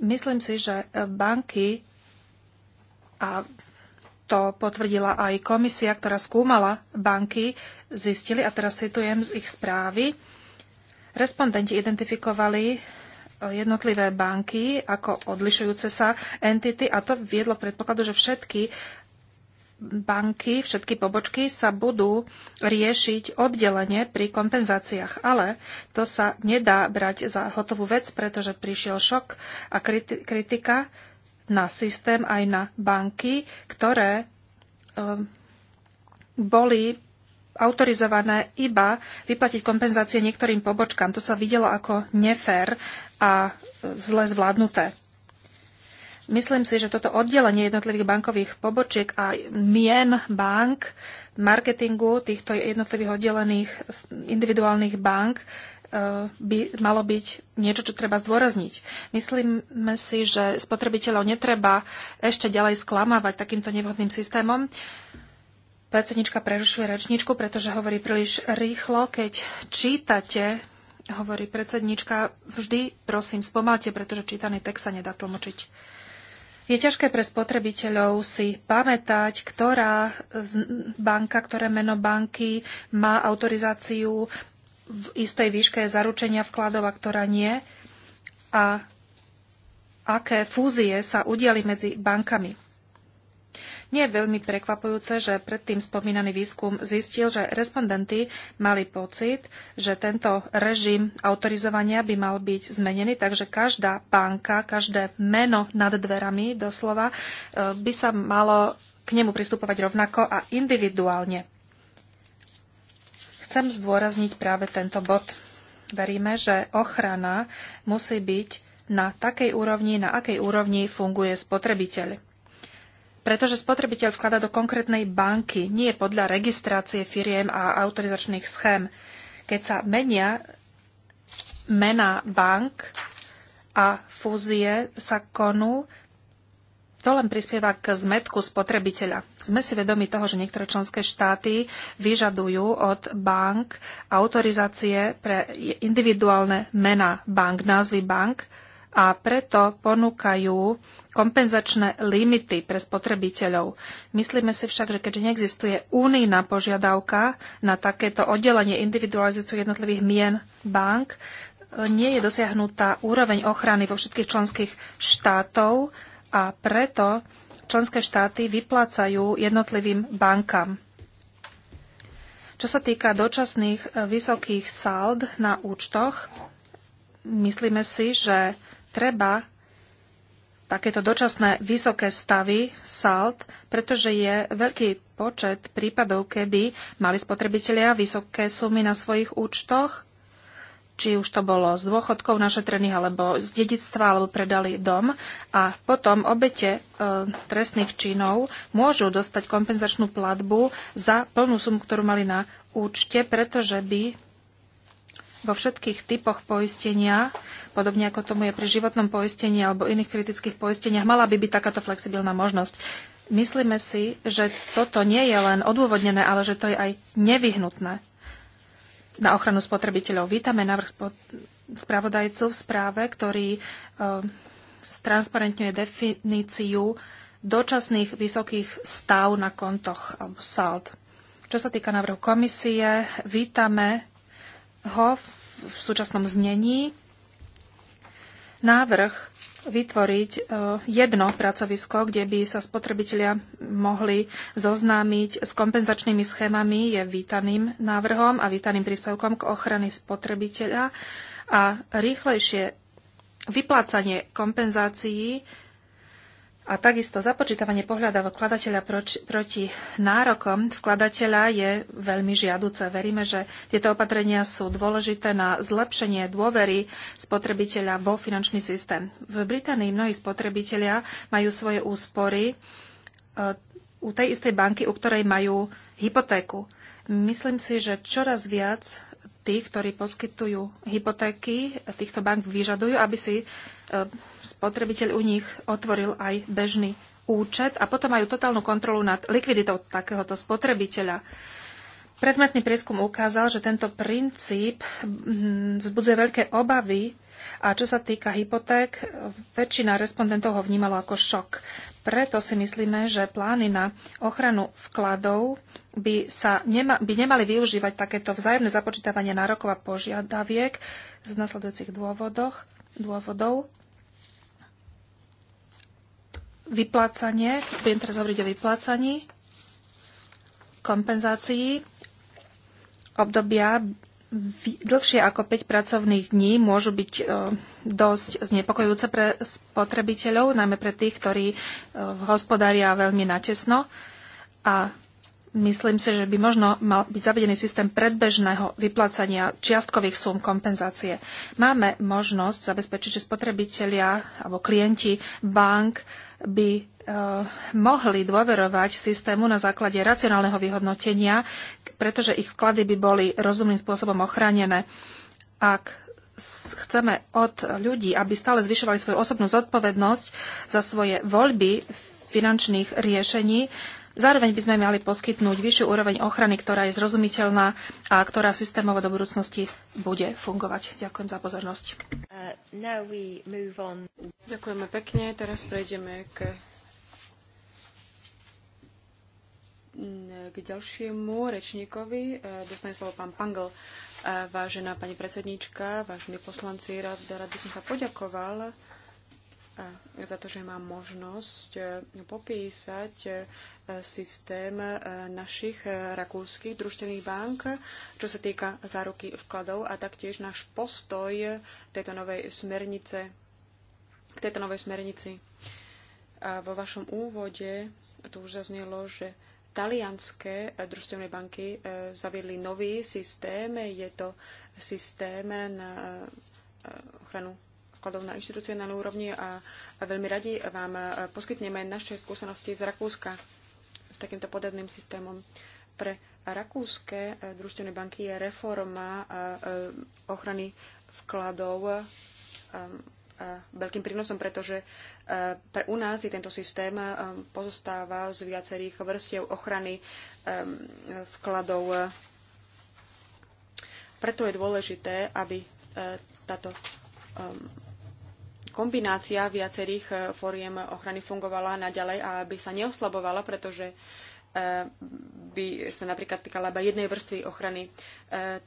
S2: Myslím si, že banky a to potvrdila aj komisia, ktorá skúmala banky, zistili, a teraz citujem z ich správy, respondenti identifikovali eh, jednotlivé banky ako odlišujúce sa entity a to viedlo k predpokladu, že všetky banky, všetky pobočky sa budú riešiť oddelenie pri kompenzáciách. Ale to sa nedá brať za hotovú vec, pretože prišiel šok a kritika na systém, aj na banky, ktoré ehm, boli autorizované iba vyplatiť kompenzácie niektorým pobočkám. To sa videlo ako nefér a e, zle zvládnuté. Myslím si, že toto oddelenie jednotlivých bankových pobočiek a mien bank, marketingu týchto jednotlivých oddelených individuálnych bank Eh, by malo byť niečo, čo treba zdôrazniť. Myslíme si, že spotrebiteľov netreba ešte ďalej sklamávať takýmto nevhodným systémom. Predsednička prerušuje rečničku, pretože hovorí príliš rýchlo. Keď čítate, hovorí predsednička, vždy prosím spomalte, pretože čítaný text sa nedá tlmočiť. Je ťažké pre spotrebiteľov si pamätať, ktorá banka, ktoré meno banky má autorizáciu v istej výške zaručenia vkladov a ktorá nie a aké fúzie sa udiali medzi bankami. Nie je veľmi prekvapujúce, že predtým spomínaný výskum zistil, že respondenti mali pocit, že tento režim autorizovania by mal byť zmenený, takže každá banka, každé meno nad dverami doslova e, by sa malo k nemu pristupovať rovnako a individuálne. Chcem zdôrazniť práve tento bod. Veríme, že ochrana musí byť na takej úrovni, na akej úrovni funguje spotrebiteľ. Pretože spotrebiteľ vklada do konkrétnej banky, nie podľa registrácie firiem a autorizačných schém. Keď sa menia mena bank a fúzie sa konú, to len prispieva k zmetku spotrebiteľa. Sme si vedomi toho, že niektoré členské štáty vyžadujú od bank autorizácie pre individuálne mena bank, názvy bank a preto ponúkajú kompenzačné limity pre spotrebiteľov. Myslíme si však, že keďže neexistuje únijná požiadavka na takéto oddelenie individualizáciu jednotlivých mien bank, nie je dosiahnutá úroveň ochrany vo všetkých členských štátov a preto členské štáty vyplácajú jednotlivým bankám. Čo sa týka dočasných e, vysokých sald na účtoch, myslíme si, že treba takéto dočasné vysoké stavy sald, pretože je veľký počet prípadov, kedy mali spotrebitelia vysoké sumy na svojich účtoch či už to bolo z dôchodkov našetrených, alebo z dedictva, alebo predali dom. A potom obete e, trestných činov môžu dostať kompenzačnú platbu za plnú sumu, ktorú mali na účte, pretože by vo všetkých typoch poistenia, podobne ako tomu je pri životnom poistení alebo iných kritických poisteniach, mala by byť takáto flexibilná možnosť. Myslíme si, že toto nie je len odôvodnené, ale že to je aj nevyhnutné na ochranu spotrebiteľov. Vítame návrh spravodajcu v správe, ktorý e, transparentňuje definíciu dočasných vysokých stav na kontoch alebo sald. Čo sa týka návrhu komisie, vítame ho v súčasnom znení. Návrh vytvoriť e, jedno pracovisko, kde by sa spotrebitelia mohli zoznámiť s kompenzačnými schémami, je vítaným návrhom a vítaným príspevkom k ochrany spotrebiteľa a rýchlejšie vyplácanie kompenzácií a takisto započítavanie pohľadávok vkladateľa proč, proti nárokom vkladateľa je veľmi žiaduce. Veríme, že tieto opatrenia sú dôležité na zlepšenie dôvery spotrebiteľa vo finančný systém. V Británii mnohí spotrebitelia majú svoje úspory e, u tej istej banky, u ktorej majú hypotéku. Myslím si, že čoraz viac tí, ktorí poskytujú hypotéky, týchto bank vyžadujú, aby si e, spotrebiteľ u nich otvoril aj bežný účet a potom majú totálnu kontrolu nad likviditou takéhoto spotrebiteľa. Predmetný prieskum ukázal, že tento princíp mm, vzbudzuje veľké obavy a čo sa týka hypoték, väčšina respondentov ho vnímala ako šok. Preto si myslíme, že plány na ochranu vkladov by, sa nema, by nemali využívať takéto vzájomné započítavanie nárokov a požiadaviek z nasledujúcich dôvodoch, dôvodov. Vyplácanie, budem teraz hovoriť o vyplácaní, kompenzácii obdobia dlhšie ako 5 pracovných dní môžu byť e, dosť znepokojúce pre spotrebiteľov, najmä pre tých, ktorí e, hospodária veľmi natesno. A myslím si, že by možno mal byť zavedený systém predbežného vyplácania čiastkových súm kompenzácie. Máme možnosť zabezpečiť, že spotrebitelia alebo klienti bank by e, mohli dôverovať systému na základe racionálneho vyhodnotenia, pretože ich vklady by boli rozumným spôsobom ochránené. Ak chceme od ľudí, aby stále zvyšovali svoju osobnú zodpovednosť za svoje voľby finančných riešení, zároveň by sme mali poskytnúť vyššiu úroveň ochrany, ktorá je zrozumiteľná a ktorá systémovo do budúcnosti bude fungovať. Ďakujem za pozornosť.
S3: Uh, Ďakujeme pekne. Teraz prejdeme k k ďalšiemu rečníkovi. E, dostane slovo pán Pangl. E, vážená pani predsedníčka, vážení poslanci, rád, rád by som sa poďakoval e, za to, že mám možnosť popísať systém našich rakúskych družstevných bank, čo sa týka záruky vkladov a taktiež náš postoj tejto novej smernice, k tejto novej smernici. A vo vašom úvode tu už zaznelo, že talianské eh, družstevné banky eh, zaviedli nový systém. Je to systém na eh, ochranu vkladov na inštitucionálnej úrovni a veľmi radi vám poskytneme naše skúsenosti z Rakúska s takýmto podobným systémom. Pre rakúske družstevné banky je reforma ochrany vkladov veľkým prínosom, pretože e, pre u nás je tento systém e, pozostáva z viacerých vrstiev ochrany e, vkladov. Preto je dôležité, aby táto kombinácia viacerých fóriem ochrany fungovala naďalej a aby sa neoslabovala, pretože by sa napríklad týkala iba jednej vrstvy ochrany.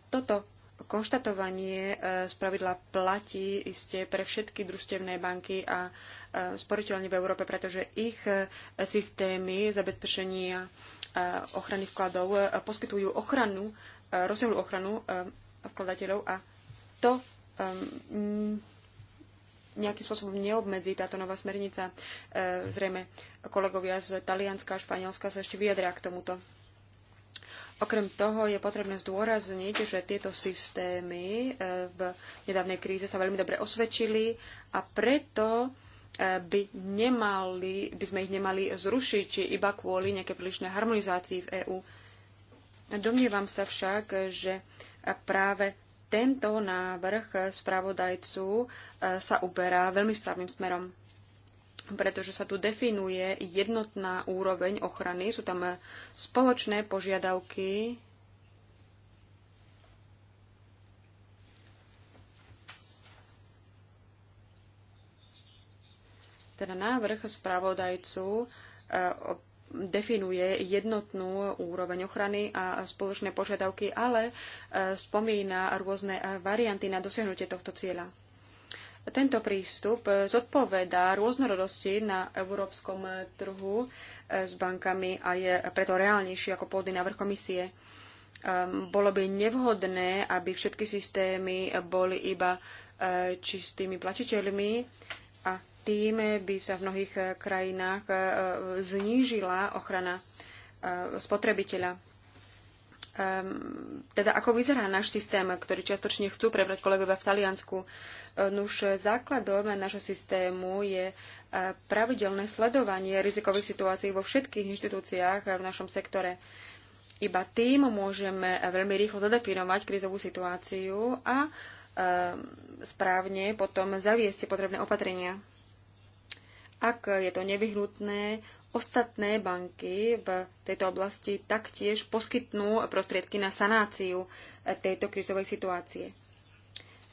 S3: Toto konštatovanie e, z pravidla platí iste pre všetky družstevné banky a e, sporiteľne v Európe, pretože ich e, systémy zabezpečenia ochrany vkladov poskytujú ochranu, rozsiahlu ochranu vkladateľov a to nejakým spôsobom neobmedzí táto nová smernica. Zrejme kolegovia z Talianska a Španielska sa ešte vyjadria k tomuto. Okrem toho je potrebné zdôrazniť, že tieto systémy e, v nedávnej kríze sa veľmi dobre osvedčili a preto e, by, nemali, by sme ich nemali zrušiť iba kvôli nejaké prílišnej harmonizácii v EÚ. Domnievam sa však, že e, práve tento návrh spravodajcu sa uberá veľmi správnym smerom pretože sa tu definuje jednotná úroveň ochrany. Sú tam eh, spoločné požiadavky Teda návrh spravodajcu eh, definuje jednotnú úroveň ochrany a spoločné požiadavky, ale eh, spomína rôzne varianty na dosiahnutie tohto cieľa. Tento prístup e, zodpovedá rôznorodosti na európskom e, trhu e, s bankami a je preto reálnejší ako pôvodný návrh komisie. Bolo by nevhodné, aby všetky systémy boli iba čistými plačiteľmi a tým by sa v mnohých krajinách znížila ochrana spotrebiteľa. Ehm, teda ako vyzerá náš systém, ktorý čiastočne chcú prebrať kolegovia v Taliansku. E, nuž základom nášho systému je e, pravidelné sledovanie rizikových situácií vo všetkých inštitúciách v našom sektore. Iba tým môžeme veľmi rýchlo zadefinovať krizovú situáciu a ehm, správne potom zaviesť potrebné opatrenia. Ak je to nevyhnutné, Ostatné banky v tejto oblasti taktiež poskytnú prostriedky na sanáciu eh, tejto krizovej situácie.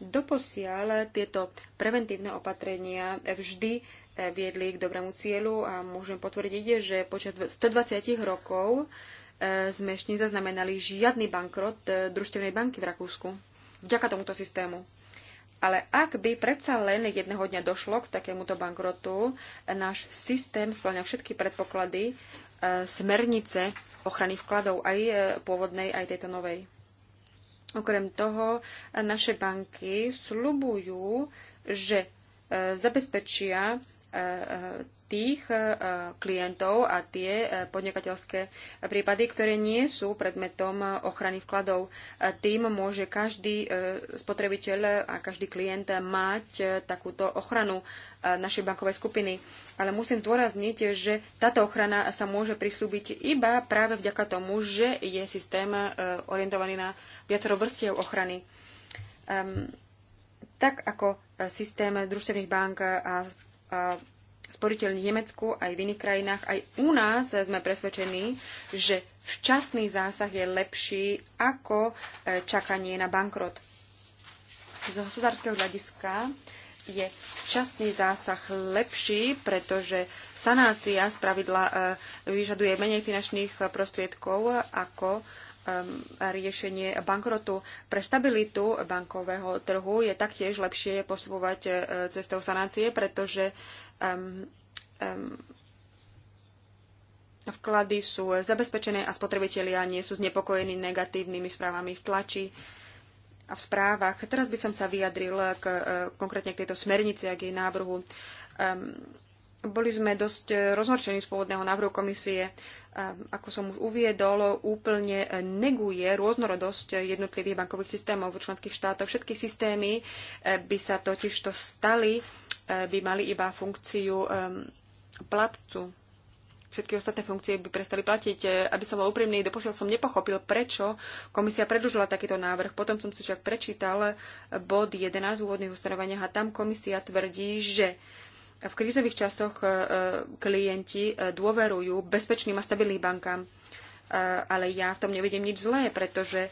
S3: Doposiaľ tieto preventívne opatrenia vždy eh, viedli k dobrému cieľu a môžem potvrdiť, že počas 120 rokov eh, sme ešte nezaznamenali žiadny bankrot družstevnej banky v Rakúsku. Vďaka tomuto systému. Ale ak by predsa len jedného dňa došlo k takémuto bankrotu, náš systém splňa všetky predpoklady e, smernice ochrany vkladov aj e, pôvodnej, aj tejto novej. Okrem toho, e, naše banky slubujú, že zabezpečia tých e, klientov a tie e, podnikateľské prípady, ktoré nie sú predmetom e, ochrany vkladov. Tým môže každý spotrebiteľ a každý klient mať takúto ochranu našej bankovej skupiny. Ale musím dôrazniť, že táto ochrana sa môže prislúbiť iba práve vďaka tomu, že je systém orientovaný na viacero vrstiev ochrany. Ehm, tak ako systém družstevných bank a sporiteľní v Nemecku, aj v iných krajinách, aj u nás sme presvedčení, že včasný zásah je lepší ako e, čakanie na bankrot. Z hospodárskeho hľadiska je včasný zásah lepší, pretože sanácia z pravidla e, vyžaduje menej finančných e, prostriedkov ako riešenie bankrotu. Pre stabilitu bankového trhu je taktiež lepšie postupovať cestou sanácie, pretože um, um, vklady sú zabezpečené a spotrebitelia nie sú znepokojení negatívnymi správami v tlači a v správach. Teraz by som sa vyjadril k, e, konkrétne k tejto smernici a k jej návrhu. Um, boli sme dosť rozhorčení z pôvodného návrhu komisie. Um, ako som už uviedol, úplne neguje rôznorodosť jednotlivých bankových systémov v členských štátoch. Všetky systémy e, by sa totižto stali by mali iba funkciu platcu. Všetky ostatné funkcie by prestali platiť. Aby som bol úprimný, doposiaľ som nepochopil, prečo komisia predlžila takýto návrh. Potom som si však prečítal bod 11 úvodných ustanovenia a tam komisia tvrdí, že v krízových časoch eh, klienti eh, dôverujú bezpečným a stabilným bankám. Eh, ale ja v tom nevidím nič zlé, pretože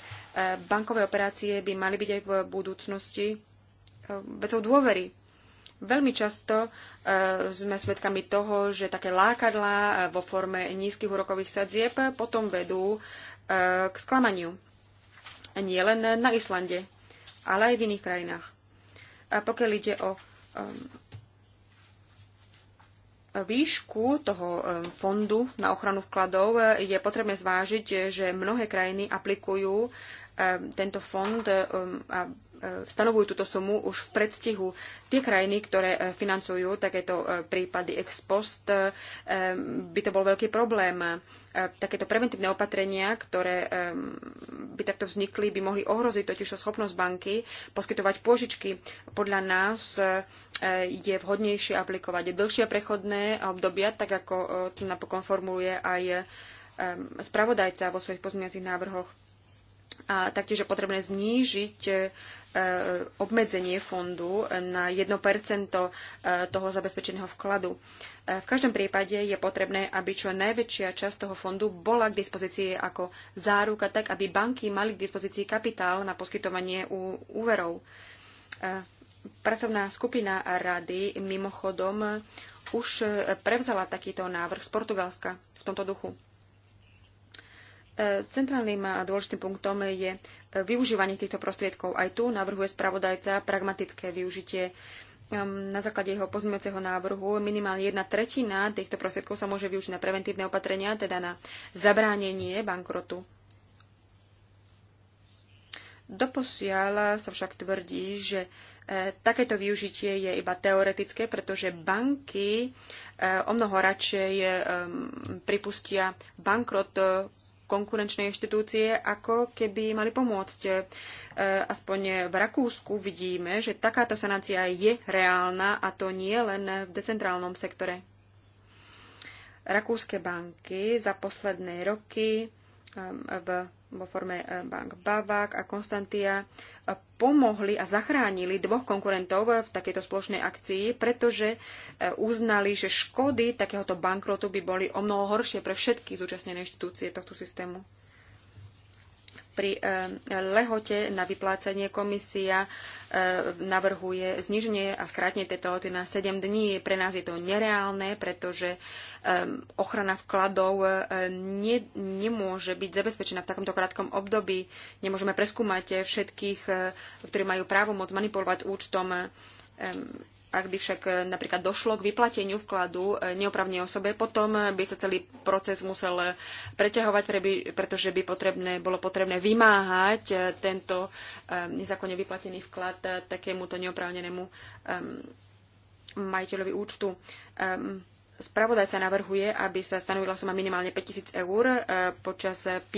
S3: bankové operácie by mali byť aj v budúcnosti vecou dôvery. Veľmi často e, sme svedkami toho, že také lákadlá e, vo forme nízkych úrokových sadzieb e, potom vedú k sklamaniu. Nie len na Islande, ale aj v iných krajinách. A pokiaľ ide o výšku toho fondu na ochranu vkladov, je potrebné zvážiť, že mnohé krajiny aplikujú tento fond a stanovujú túto sumu už v predstihu. Tie krajiny, ktoré e, financujú takéto e, prípady ex post, e, by to bol veľký problém. Takéto preventívne opatrenia, ktoré by takto vznikli, by mohli ohroziť totiž schopnosť banky poskytovať pôžičky. Podľa nás je vhodnejšie aplikovať dlhšie prechodné obdobia, tak ako to napokon formuluje aj spravodajca vo svojich pozmeňacích návrhoch a taktiež je potrebné znížiť Eh, obmedzenie fondu na 1 eh, toho zabezpečeného vkladu. Eh, v každom prípade je potrebné, aby čo najväčšia časť toho fondu bola k dispozícii ako záruka, tak aby banky mali k dispozícii kapitál na poskytovanie úverov. Pracovná skupina rady mimochodom už prevzala takýto návrh z Portugalska v tomto duchu. Centrálnym a dôležitým punktom je využívanie týchto prostriedkov. Aj tu navrhuje spravodajca pragmatické využitie ehm, na základe jeho pozmeňujúceho návrhu minimálne jedna tretina týchto prostriedkov sa môže využiť na preventívne opatrenia, teda na zabránenie bankrotu. Doposiaľ sa však tvrdí, že e, takéto využitie je iba teoretické, pretože banky e, o mnoho radšej e, pripustia bankrot konkurenčné inštitúcie ako keby mali pomôcť. E, aspoň v Rakúsku vidíme, že takáto sanácia je reálna a to nie len v decentrálnom sektore. Rakúske banky za posledné roky e, v vo forme e, bank Bavak a Konstantia e, pomohli a zachránili dvoch konkurentov v takejto spoločnej akcii, pretože e, uznali, že škody takéhoto bankrotu by boli o mnoho horšie pre všetky zúčastnené inštitúcie tohto systému pri eh, lehote na vyplácanie komisia eh, navrhuje zniženie a skrátenie tejto lehoty na 7 dní. Pre nás je to nereálne, pretože eh, ochrana vkladov nemôže byť zabezpečená v takomto krátkom období. Nemôžeme preskúmať všetkých, ktorí majú právo môcť manipulovať účtom ak by však e, napríklad došlo k vyplateniu vkladu e, neopravnej osobe, potom by sa celý proces musel e, preťahovať, pretože by potrebné, bolo potrebné vymáhať tento nezákonne vyplatený vklad takémuto neoprávnenému majiteľovi účtu. Spravodajca navrhuje, aby sa stanovila suma minimálne 5000 eur počas 5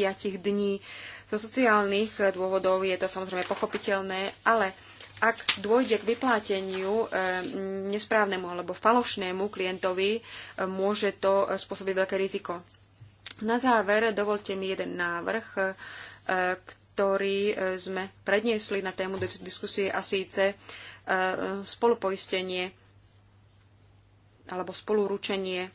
S3: dní. Zo sociálnych dôvodov je to samozrejme pochopiteľné, ale ak dôjde k vypláteniu eh, nesprávnemu alebo falošnému klientovi, eh, môže to eh, spôsobiť veľké riziko. Na záver dovolte mi jeden návrh, ktorý sme predniesli na tému diskusie a síce spolupoistenie alebo spoluručenie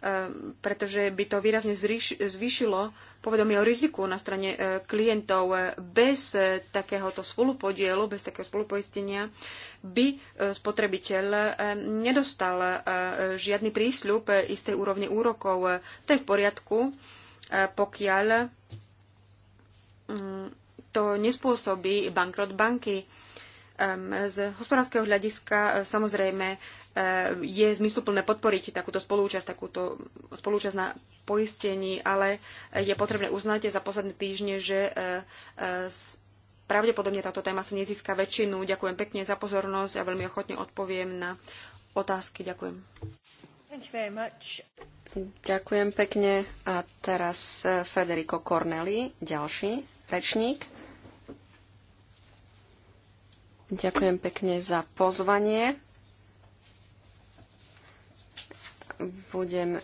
S3: Ehm, pretože by to výrazne zvýšilo povedomie o riziku na strane e, klientov. E, bez e, takéhoto spolupodielu, bez takého spolupoistenia by spotrebiteľ nedostal žiadny prísľub istej úrovne úrokov. To je v poriadku, pokiaľ mm, to nespôsobí bankrot banky. Z hospodárskeho hľadiska e, samozrejme e, je zmysluplné podporiť takúto spolúčasť, takúto spolúčasť na poistení, ale je potrebné uznať za posledné týždne, že e, pravdepodobne táto téma sa nezíska väčšinu. Ďakujem pekne za pozornosť a veľmi ochotne odpoviem na otázky. Ďakujem.
S1: Ďakujem pekne. A teraz Federico Corneli, ďalší rečník. Ďakujem pekne za pozvanie. Budem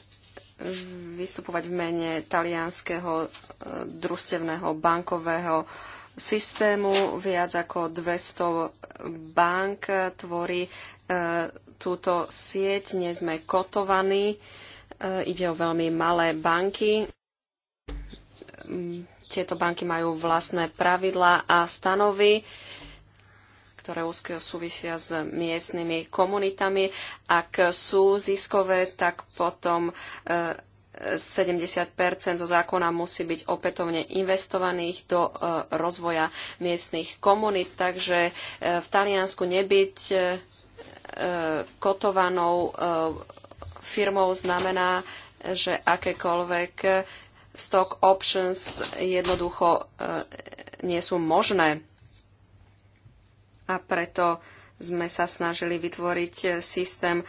S1: vystupovať v mene talianského e, družstevného bankového systému. Viac ako 200 bank tvorí e, túto sieť. Nie sme kotovaní. E, ide o veľmi malé banky. Tieto banky majú vlastné pravidlá a stanovy ktoré úzke súvisia s miestnymi komunitami. Ak sú ziskové, tak potom 70 eh, zo zákona musí byť opätovne investovaných do eh, rozvoja miestnych komunít. Takže eh, v Taliansku nebyť kotovanou firmou znamená, že akékoľvek stock options jednoducho nie sú možné a preto sme sa snažili vytvoriť systém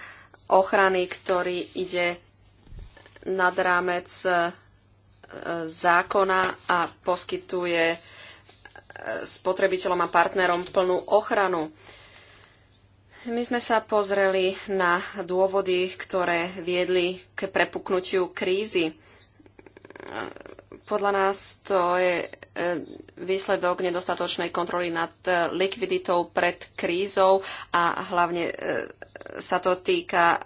S1: ochrany, ktorý ide nad rámec e, zákona a poskytuje e, spotrebiteľom a partnerom plnú ochranu. My sme sa pozreli na dôvody, ktoré viedli k prepuknutiu krízy. E, podľa nás to je výsledok nedostatočnej kontroly nad e, likviditou pred krízou a hlavne e, sa to týka e,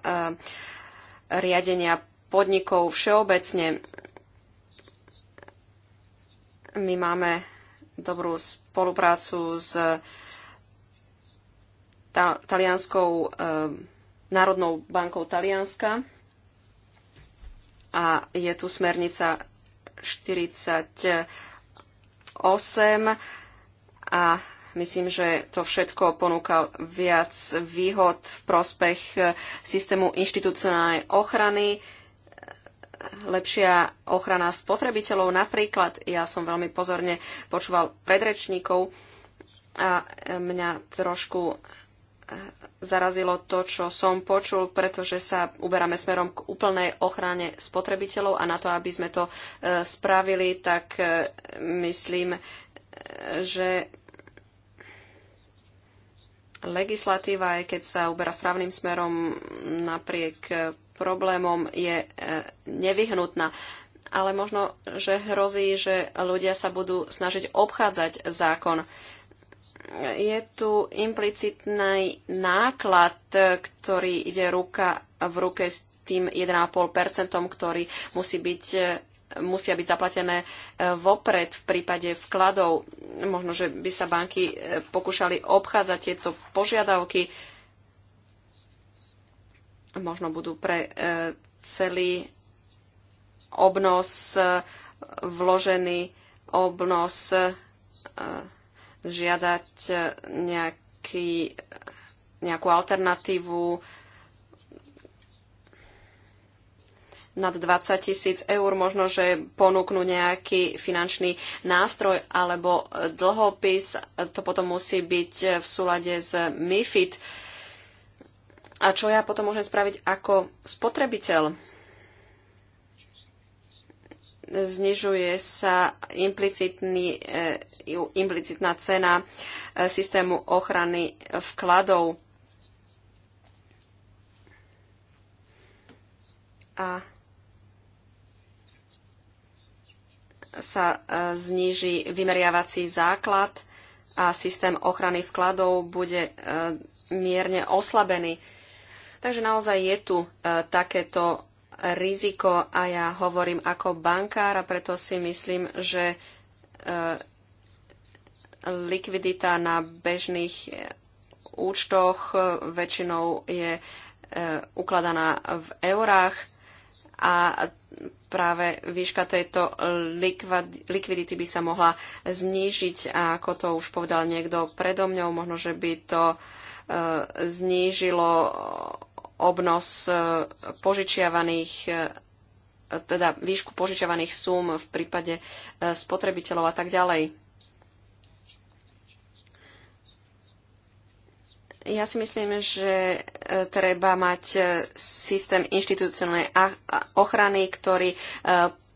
S1: riadenia podnikov všeobecne. My máme dobrú spoluprácu s talianskou Národnou bankou Talianska a je tu smernica 40 8 a myslím, že to všetko ponúka viac výhod v prospech eh, systému inštitucionálnej ochrany, lepšia ochrana spotrebiteľov. Napríklad ja som veľmi pozorne počúval predrečníkov a mňa trošku zarazilo to, čo som počul, pretože sa uberáme smerom k úplnej ochrane spotrebiteľov a na to, aby sme to e, spravili, tak e, myslím, e, že legislatíva, aj keď sa uberá správnym smerom napriek problémom, je nevyhnutná. Ale možno, že hrozí, že ľudia sa budú snažiť obchádzať zákon je tu implicitný náklad, ktorý ide ruka v ruke s tým 1,5%, ktorý musí byť musia byť zaplatené e, vopred v prípade vkladov. Možno, že by sa banky e, pokúšali obchádzať tieto požiadavky. Možno budú pre e, celý obnos vložený obnos žiadať e, nejaký, nejakú alternatívu nad 20 tisíc eur, možno, že ponúknú nejaký finančný nástroj alebo dlhopis. To potom musí byť e, v súlade s MIFID. A čo ja potom môžem spraviť ako spotrebiteľ? znižuje sa implicitný, e, implicitná cena e, systému ochrany vkladov. A sa e, zníži vymeriavací základ a systém ochrany vkladov bude mierne oslabený. Takže naozaj je tu takéto riziko a ja hovorím ako bankár a preto si myslím, že e, likvidita na bežných e, účtoch e, väčšinou je ukladaná v eurách a práve výška tejto likvidity by sa mohla znížiť a ako to už povedal niekto predo mnou, možno, že by to znížilo obnos e, požičiavaných e, teda výšku požičiavaných súm v prípade e, spotrebiteľov a tak ďalej. Ja si myslím, že treba mať systém inštitucionálnej ochrany, ktorý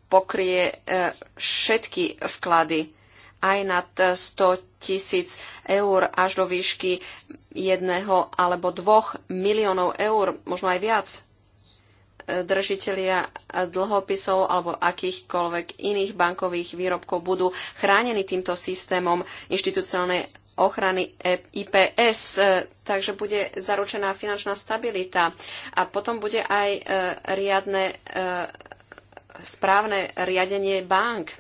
S1: pokrie všetky vklady aj nad 100 tisíc eur až do výšky jedného alebo dvoch miliónov eur, možno aj viac držitelia dlhopisov alebo akýchkoľvek iných bankových výrobkov budú chránení týmto systémom inštitucionálnej ochrany IPS, takže bude zaručená finančná stabilita a potom bude aj e, riadne e, správne riadenie bank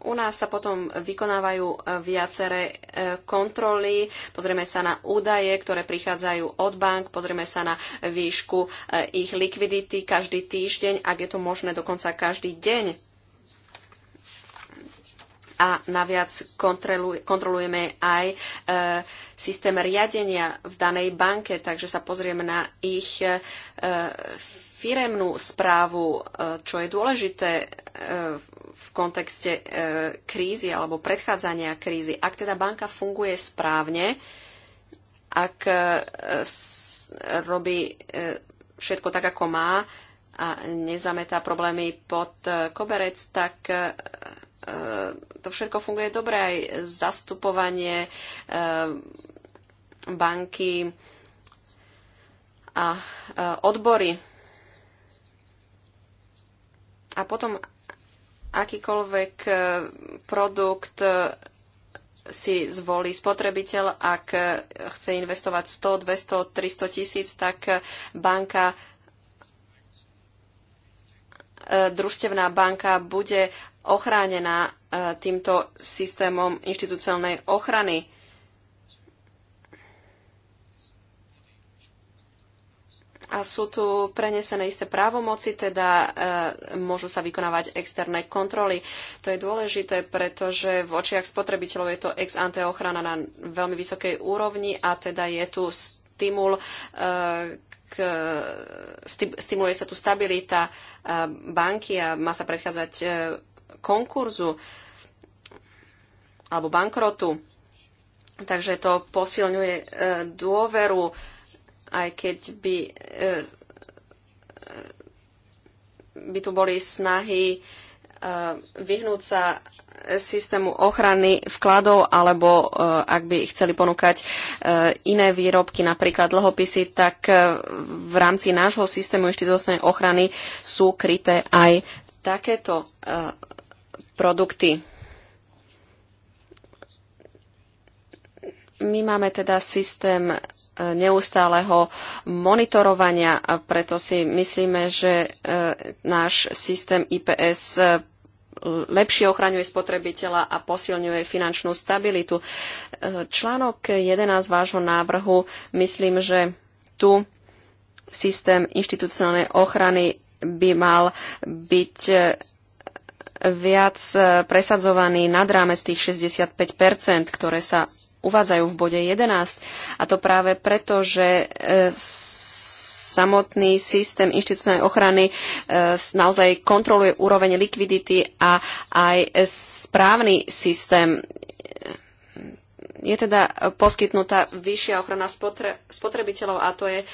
S1: u nás sa potom vykonávajú e, viaceré e, kontroly. Pozrieme sa na údaje, ktoré prichádzajú od bank, pozrieme sa na výšku e, ich likvidity každý týždeň, ak je to možné dokonca každý deň. A naviac kontrolujeme aj systém riadenia v danej banke, takže sa pozrieme na ich firemnú správu, e, čo je dôležité e, v kontexte e, krízy alebo predchádzania krízy. Ak teda banka funguje správne, ak robí všetko tak, ako má a nezametá problémy pod koberec, tak to všetko funguje dobre, aj zastupovanie banky a odbory. A potom akýkoľvek e, produkt e, si zvolí spotrebiteľ, ak e, chce investovať 100, 200, 300 tisíc, tak banka družstevná banka bude ochránená týmto systémom inštitúciálnej ochrany. a sú tu prenesené isté právomoci, teda e, môžu sa vykonávať externé kontroly. To je dôležité, pretože v očiach spotrebiteľov je to ex ante ochrana na veľmi vysokej úrovni a teda je tu stimul e, k, sti, stimuluje sa tu stabilita e, banky a má sa predchádzať e, konkurzu alebo bankrotu. Takže to posilňuje e, dôveru aj keď by, e, e, by tu boli snahy e, vyhnúť sa systému ochrany vkladov, alebo ak by chceli ponúkať iné výrobky, napríklad dlhopisy, tak v rámci nášho systému inštitúcnej ochrany sú kryté aj takéto produkty. My máme teda systém neustáleho monitorovania a preto si myslíme, že e, náš systém IPS e, lepšie ochraňuje spotrebiteľa a posilňuje finančnú stabilitu. E, článok 11 vášho návrhu, myslím, že tu systém inštitucionálnej ochrany by mal byť viac presadzovaný nad rámec tých 65%, ktoré sa uvádzajú v bode 11. A to práve preto, že e, samotný systém inštitucionálnej ochrany e, naozaj kontroluje úroveň likvidity a aj e, správny systém je teda poskytnutá vyššia ochrana spotre, spotrebiteľov a to je e,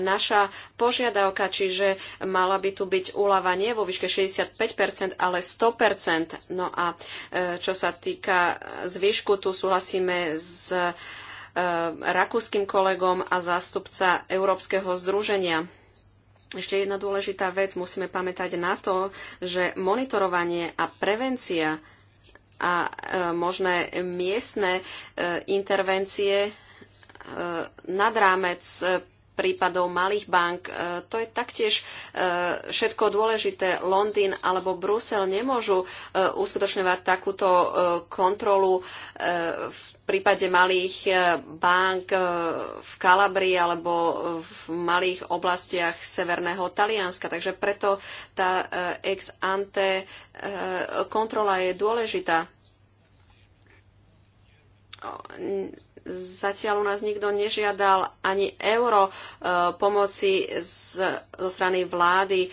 S1: naša požiadavka, čiže mala by tu byť úlava nie vo výške 65%, ale 100%. No a e, čo sa týka zvyšku, tu súhlasíme s e, rakúskym kolegom a zástupca Európskeho združenia. Ešte jedna dôležitá vec, musíme pamätať na to, že monitorovanie a prevencia a e, možné miestne e, intervencie e, nad rámec prípadov malých bank. E, to je taktiež e, všetko dôležité. Londýn alebo Brusel nemôžu e, uskutočňovať takúto kontrolu v prípade malých bank v Kalabrii alebo v malých oblastiach severného Talianska. Takže preto tá ex ante kontrola je dôležitá Zatiaľ u nás nikto nežiadal ani euro e, pomoci z, zo strany vlády.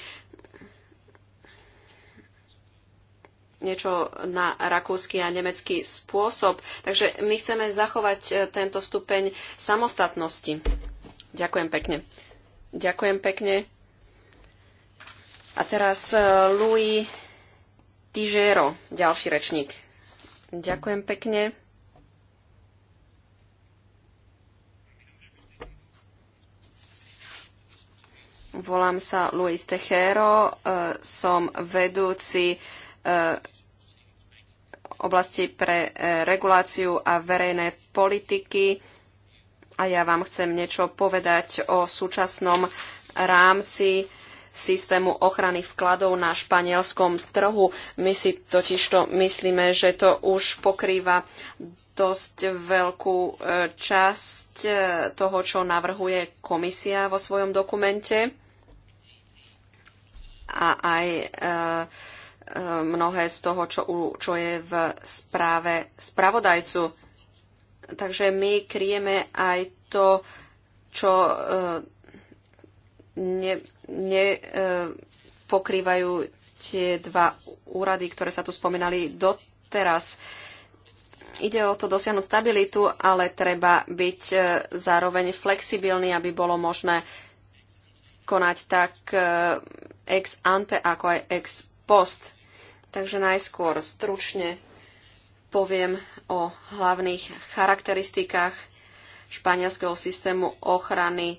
S1: niečo na rakúsky a nemecký spôsob. Takže my chceme zachovať e, tento stupeň samostatnosti. Ďakujem pekne. Ďakujem pekne. A teraz e, Louis Tigero, ďalší rečník. Ďakujem pekne. Volám sa Luis Techero, e, som vedúci e, oblasti pre e, reguláciu a verejné politiky a ja vám chcem niečo povedať o súčasnom rámci systému ochrany vkladov na španielskom trhu. My si totižto myslíme, že to už pokrýva dosť veľkú časť toho, čo navrhuje komisia vo svojom dokumente a aj e, e, mnohé z toho, čo, čo je v správe spravodajcu. Takže my kryjeme aj to, čo nepokrývajú ne, e, tie dva úrady, ktoré sa tu spomínali doteraz. Ide o to dosiahnuť stabilitu, ale treba byť zároveň flexibilný, aby bolo možné konať tak ex ante ako aj ex post. Takže najskôr stručne poviem o hlavných charakteristikách španielského systému ochrany,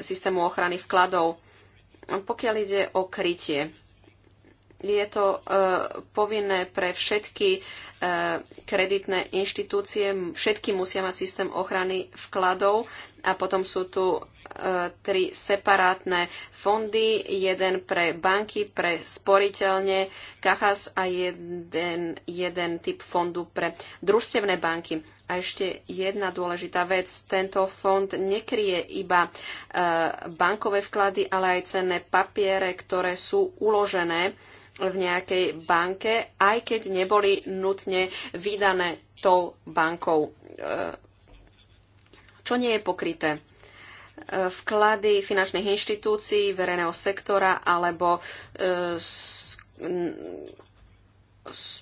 S1: systému ochrany vkladov. Pokiaľ ide o krytie, je to e, povinné pre všetky kreditné inštitúcie, všetky musia mať systém ochrany vkladov a potom sú tu e, tri separátne fondy, jeden pre banky, pre sporiteľne, Kachas a jeden, jeden typ fondu pre družstevné banky. A ešte jedna dôležitá vec, tento fond nekrie iba e, bankové vklady, ale aj cenné papiere, ktoré sú uložené v nejakej banke, aj keď neboli nutne vlastne vydané tou bankou. E, čo nie je pokryté? E, vklady finančných inštitúcií, verejného sektora alebo e,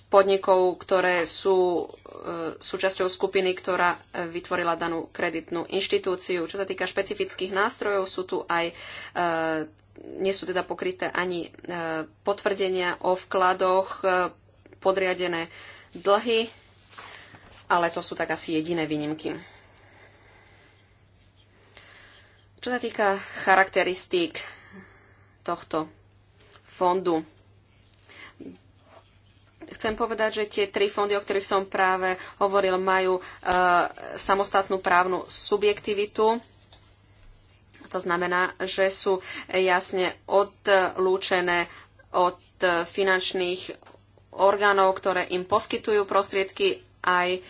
S1: podnikov, ktoré sú súčasťou skupiny, ktorá vytvorila danú kreditnú inštitúciu. Čo sa týka špecifických nástrojov, sú tu aj nie sú teda pokryté ani potvrdenia o vkladoch podriadené dlhy, ale to sú tak asi jediné výnimky. Čo sa týka charakteristík tohto fondu, chcem povedať, že tie tri fondy, o ktorých som práve hovoril, majú e, samostatnú právnu subjektivitu. To znamená, že sú jasne odlúčené od finančných orgánov, ktoré im poskytujú prostriedky, aj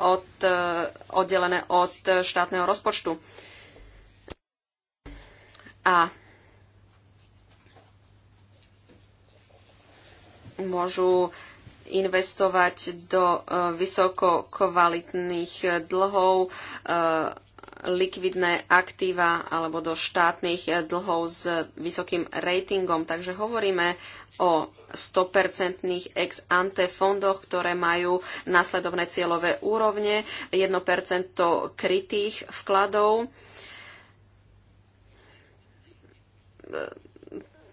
S1: od, e, oddelené od štátneho rozpočtu. A môžu investovať do e, vysoko kvalitných dlhov, e, likvidné aktíva alebo do štátnych dlhov s vysokým ratingom. Takže hovoríme o 100% ex ante fondoch, ktoré majú následovné cieľové úrovne, 1% krytých vkladov.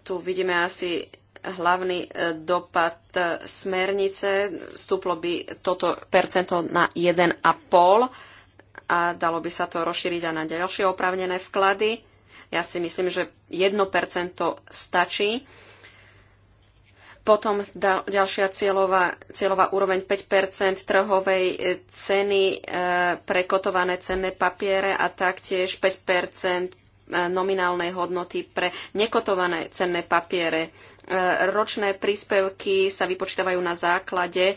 S1: Tu vidíme asi hlavný e, dopad e, smernice. Stúplo by toto percento na 1,5 a dalo by sa to rozšíriť aj na ďalšie opravnené vklady. Ja si myslím, že 1% stačí potom ďalšia cieľová, cieľová úroveň 5 trhovej e, ceny e, pre kotované cenné papiere a taktiež 5 e, nominálnej hodnoty pre nekotované cenné papiere. Ročné príspevky sa vypočítavajú na základe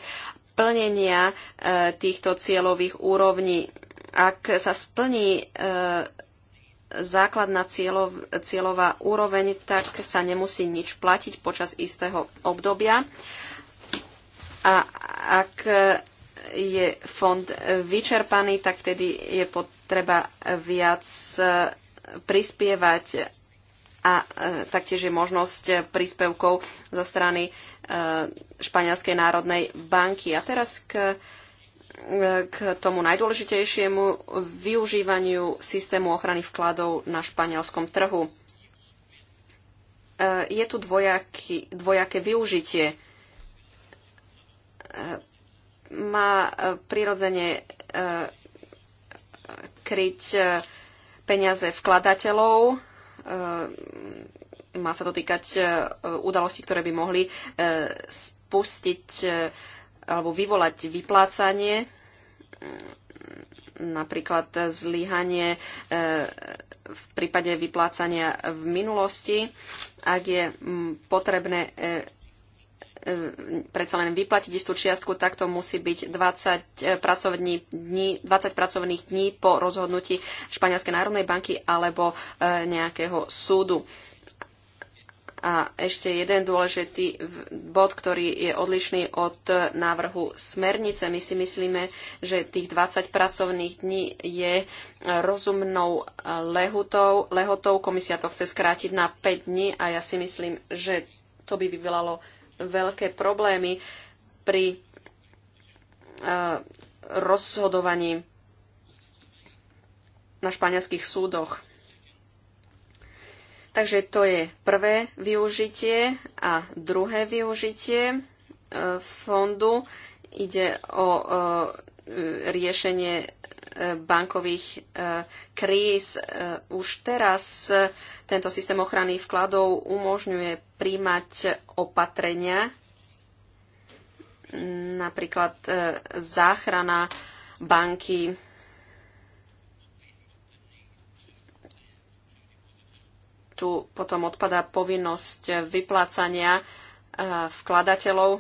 S1: plnenia týchto cieľových úrovní. Ak sa splní základná cieľov, cieľová úroveň, tak sa nemusí nič platiť počas istého obdobia. A ak je fond vyčerpaný, tak vtedy je potreba viac e, prispievať a e, taktiež je možnosť príspevkov zo strany e, Španielskej národnej banky. A teraz k k tomu najdôležitejšiemu využívaniu systému ochrany vkladov na španielskom trhu. E, je tu dvojaký, dvojaké využitie. E, má e, prirodzene kryť peniaze vkladateľov, má sa to týkať udalostí, ktoré by mohli spustiť alebo vyvolať vyplácanie, mm, napríklad zlyhanie e, v prípade vyplácania v minulosti, ak je mm, potrebné e, e, predsa len vyplatiť istú čiastku, tak to musí byť 20, pracovní dní, 20 pracovných dní po rozhodnutí Španielskej národnej banky alebo nejakého súdu. A ešte jeden dôležitý bod, ktorý je odlišný od návrhu smernice. My si myslíme, že tých 20 pracovných dní je rozumnou e, lehotou. lehotou. Komisia to chce skrátiť na 5 dní a ja si myslím, že to by vyvolalo veľké problémy pri e, rozhodovaní na španielských súdoch. Takže to je prvé využitie a druhé využitie e, fondu. Ide o e, riešenie e, bankových kríz. Už teraz tento systém ochrany vkladov umožňuje príjmať opatrenia, napríklad záchrana banky tu potom odpadá povinnosť vyplácania eh, vkladateľov.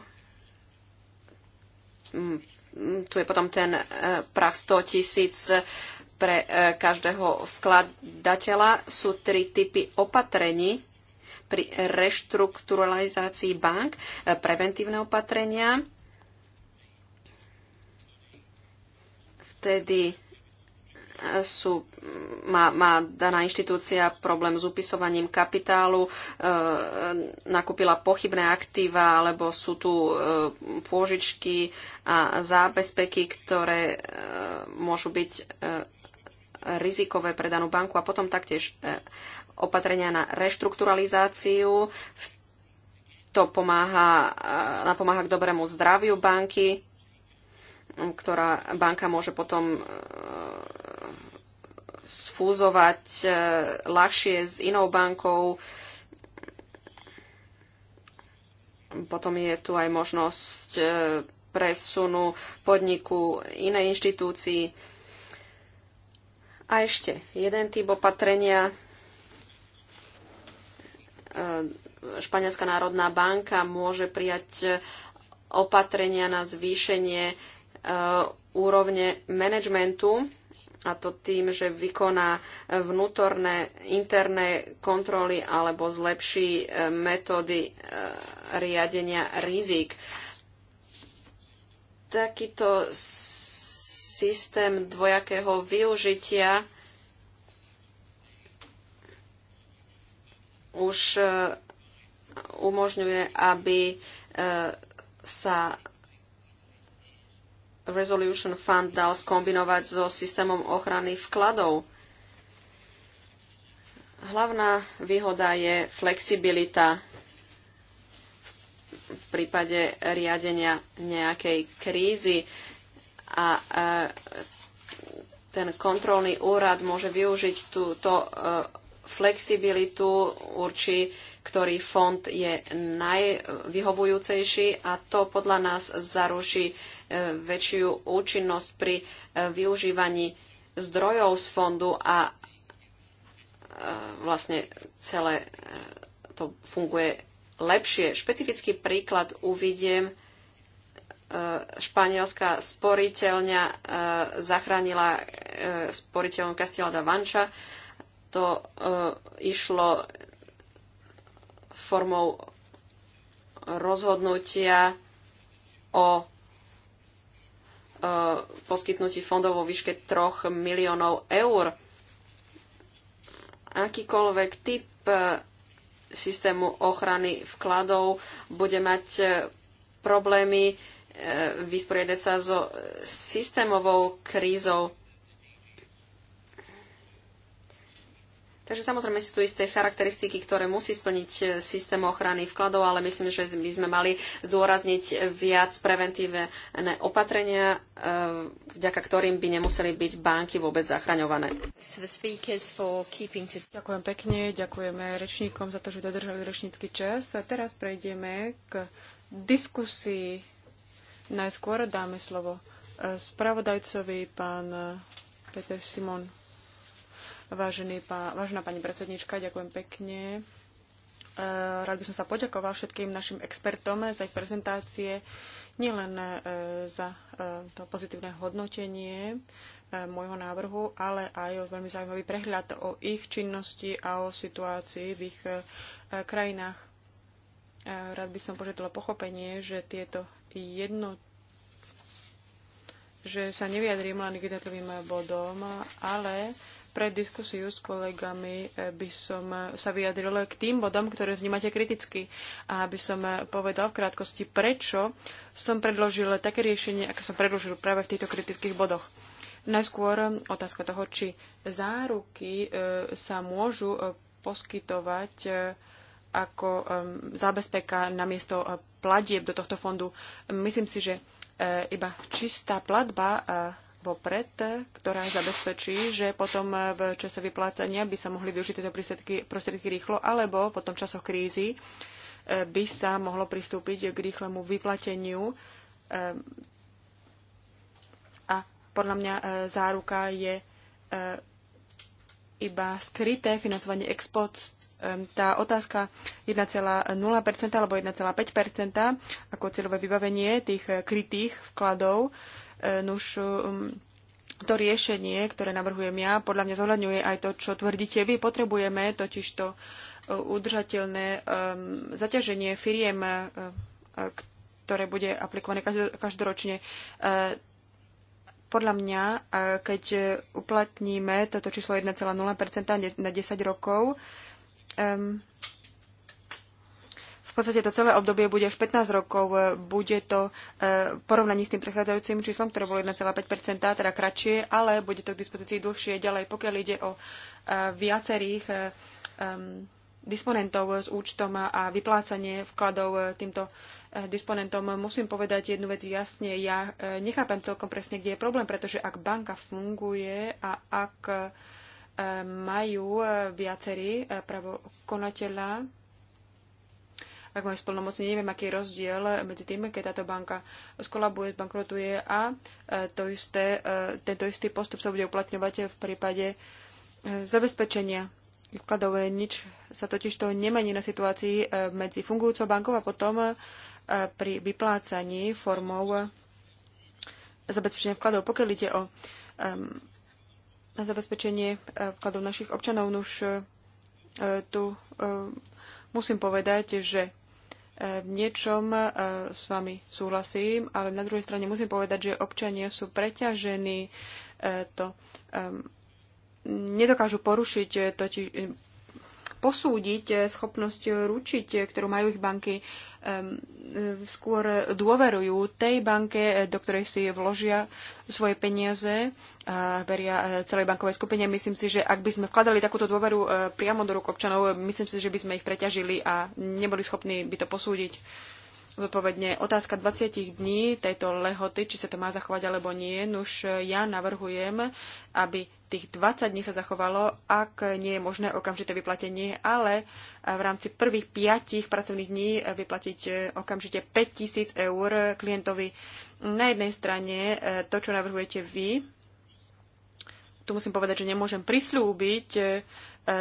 S1: Mm, mm, tu je potom ten eh, prach 100 tisíc pre eh, každého vkladateľa. Sú tri typy opatrení pri reštrukturalizácii bank, preventívne opatrenia, vtedy sú, má, má daná inštitúcia problém s upisovaním kapitálu, e, nakúpila pochybné aktíva, alebo sú tu e, pôžičky a zábezpeky, ktoré e, môžu byť e, rizikové pre danú banku a potom taktiež e, opatrenia na reštrukturalizáciu. To pomáha, e, napomáha k dobrému zdraviu banky, ktorá banka môže potom e, sfúzovať e, ľahšie s inou bankou. Potom je tu aj možnosť e, presunu podniku inej inštitúcii. A ešte jeden typ opatrenia. E, Španielská národná banka môže prijať opatrenia na zvýšenie úrovne manažmentu a to tým, že vykoná vnútorné interné kontroly alebo zlepší e, metódy e, riadenia rizik. Takýto systém dvojakého využitia už e, umožňuje, aby sa Resolution Fund dal skombinovať so systémom ochrany vkladov. Hlavná výhoda je flexibilita v prípade riadenia nejakej krízy a e, ten kontrolný úrad môže využiť túto e, flexibilitu, určí, ktorý fond je najvyhovujúcejší a to podľa nás zaruší väčšiu účinnosť pri e, využívaní zdrojov z fondu a e, vlastne celé e, to funguje lepšie. Špecifický príklad uvidiem. Španielská sporiteľňa zachránila sporiteľom Castilla da Vanča. To išlo formou rozhodnutia o Eh, poskytnutí fondov vo výške 3 miliónov eur. Akýkoľvek typ eh, systému ochrany vkladov bude mať eh, problémy vysporiadať sa so systémovou krízou Takže samozrejme sú tu isté charakteristiky, ktoré musí splniť e, systém ochrany vkladov, ale myslím, že by sme mali zdôrazniť viac preventívne opatrenia, e, vďaka ktorým by nemuseli byť banky vôbec zachraňované. Ďakujem
S3: pekne, ďakujeme rečníkom za to, že dodržali rečnícky čas. A teraz prejdeme k diskusii. Najskôr dáme slovo e, spravodajcovi pán Peter Simon. Vážený pá, vážená pani predsednička, ďakujem pekne. E, rád by som sa poďakoval všetkým našim expertom za ich prezentácie, nielen e, za e, to pozitívne hodnotenie môjho návrhu, ale aj o veľmi zaujímavý prehľad o ich činnosti a o situácii v ich krajinách. Rád by som požiadala pochopenie, že tieto jedno že sa neviadrím len k jednotlivým bodom, ale pred diskusiu s kolegami eh, by som eh, sa vyjadril k tým bodom, ktoré vnímate kriticky a aby som eh, povedal v krátkosti, prečo som predložil také riešenie, ako som predložil práve v týchto kritických bodoch. Najskôr otázka toho, či záruky sa môžu poskytovať ako zábezpeka na miesto platieb do tohto fondu. Myslím si, že iba čistá platba vopred, ktorá zabezpečí, že potom v čase vyplácania by sa mohli využiť tieto prostriedky rýchlo, alebo potom v časoch krízy eh, by sa mohlo pristúpiť k rýchlemu vyplateniu. Eh, a podľa mňa eh, záruka je iba skryté financovanie export ehm, tá otázka 1,0% alebo 1,5% ako cieľové vybavenie tých krytých vkladov Eh, nuž, um, to riešenie, ktoré navrhujem ja, podľa mňa zohľadňuje aj to, čo tvrdíte vy. Potrebujeme totiž to eh, udržateľné ehm, zaťaženie firiem, eh, ktoré bude aplikované každoročne. Podľa mňa, keď uplatníme toto číslo 1,0% na 10 rokov, ehm, podstate to celé obdobie bude v 15 rokov. Bude to e, v porovnaní s tým prechádzajúcim číslom, ktoré bolo 1,5%, teda kratšie, ale bude to k dispozícii dlhšie. Ďalej, pokiaľ ide o e, viacerých e, disponentov s účtom a vyplácanie vkladov týmto disponentom. Musím povedať jednu vec jasne. Ja nechápem celkom presne, kde je problém, pretože ak banka funguje a ak majú viacerí pravokonateľa, ak majú splnomocnenie, neviem, aký je rozdiel eh, medzi tým, keď táto banka skolabuje, bankrotuje a eh, to isté, eh, tento istý postup sa bude uplatňovať v prípade zabezpečenia vkladov. Nič sa totiž to nemení na situácii medzi fungujúcou bankou a potom pri vyplácaní formou zabezpečenia vkladov. Pokiaľ ide o na zabezpečenie vkladov našich občanov, už tu musím povedať, že v niečom e, s vami súhlasím, ale na druhej strane musím povedať, že občania sú preťažení e, to. E, nedokážu porušiť, totiž, posúdiť schopnosť ručiť, ktorú majú ich banky skôr dôverujú tej banke, eh, do ktorej si vložia svoje peniaze a veria eh, celej bankovej skupine. Myslím si, že ak by sme vkladali takúto dôveru eh, priamo do rúk občanov, myslím si, že by sme ich preťažili a neboli schopní by to posúdiť zodpovedne. Otázka 20 dní tejto lehoty, či sa to má zachovať alebo nie, už ja navrhujem, aby tých 20 dní sa zachovalo, ak nie je možné okamžité vyplatenie, ale eh, v rámci prvých 5 pracovných dní eh, vyplatiť eh, okamžite 5000 eur klientovi. Na jednej strane to, čo navrhujete vy, tu musím povedať, že nemôžem prislúbiť e,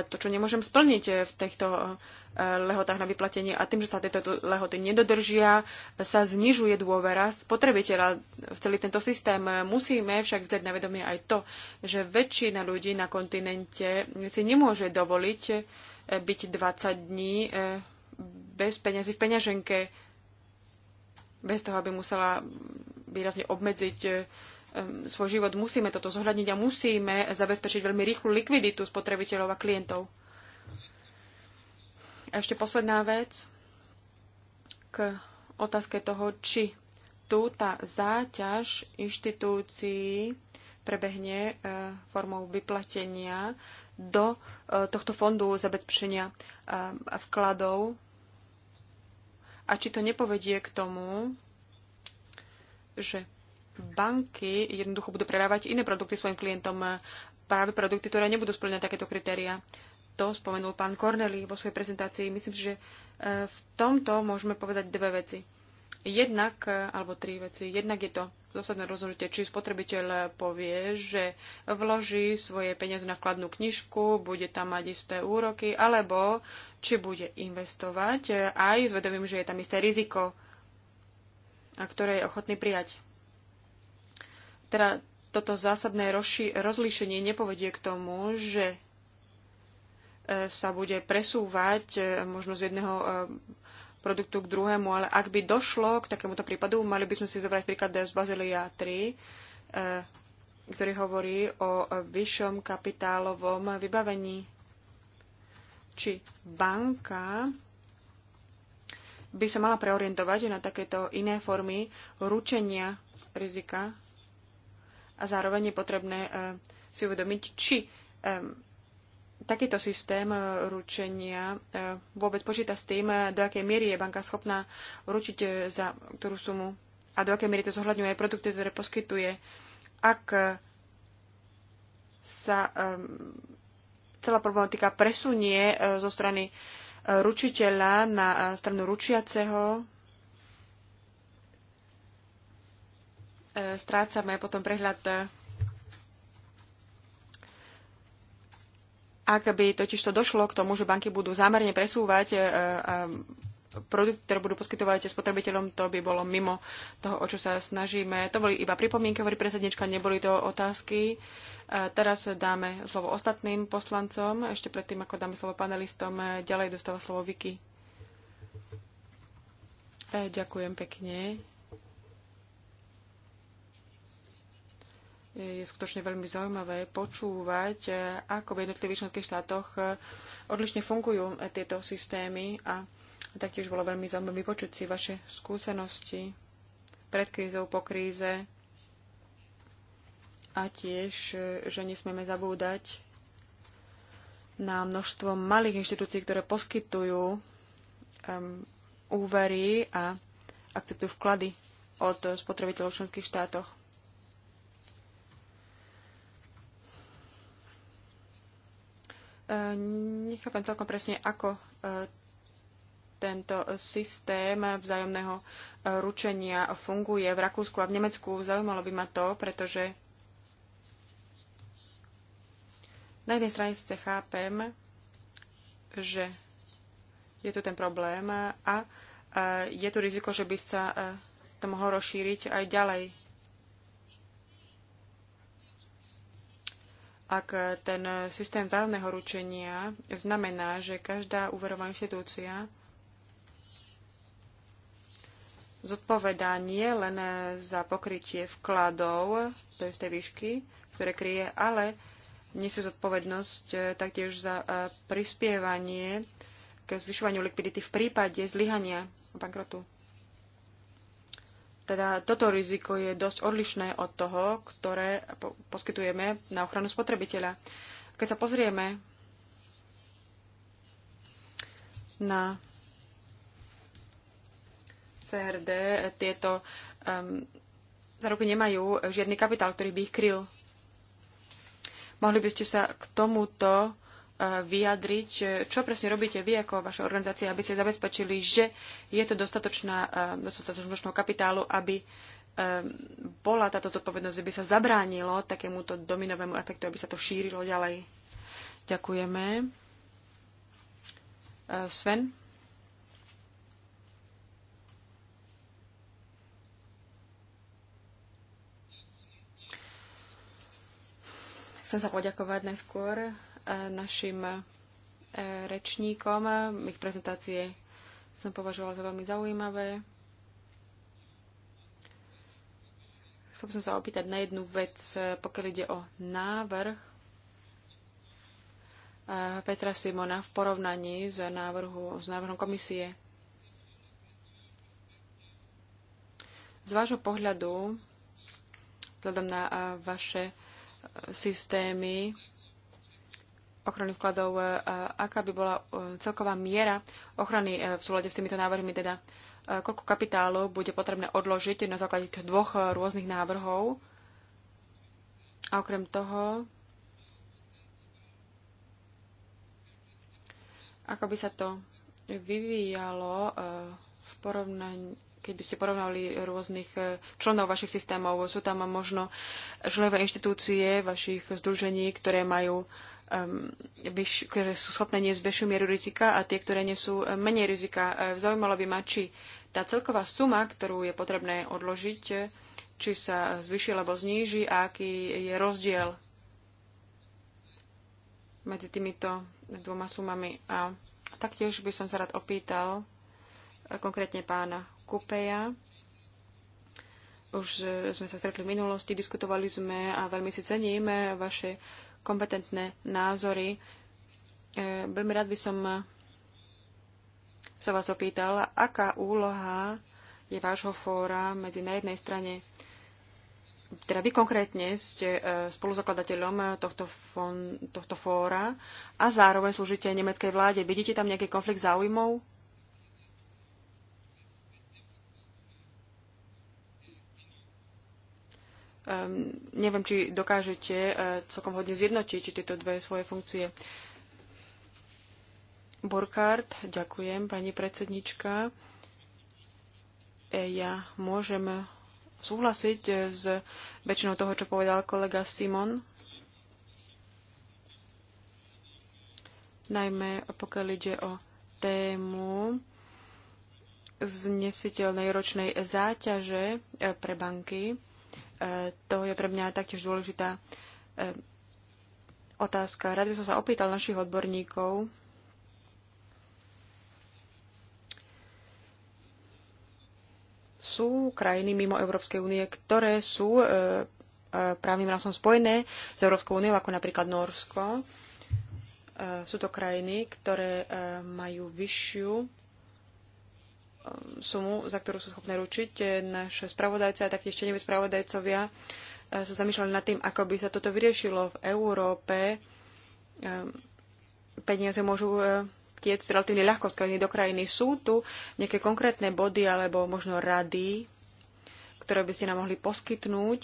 S3: to, čo nemôžem splniť e, v týchto e, lehotách na vyplatenie. A tým, že sa tieto lehoty nedodržia, sa znižuje dôvera spotrebiteľa v celý tento systém. Musíme však vzať na vedomie aj to, že väčšina ľudí na kontinente si nemôže dovoliť byť 20 dní bez peňazí v peňaženke, bez toho, aby musela výrazne obmedziť Um, svoj život, musíme toto zohľadniť a musíme zabezpečiť veľmi rýchlu likviditu spotrebiteľov a klientov. A ešte posledná vec k otázke toho, či tu tá záťaž inštitúcií prebehne uh, formou vyplatenia do uh, tohto fondu zabezpečenia uh, vkladov a či to nepovedie k tomu, že banky jednoducho budú predávať iné produkty svojim klientom, eh, práve produkty, ktoré nebudú splňať takéto kritéria. To spomenul pán Corneli vo svojej prezentácii. Myslím, že eh, v tomto môžeme povedať dve veci. Jednak, eh, alebo tri veci. Jednak je to zásadné rozhodnutie, či spotrebiteľ povie, že vloží svoje peniaze na vkladnú knižku, bude tam mať isté úroky, alebo či bude investovať aj s vedomím, že je tam isté riziko, a ktoré je ochotný prijať. Teda toto zásadné rozlíšenie nepovedie k tomu, že e, sa bude presúvať e, možno z jedného e, produktu k druhému, ale ak by došlo k takémuto prípadu, mali by sme si zobrať príklad z Bazilia 3, ktorý hovorí o vyššom kapitálovom vybavení. Či banka by sa mala preorientovať na takéto iné formy ručenia rizika a zároveň je potrebné eh, si uvedomiť, či eh, takýto systém eh, ručenia vôbec počíta s tým, do akej miery je banka schopná ručiť za ktorú sumu a do akej miery to zohľadňuje aj produkty, ktoré poskytuje. Ak sa celá problematika presunie zo strany ručiteľa na stranu ručiaceho, E, strácame potom prehľad e, Ak by totiž to došlo k tomu, že banky budú zámerne presúvať e, produkty, ktoré budú poskytovať spotrebiteľom, to by bolo mimo toho, o čo sa snažíme. To boli iba pripomienky, hovorí predsednička, neboli to otázky. Teraz dáme slovo ostatným poslancom. Ešte predtým, ako dáme slovo panelistom, ďalej dostáva slovo Viki. Ďakujem pekne. je skutočne veľmi zaujímavé počúvať, e, ako v jednotlivých členských štátoch e, odlišne fungujú e, tieto systémy a taktiež bolo veľmi zaujímavé počuť si vaše skúsenosti pred krízou, po kríze a tiež, že nesmieme zabúdať na množstvo malých inštitúcií, ktoré poskytujú um, úvery a akceptujú vklady od spotrebiteľov v členských štátoch. Eh, nechápem celkom presne, ako eh, tento systém vzájomného eh, ručenia funguje v Rakúsku a v Nemecku. Zaujímalo by ma to, pretože na jednej strane sice chápem, že je tu ten problém a je tu riziko, že by sa to mohlo rozšíriť aj ďalej ak ten systém vzájomného ručenia znamená, že každá úverová inštitúcia zodpovedá nie len za pokrytie vkladov z tej výšky, ktoré kryje, ale nesie zodpovednosť eh, taktiež za eh, prispievanie k zvyšovaniu likvidity v prípade zlyhania bankrotu. Teda toto riziko je dosť odlišné od toho, ktoré poskytujeme na ochranu spotrebiteľa. Keď sa pozrieme na CRD, tieto um, ehm, záruky nemajú žiadny kapitál, ktorý by ich kryl. Mohli by ste sa k tomuto vyjadriť, e, čo presne robíte vy ako vaša organizácia, aby ste zabezpečili, že je to dostatočná, e, dostatočného kapitálu, aby e, bola táto zodpovednosť, aby sa zabránilo takémuto dominovému efektu, aby sa to šírilo ďalej. Ďakujeme. Sven? Chcem sa poďakovať najskôr našim e, rečníkom. Ich prezentácie som považovala za veľmi zaujímavé. Chcel som sa opýtať na jednu vec, e, pokiaľ ide o návrh e, Petra Simona v porovnaní s, návrhu, s návrhom komisie. Z vášho pohľadu, vzhľadom na vaše systémy, ochrany vkladov, e, aká by bola e, celková miera ochrany e, v súlade s týmito návrhmi, teda koľko kapitálu bude potrebné odložiť na základe tých dvoch rôznych návrhov. A okrem toho, ako by sa to vyvíjalo v porovnaní keď by ste porovnali rôznych e, členov vašich systémov. Sú tam možno členové inštitúcie vašich združení, ktoré majú um, ktoré sú schopné niesť väčšiu mieru rizika a tie, ktoré nesú e, menej rizika. E, zaujímalo by ma, či tá celková suma, ktorú je potrebné odložiť, či sa zvyši alebo zníži a aký je rozdiel medzi týmito dvoma sumami. A taktiež by som sa rád opýtal konkrétne pána Kupeja. Už e, sme sa stretli v minulosti, diskutovali sme a veľmi si ceníme vaše kompetentné názory. E, veľmi rád by som sa vás opýtal, aká úloha je vášho fóra medzi na jednej strane teda vy konkrétne ste e, spoluzakladateľom tohto, fón, tohto fóra a zároveň slúžite nemeckej vláde. Vidíte tam nejaký konflikt záujmov? Um, neviem, či dokážete uh, celkom hodne zjednotiť tieto dve svoje funkcie. Burkhardt, ďakujem, pani predsednička. E, ja môžem súhlasiť eh, s väčšinou toho, čo povedal kolega Simon. Najmä pokiaľ ide o tému znesiteľnej ročnej záťaže eh, pre banky to je pre mňa taktiež dôležitá eh, otázka. Rád by som sa opýtal našich odborníkov, sú krajiny mimo Európskej únie, ktoré sú e, e, právnym rásom spojené s Európskou úniou, ako napríklad Norsko. E, sú to krajiny, ktoré e, majú vyššiu sumu, za ktorú sú schopné ručiť. E, Naš spravodajca a taktiež tenevi spravodajcovia e, sa zamýšľali nad tým, ako by sa toto vyriešilo v Európe. E, Peniaze môžu tiec relatívne ľahko z do krajiny. Sú tu nejaké konkrétne body alebo možno rady, ktoré by ste nám mohli poskytnúť?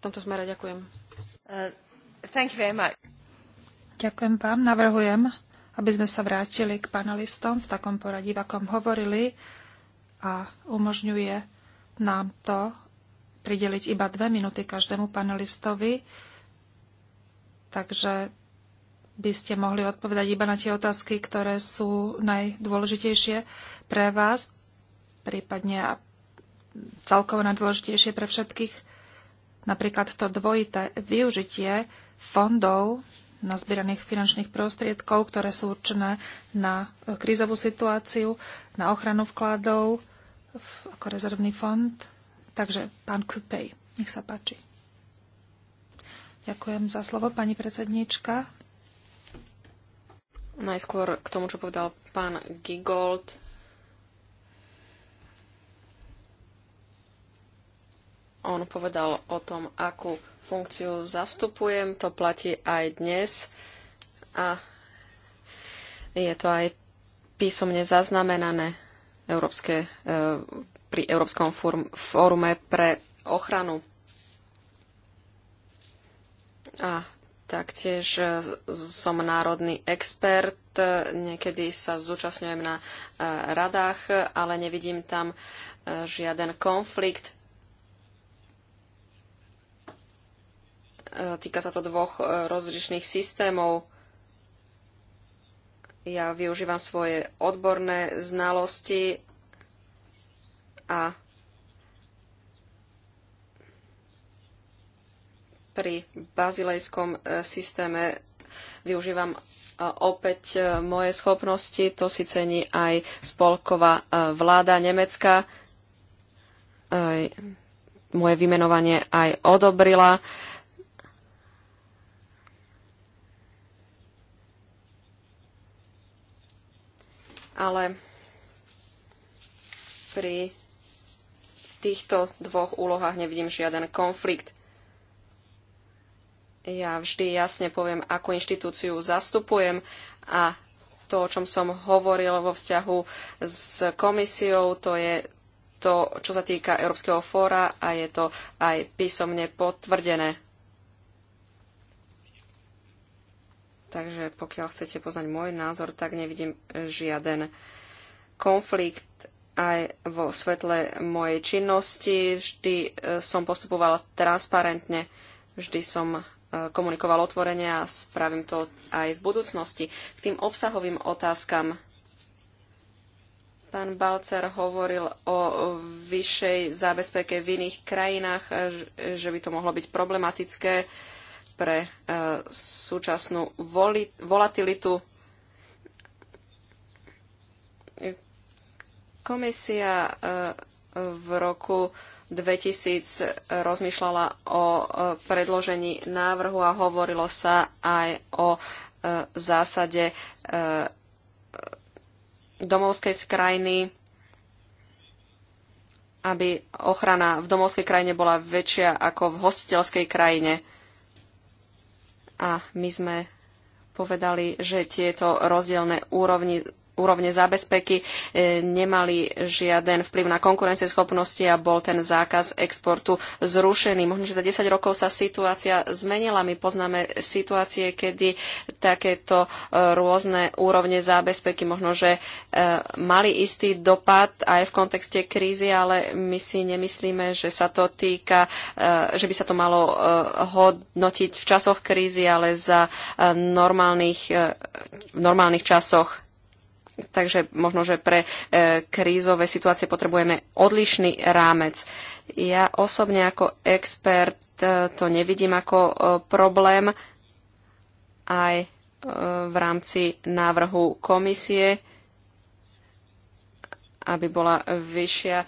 S3: V tomto smere ďakujem.
S2: Uh, thank you very much. Ďakujem vám. Navrhujem, aby sme sa vrátili k panelistom v takom poradí, v akom hovorili a umožňuje nám to prideliť iba dve minúty každému panelistovi. Takže by ste mohli odpovedať iba na tie otázky, ktoré sú najdôležitejšie pre vás, prípadne a celkovo najdôležitejšie pre všetkých. Napríklad to dvojité využitie fondov nazbieraných finančných prostriedkov, ktoré sú určené na e, krízovú situáciu, na ochranu vkladov ako rezervný fond. Takže pán Kupej, nech sa páči. Ďakujem za slovo, pani predsednička.
S1: Najskôr k tomu, čo povedal pán Gigold. On povedal o tom, akú funkciu zastupujem, to platí aj dnes a je to aj písomne zaznamenané Európske, e, pri Európskom fórume pre ochranu. A taktiež e, som národný expert, e, niekedy sa zúčastňujem na radách, ale nevidím tam žiaden konflikt Týka sa to dvoch e, rozličných systémov. Ja využívam svoje odborné znalosti a pri bazilejskom e, systéme využívam e, opäť moje schopnosti, to si cení aj spolková vláda Nemecka. Moje vymenovanie aj odobrila. ale pri týchto dvoch úlohách nevidím žiaden konflikt. Ja vždy jasne poviem, akú inštitúciu zastupujem a to, o čom som hovoril vo vzťahu s komisiou, to je to, čo sa týka Európskeho fóra a je to aj písomne potvrdené. Takže pokiaľ chcete poznať môj názor, tak nevidím žiaden konflikt aj vo svetle mojej činnosti. Vždy e, som postupovala transparentne, vždy som e, komunikoval otvorene a spravím to aj v budúcnosti. K tým obsahovým otázkam pán Balcer hovoril o vyššej zábezpeke v iných krajinách, e, že by to mohlo byť problematické pre e, súčasnú volatilitu. Komisia e, v roku 2000 rozmýšľala o e, predložení návrhu a hovorilo sa aj o zásade domovskej krajiny, aby ochrana v domovskej krajine bola väčšia ako v hostiteľskej krajine a my sme povedali, že tieto rozdielne úrovni úrovne zábezpeky e, nemali žiaden vplyv na konkurencieschopnosti a bol ten zákaz exportu zrušený. Možno, že za 10 rokov sa situácia zmenila. My poznáme situácie, kedy takéto e, rôzne úrovne zábezpeky možno, že e, mali istý dopad aj v kontexte krízy, ale my si nemyslíme, že sa to týka, že by sa to malo hodnotiť v časoch krízy, ale za normálnych, v normálnych časoch Takže možno, že pre e, krízové situácie potrebujeme odlišný rámec. Ja osobne ako expert e, to nevidím ako e, problém aj v rámci návrhu komisie, aby bola vyššia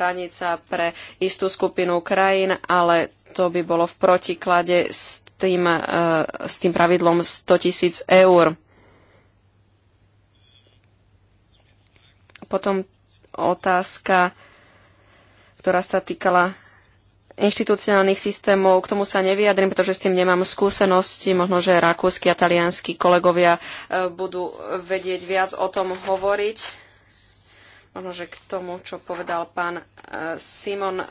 S1: hranica pre istú skupinu krajín, ale to by bolo v protiklade s tým, s tým pravidlom 100 tisíc eur. Potom otázka, ktorá sa týkala inštitucionálnych systémov, k tomu sa nevyjadrím, pretože s tým nemám skúsenosti. Možno, že rakúsky a talianskí kolegovia e, budú vedieť viac o tom hovoriť. Možno, že k tomu, čo povedal pán e, Simon, 1%,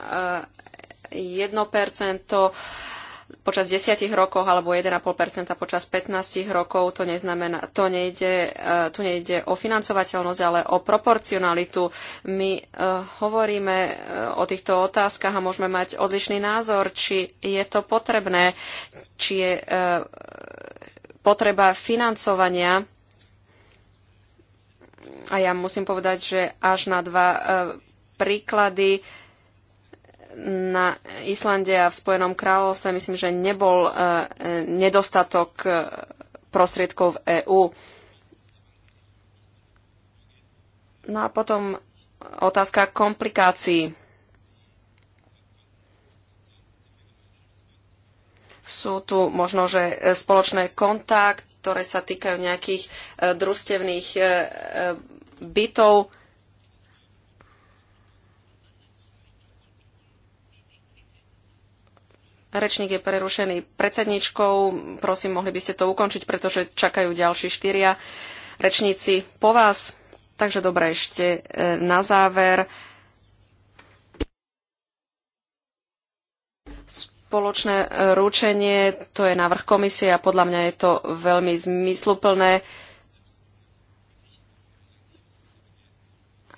S1: e, počas 10 rokov alebo 1,5% počas 15 rokov, to, neznamená, to nejde, eh, tu nejde o financovateľnosť, ale o proporcionalitu. My eh, hovoríme eh, o týchto otázkach a môžeme mať odlišný názor, či je to potrebné, či je potreba financovania a ja musím povedať, že až na dva príklady na Islande a v Spojenom kráľovstve myslím, že nebol e, nedostatok e, prostriedkov v EÚ. No a potom otázka komplikácií. Sú tu možno, že spoločné kontakt, ktoré sa týkajú nejakých e, družstevných bytov Rečník je prerušený predsedničkou. Prosím, mohli by ste to ukončiť, pretože čakajú ďalší štyria rečníci po vás. Takže dobre, ešte e, na záver. Spoločné e, ručenie, to je návrh komisie a podľa mňa je to veľmi zmysluplné.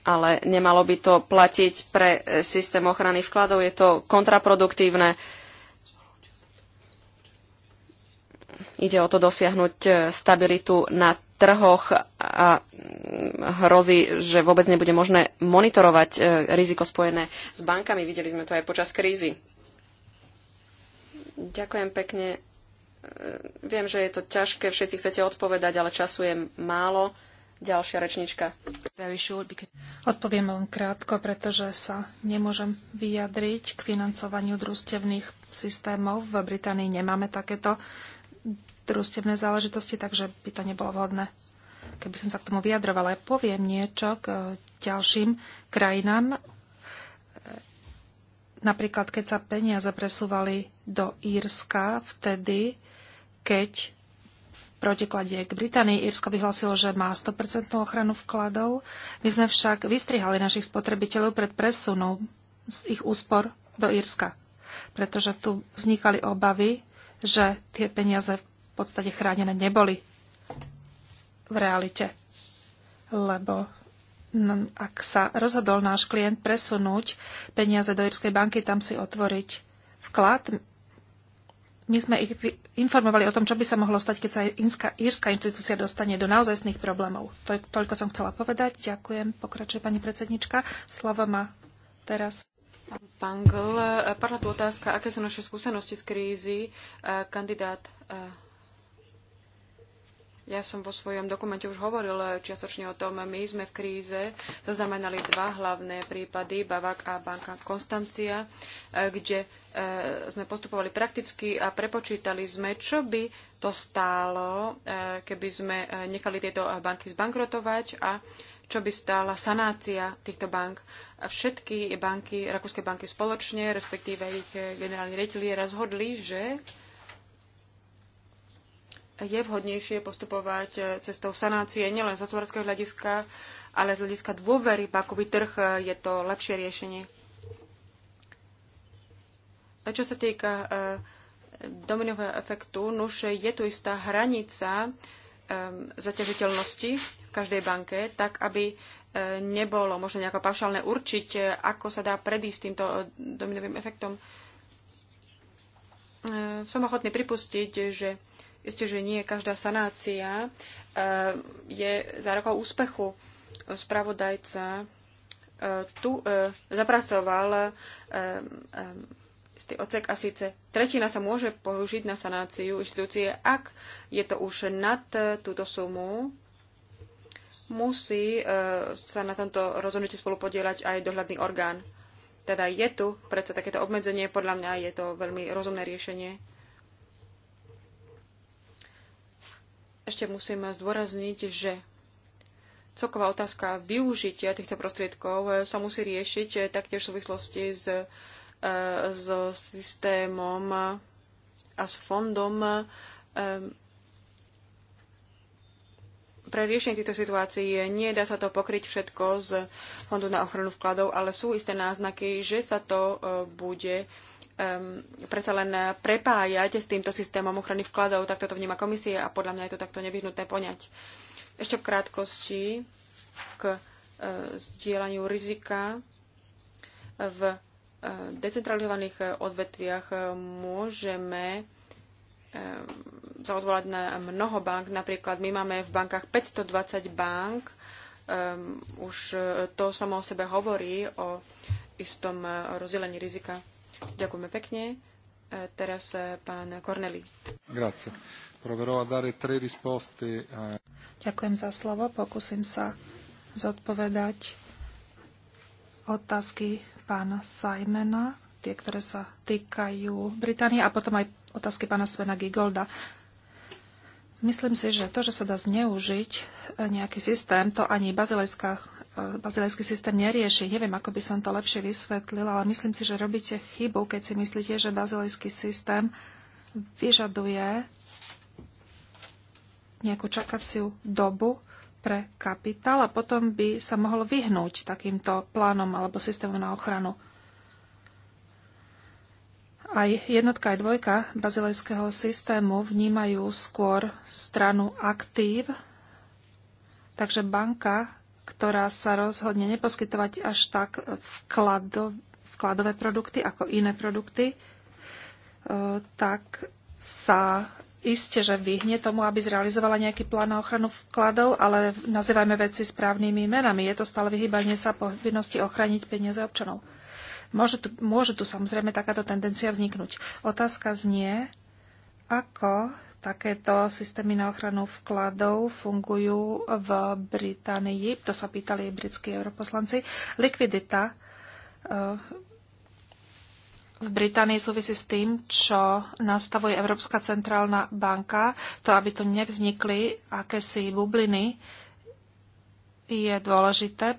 S1: ale nemalo by to platiť pre e, systém ochrany vkladov. Je to kontraproduktívne. ide o to dosiahnuť e, stabilitu na trhoch a mm, hrozí, že vôbec nebude možné monitorovať e, riziko spojené s bankami. Videli sme to aj počas krízy. Ďakujem pekne. E, viem, že je to ťažké, všetci chcete odpovedať, ale času je málo. Ďalšia rečnička.
S2: Odpoviem len krátko, pretože sa nemôžem vyjadriť k financovaniu družstevných systémov. V Británii nemáme takéto družstevné záležitosti, takže by to nebolo vhodné, keby som sa k tomu vyjadrovala. Ja poviem niečo k e, ďalším krajinám. E, napríklad, keď sa peniaze presúvali do Írska, vtedy, keď v protiklade k Británii Írsko vyhlásilo, že má 100% ochranu vkladov, my sme však vystrihali našich spotrebiteľov pred presunom z ich úspor do Írska, pretože tu vznikali obavy, že tie peniaze podstate chránené neboli v realite. Lebo no, ak sa rozhodol náš klient presunúť peniaze do Irskej banky, tam si otvoriť vklad, my sme ich informovali o tom, čo by sa mohlo stať, keď sa inská, írska inštitúcia dostane do naozajstných problémov. To, toľko som chcela povedať. Ďakujem. Pokračuje pani predsednička. Slovo má teraz.
S3: Pán Gl, padla tu otázka, aké sú naše skúsenosti z krízy. Kandidát ja som vo svojom dokumente už hovoril čiastočne o tom, my sme v kríze zaznamenali dva hlavné prípady, Bavak a banka Konstancia, e, kde e, sme postupovali prakticky a prepočítali sme, čo by to stálo, e, keby sme nechali tieto banky zbankrotovať a čo by stála sanácia týchto bank. A všetky banky, rakúske banky spoločne, respektíve ich generálni riaditeľi, rozhodli, že je vhodnejšie postupovať eh, cestou sanácie nielen z hospodárskeho hľadiska, ale z hľadiska dôvery bankový trh eh, je to lepšie riešenie. A čo sa týka eh, dominového efektu, nuž je tu istá hranica ehm, zaťažiteľnosti v každej banke, tak aby nebolo možno nejako paušálne určiť, ako sa dá predísť týmto dominovým efektom. Som ochotný pripustiť, že Isté, že nie každá sanácia eh, je zárokou úspechu. Spravodajca eh, tu eh, zapracoval istý ocek a síce tretina sa môže použiť na sanáciu inštitúcie, ak je to už nad túto sumu, musí sa na tomto rozhodnutí spolupodielať aj dohľadný orgán. Teda je tu predsa takéto obmedzenie, podľa mňa je to veľmi rozumné riešenie. ešte musím zdôrazniť, že celková otázka využitia týchto prostriedkov sa musí riešiť taktiež v súvislosti s, e, s systémom a s fondom e, pre riešenie týchto situácií nedá sa to pokryť všetko z Fondu na ochranu vkladov, ale sú isté náznaky, že sa to e, bude um, predsa len prepájať s týmto systémom ochrany vkladov, tak toto vníma komisie a podľa mňa je to takto nevyhnutné poňať. Ešte v krátkosti k uh, zdieľaniu rizika v e, decentralizovaných odvetviach môžeme sa e, odvolať na mnoho bank. Napríklad my máme v bankách 520 bank. Ehm, už to samo o sebe hovorí o istom rozdelení rizika. Ďakujeme pekne. E, teraz e, pán Corneli.
S2: Grazie. Proverò a dare tre risposte. Eh. Ďakujem za slovo. Pokúsim sa zodpovedať otázky pána Simona, tie, ktoré sa týkajú Británie a potom aj otázky pána Svena Gigolda. Myslím si, že to, že sa dá zneužiť eh, nejaký systém, to ani bazilejská bazilejský systém nerieši. Neviem, ako by som to lepšie vysvetlila, ale myslím si, že robíte chybu, keď si myslíte, že bazilejský systém vyžaduje nejakú čakaciu dobu pre kapitál a potom by sa mohol vyhnúť takýmto plánom alebo systémom na ochranu. Aj jednotka, aj dvojka bazilejského systému vnímajú skôr stranu aktív, takže banka ktorá sa rozhodne neposkytovať až tak vklado, vkladové produkty ako iné produkty, e, tak sa iste, že vyhne tomu, aby zrealizovala nejaký plán na ochranu vkladov, ale nazývajme veci správnymi menami. Je to stále vyhýbanie sa povinnosti ochraniť peniaze občanov. Môže tu, môže tu samozrejme takáto tendencia vzniknúť. Otázka znie, ako takéto systémy na ochranu vkladov fungujú v Británii. To sa pýtali britskí europoslanci. Likvidita eh, v Británii súvisí s tým, čo nastavuje Európska centrálna banka. To, aby tu nevznikli akési bubliny, je dôležité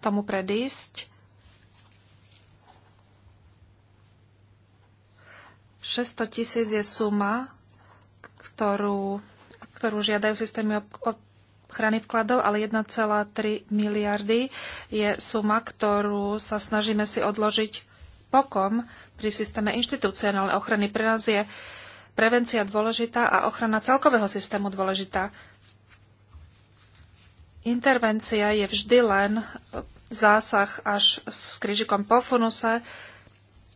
S2: tomu predísť 600 tisíc je suma, ktorú, ktorú žiadajú systémy ochrany vkladov, ale 1,3 miliardy je suma, ktorú sa snažíme si odložiť pokom pri systéme inštitucionálnej ochrany. Pre nás je prevencia dôležitá a ochrana celkového systému dôležitá. Intervencia je vždy len zásah až s krížikom po funuse.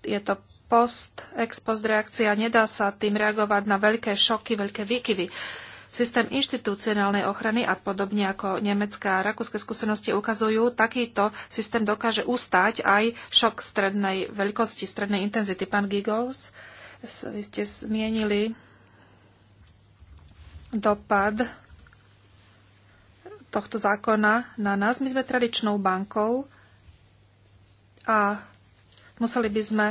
S2: Je to post, ex post reakcia, nedá sa tým reagovať na veľké šoky, veľké výkyvy. Systém inštitucionálnej ochrany a podobne ako nemecká a rakúske skúsenosti ukazujú, takýto systém dokáže ustať aj šok strednej veľkosti, strednej intenzity. Pán Giggles, vy ste zmienili dopad tohto zákona na nás. My sme tradičnou bankou a museli by sme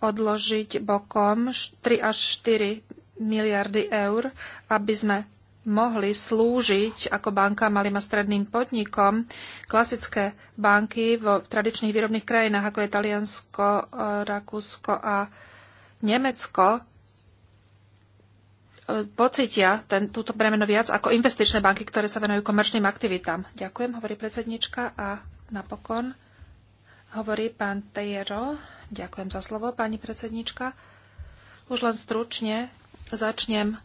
S2: odložiť bokom 3 až 4 miliardy eur, aby sme mohli slúžiť ako banka malým a stredným podnikom. Klasické banky v tradičných výrobných krajinách, ako je Taliansko, e, Rakúsko a Nemecko, e, pocítia ten, túto bremeno viac ako investičné banky, ktoré sa venujú komerčným aktivitám. Ďakujem, hovorí predsednička a napokon hovorí pán Tejero. Ďakujem za slovo, pani predsednička. Už len stručne začnem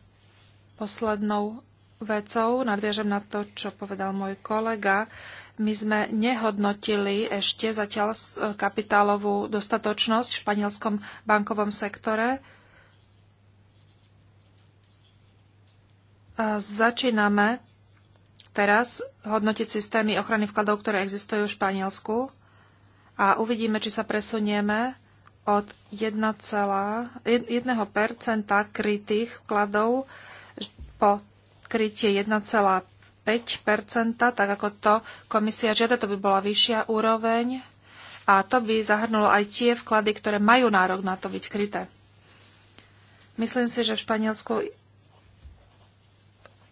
S2: poslednou vecou. Nadviežem na to, čo povedal môj kolega. My sme nehodnotili ešte zatiaľ kapitálovú dostatočnosť v španielskom bankovom sektore. Začíname teraz hodnotiť systémy ochrany vkladov, ktoré existujú v Španielsku a uvidíme, či sa presunieme od 1,1% krytých vkladov po krytie 1,5%, tak ako to komisia žiada, to by bola vyššia úroveň a to by zahrnulo aj tie vklady, ktoré majú nárok na to byť kryté. Myslím si, že v Španielsku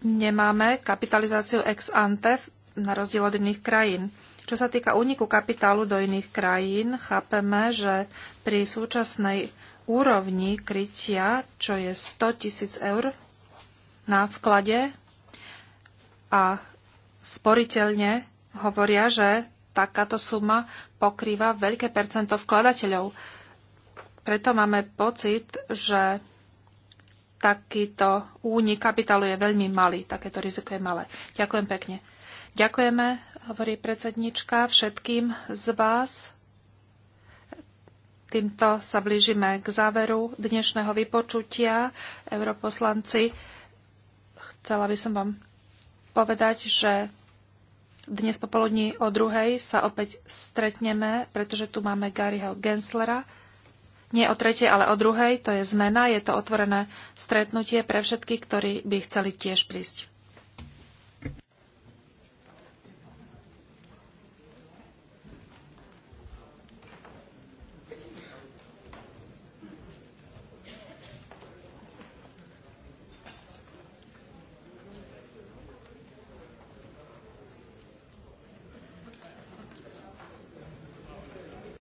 S2: nemáme kapitalizáciu ex ante na rozdiel od iných krajín. Čo sa týka úniku kapitálu do iných krajín, chápeme, že pri súčasnej úrovni krytia, čo je 100 tisíc eur na vklade a sporiteľne hovoria, že takáto suma pokrýva veľké percento vkladateľov. Preto máme pocit, že takýto únik kapitálu je veľmi malý, takéto riziko je malé. Ďakujem pekne. Ďakujeme hovorí predsednička, všetkým z vás. Týmto sa blížime k záveru dnešného vypočutia. Europoslanci, chcela by som vám povedať, že dnes popoludní o druhej sa opäť stretneme, pretože tu máme Garyho Genslera. Nie o tretej, ale o druhej, to je zmena, je to otvorené stretnutie pre všetky, ktorí by chceli tiež prísť.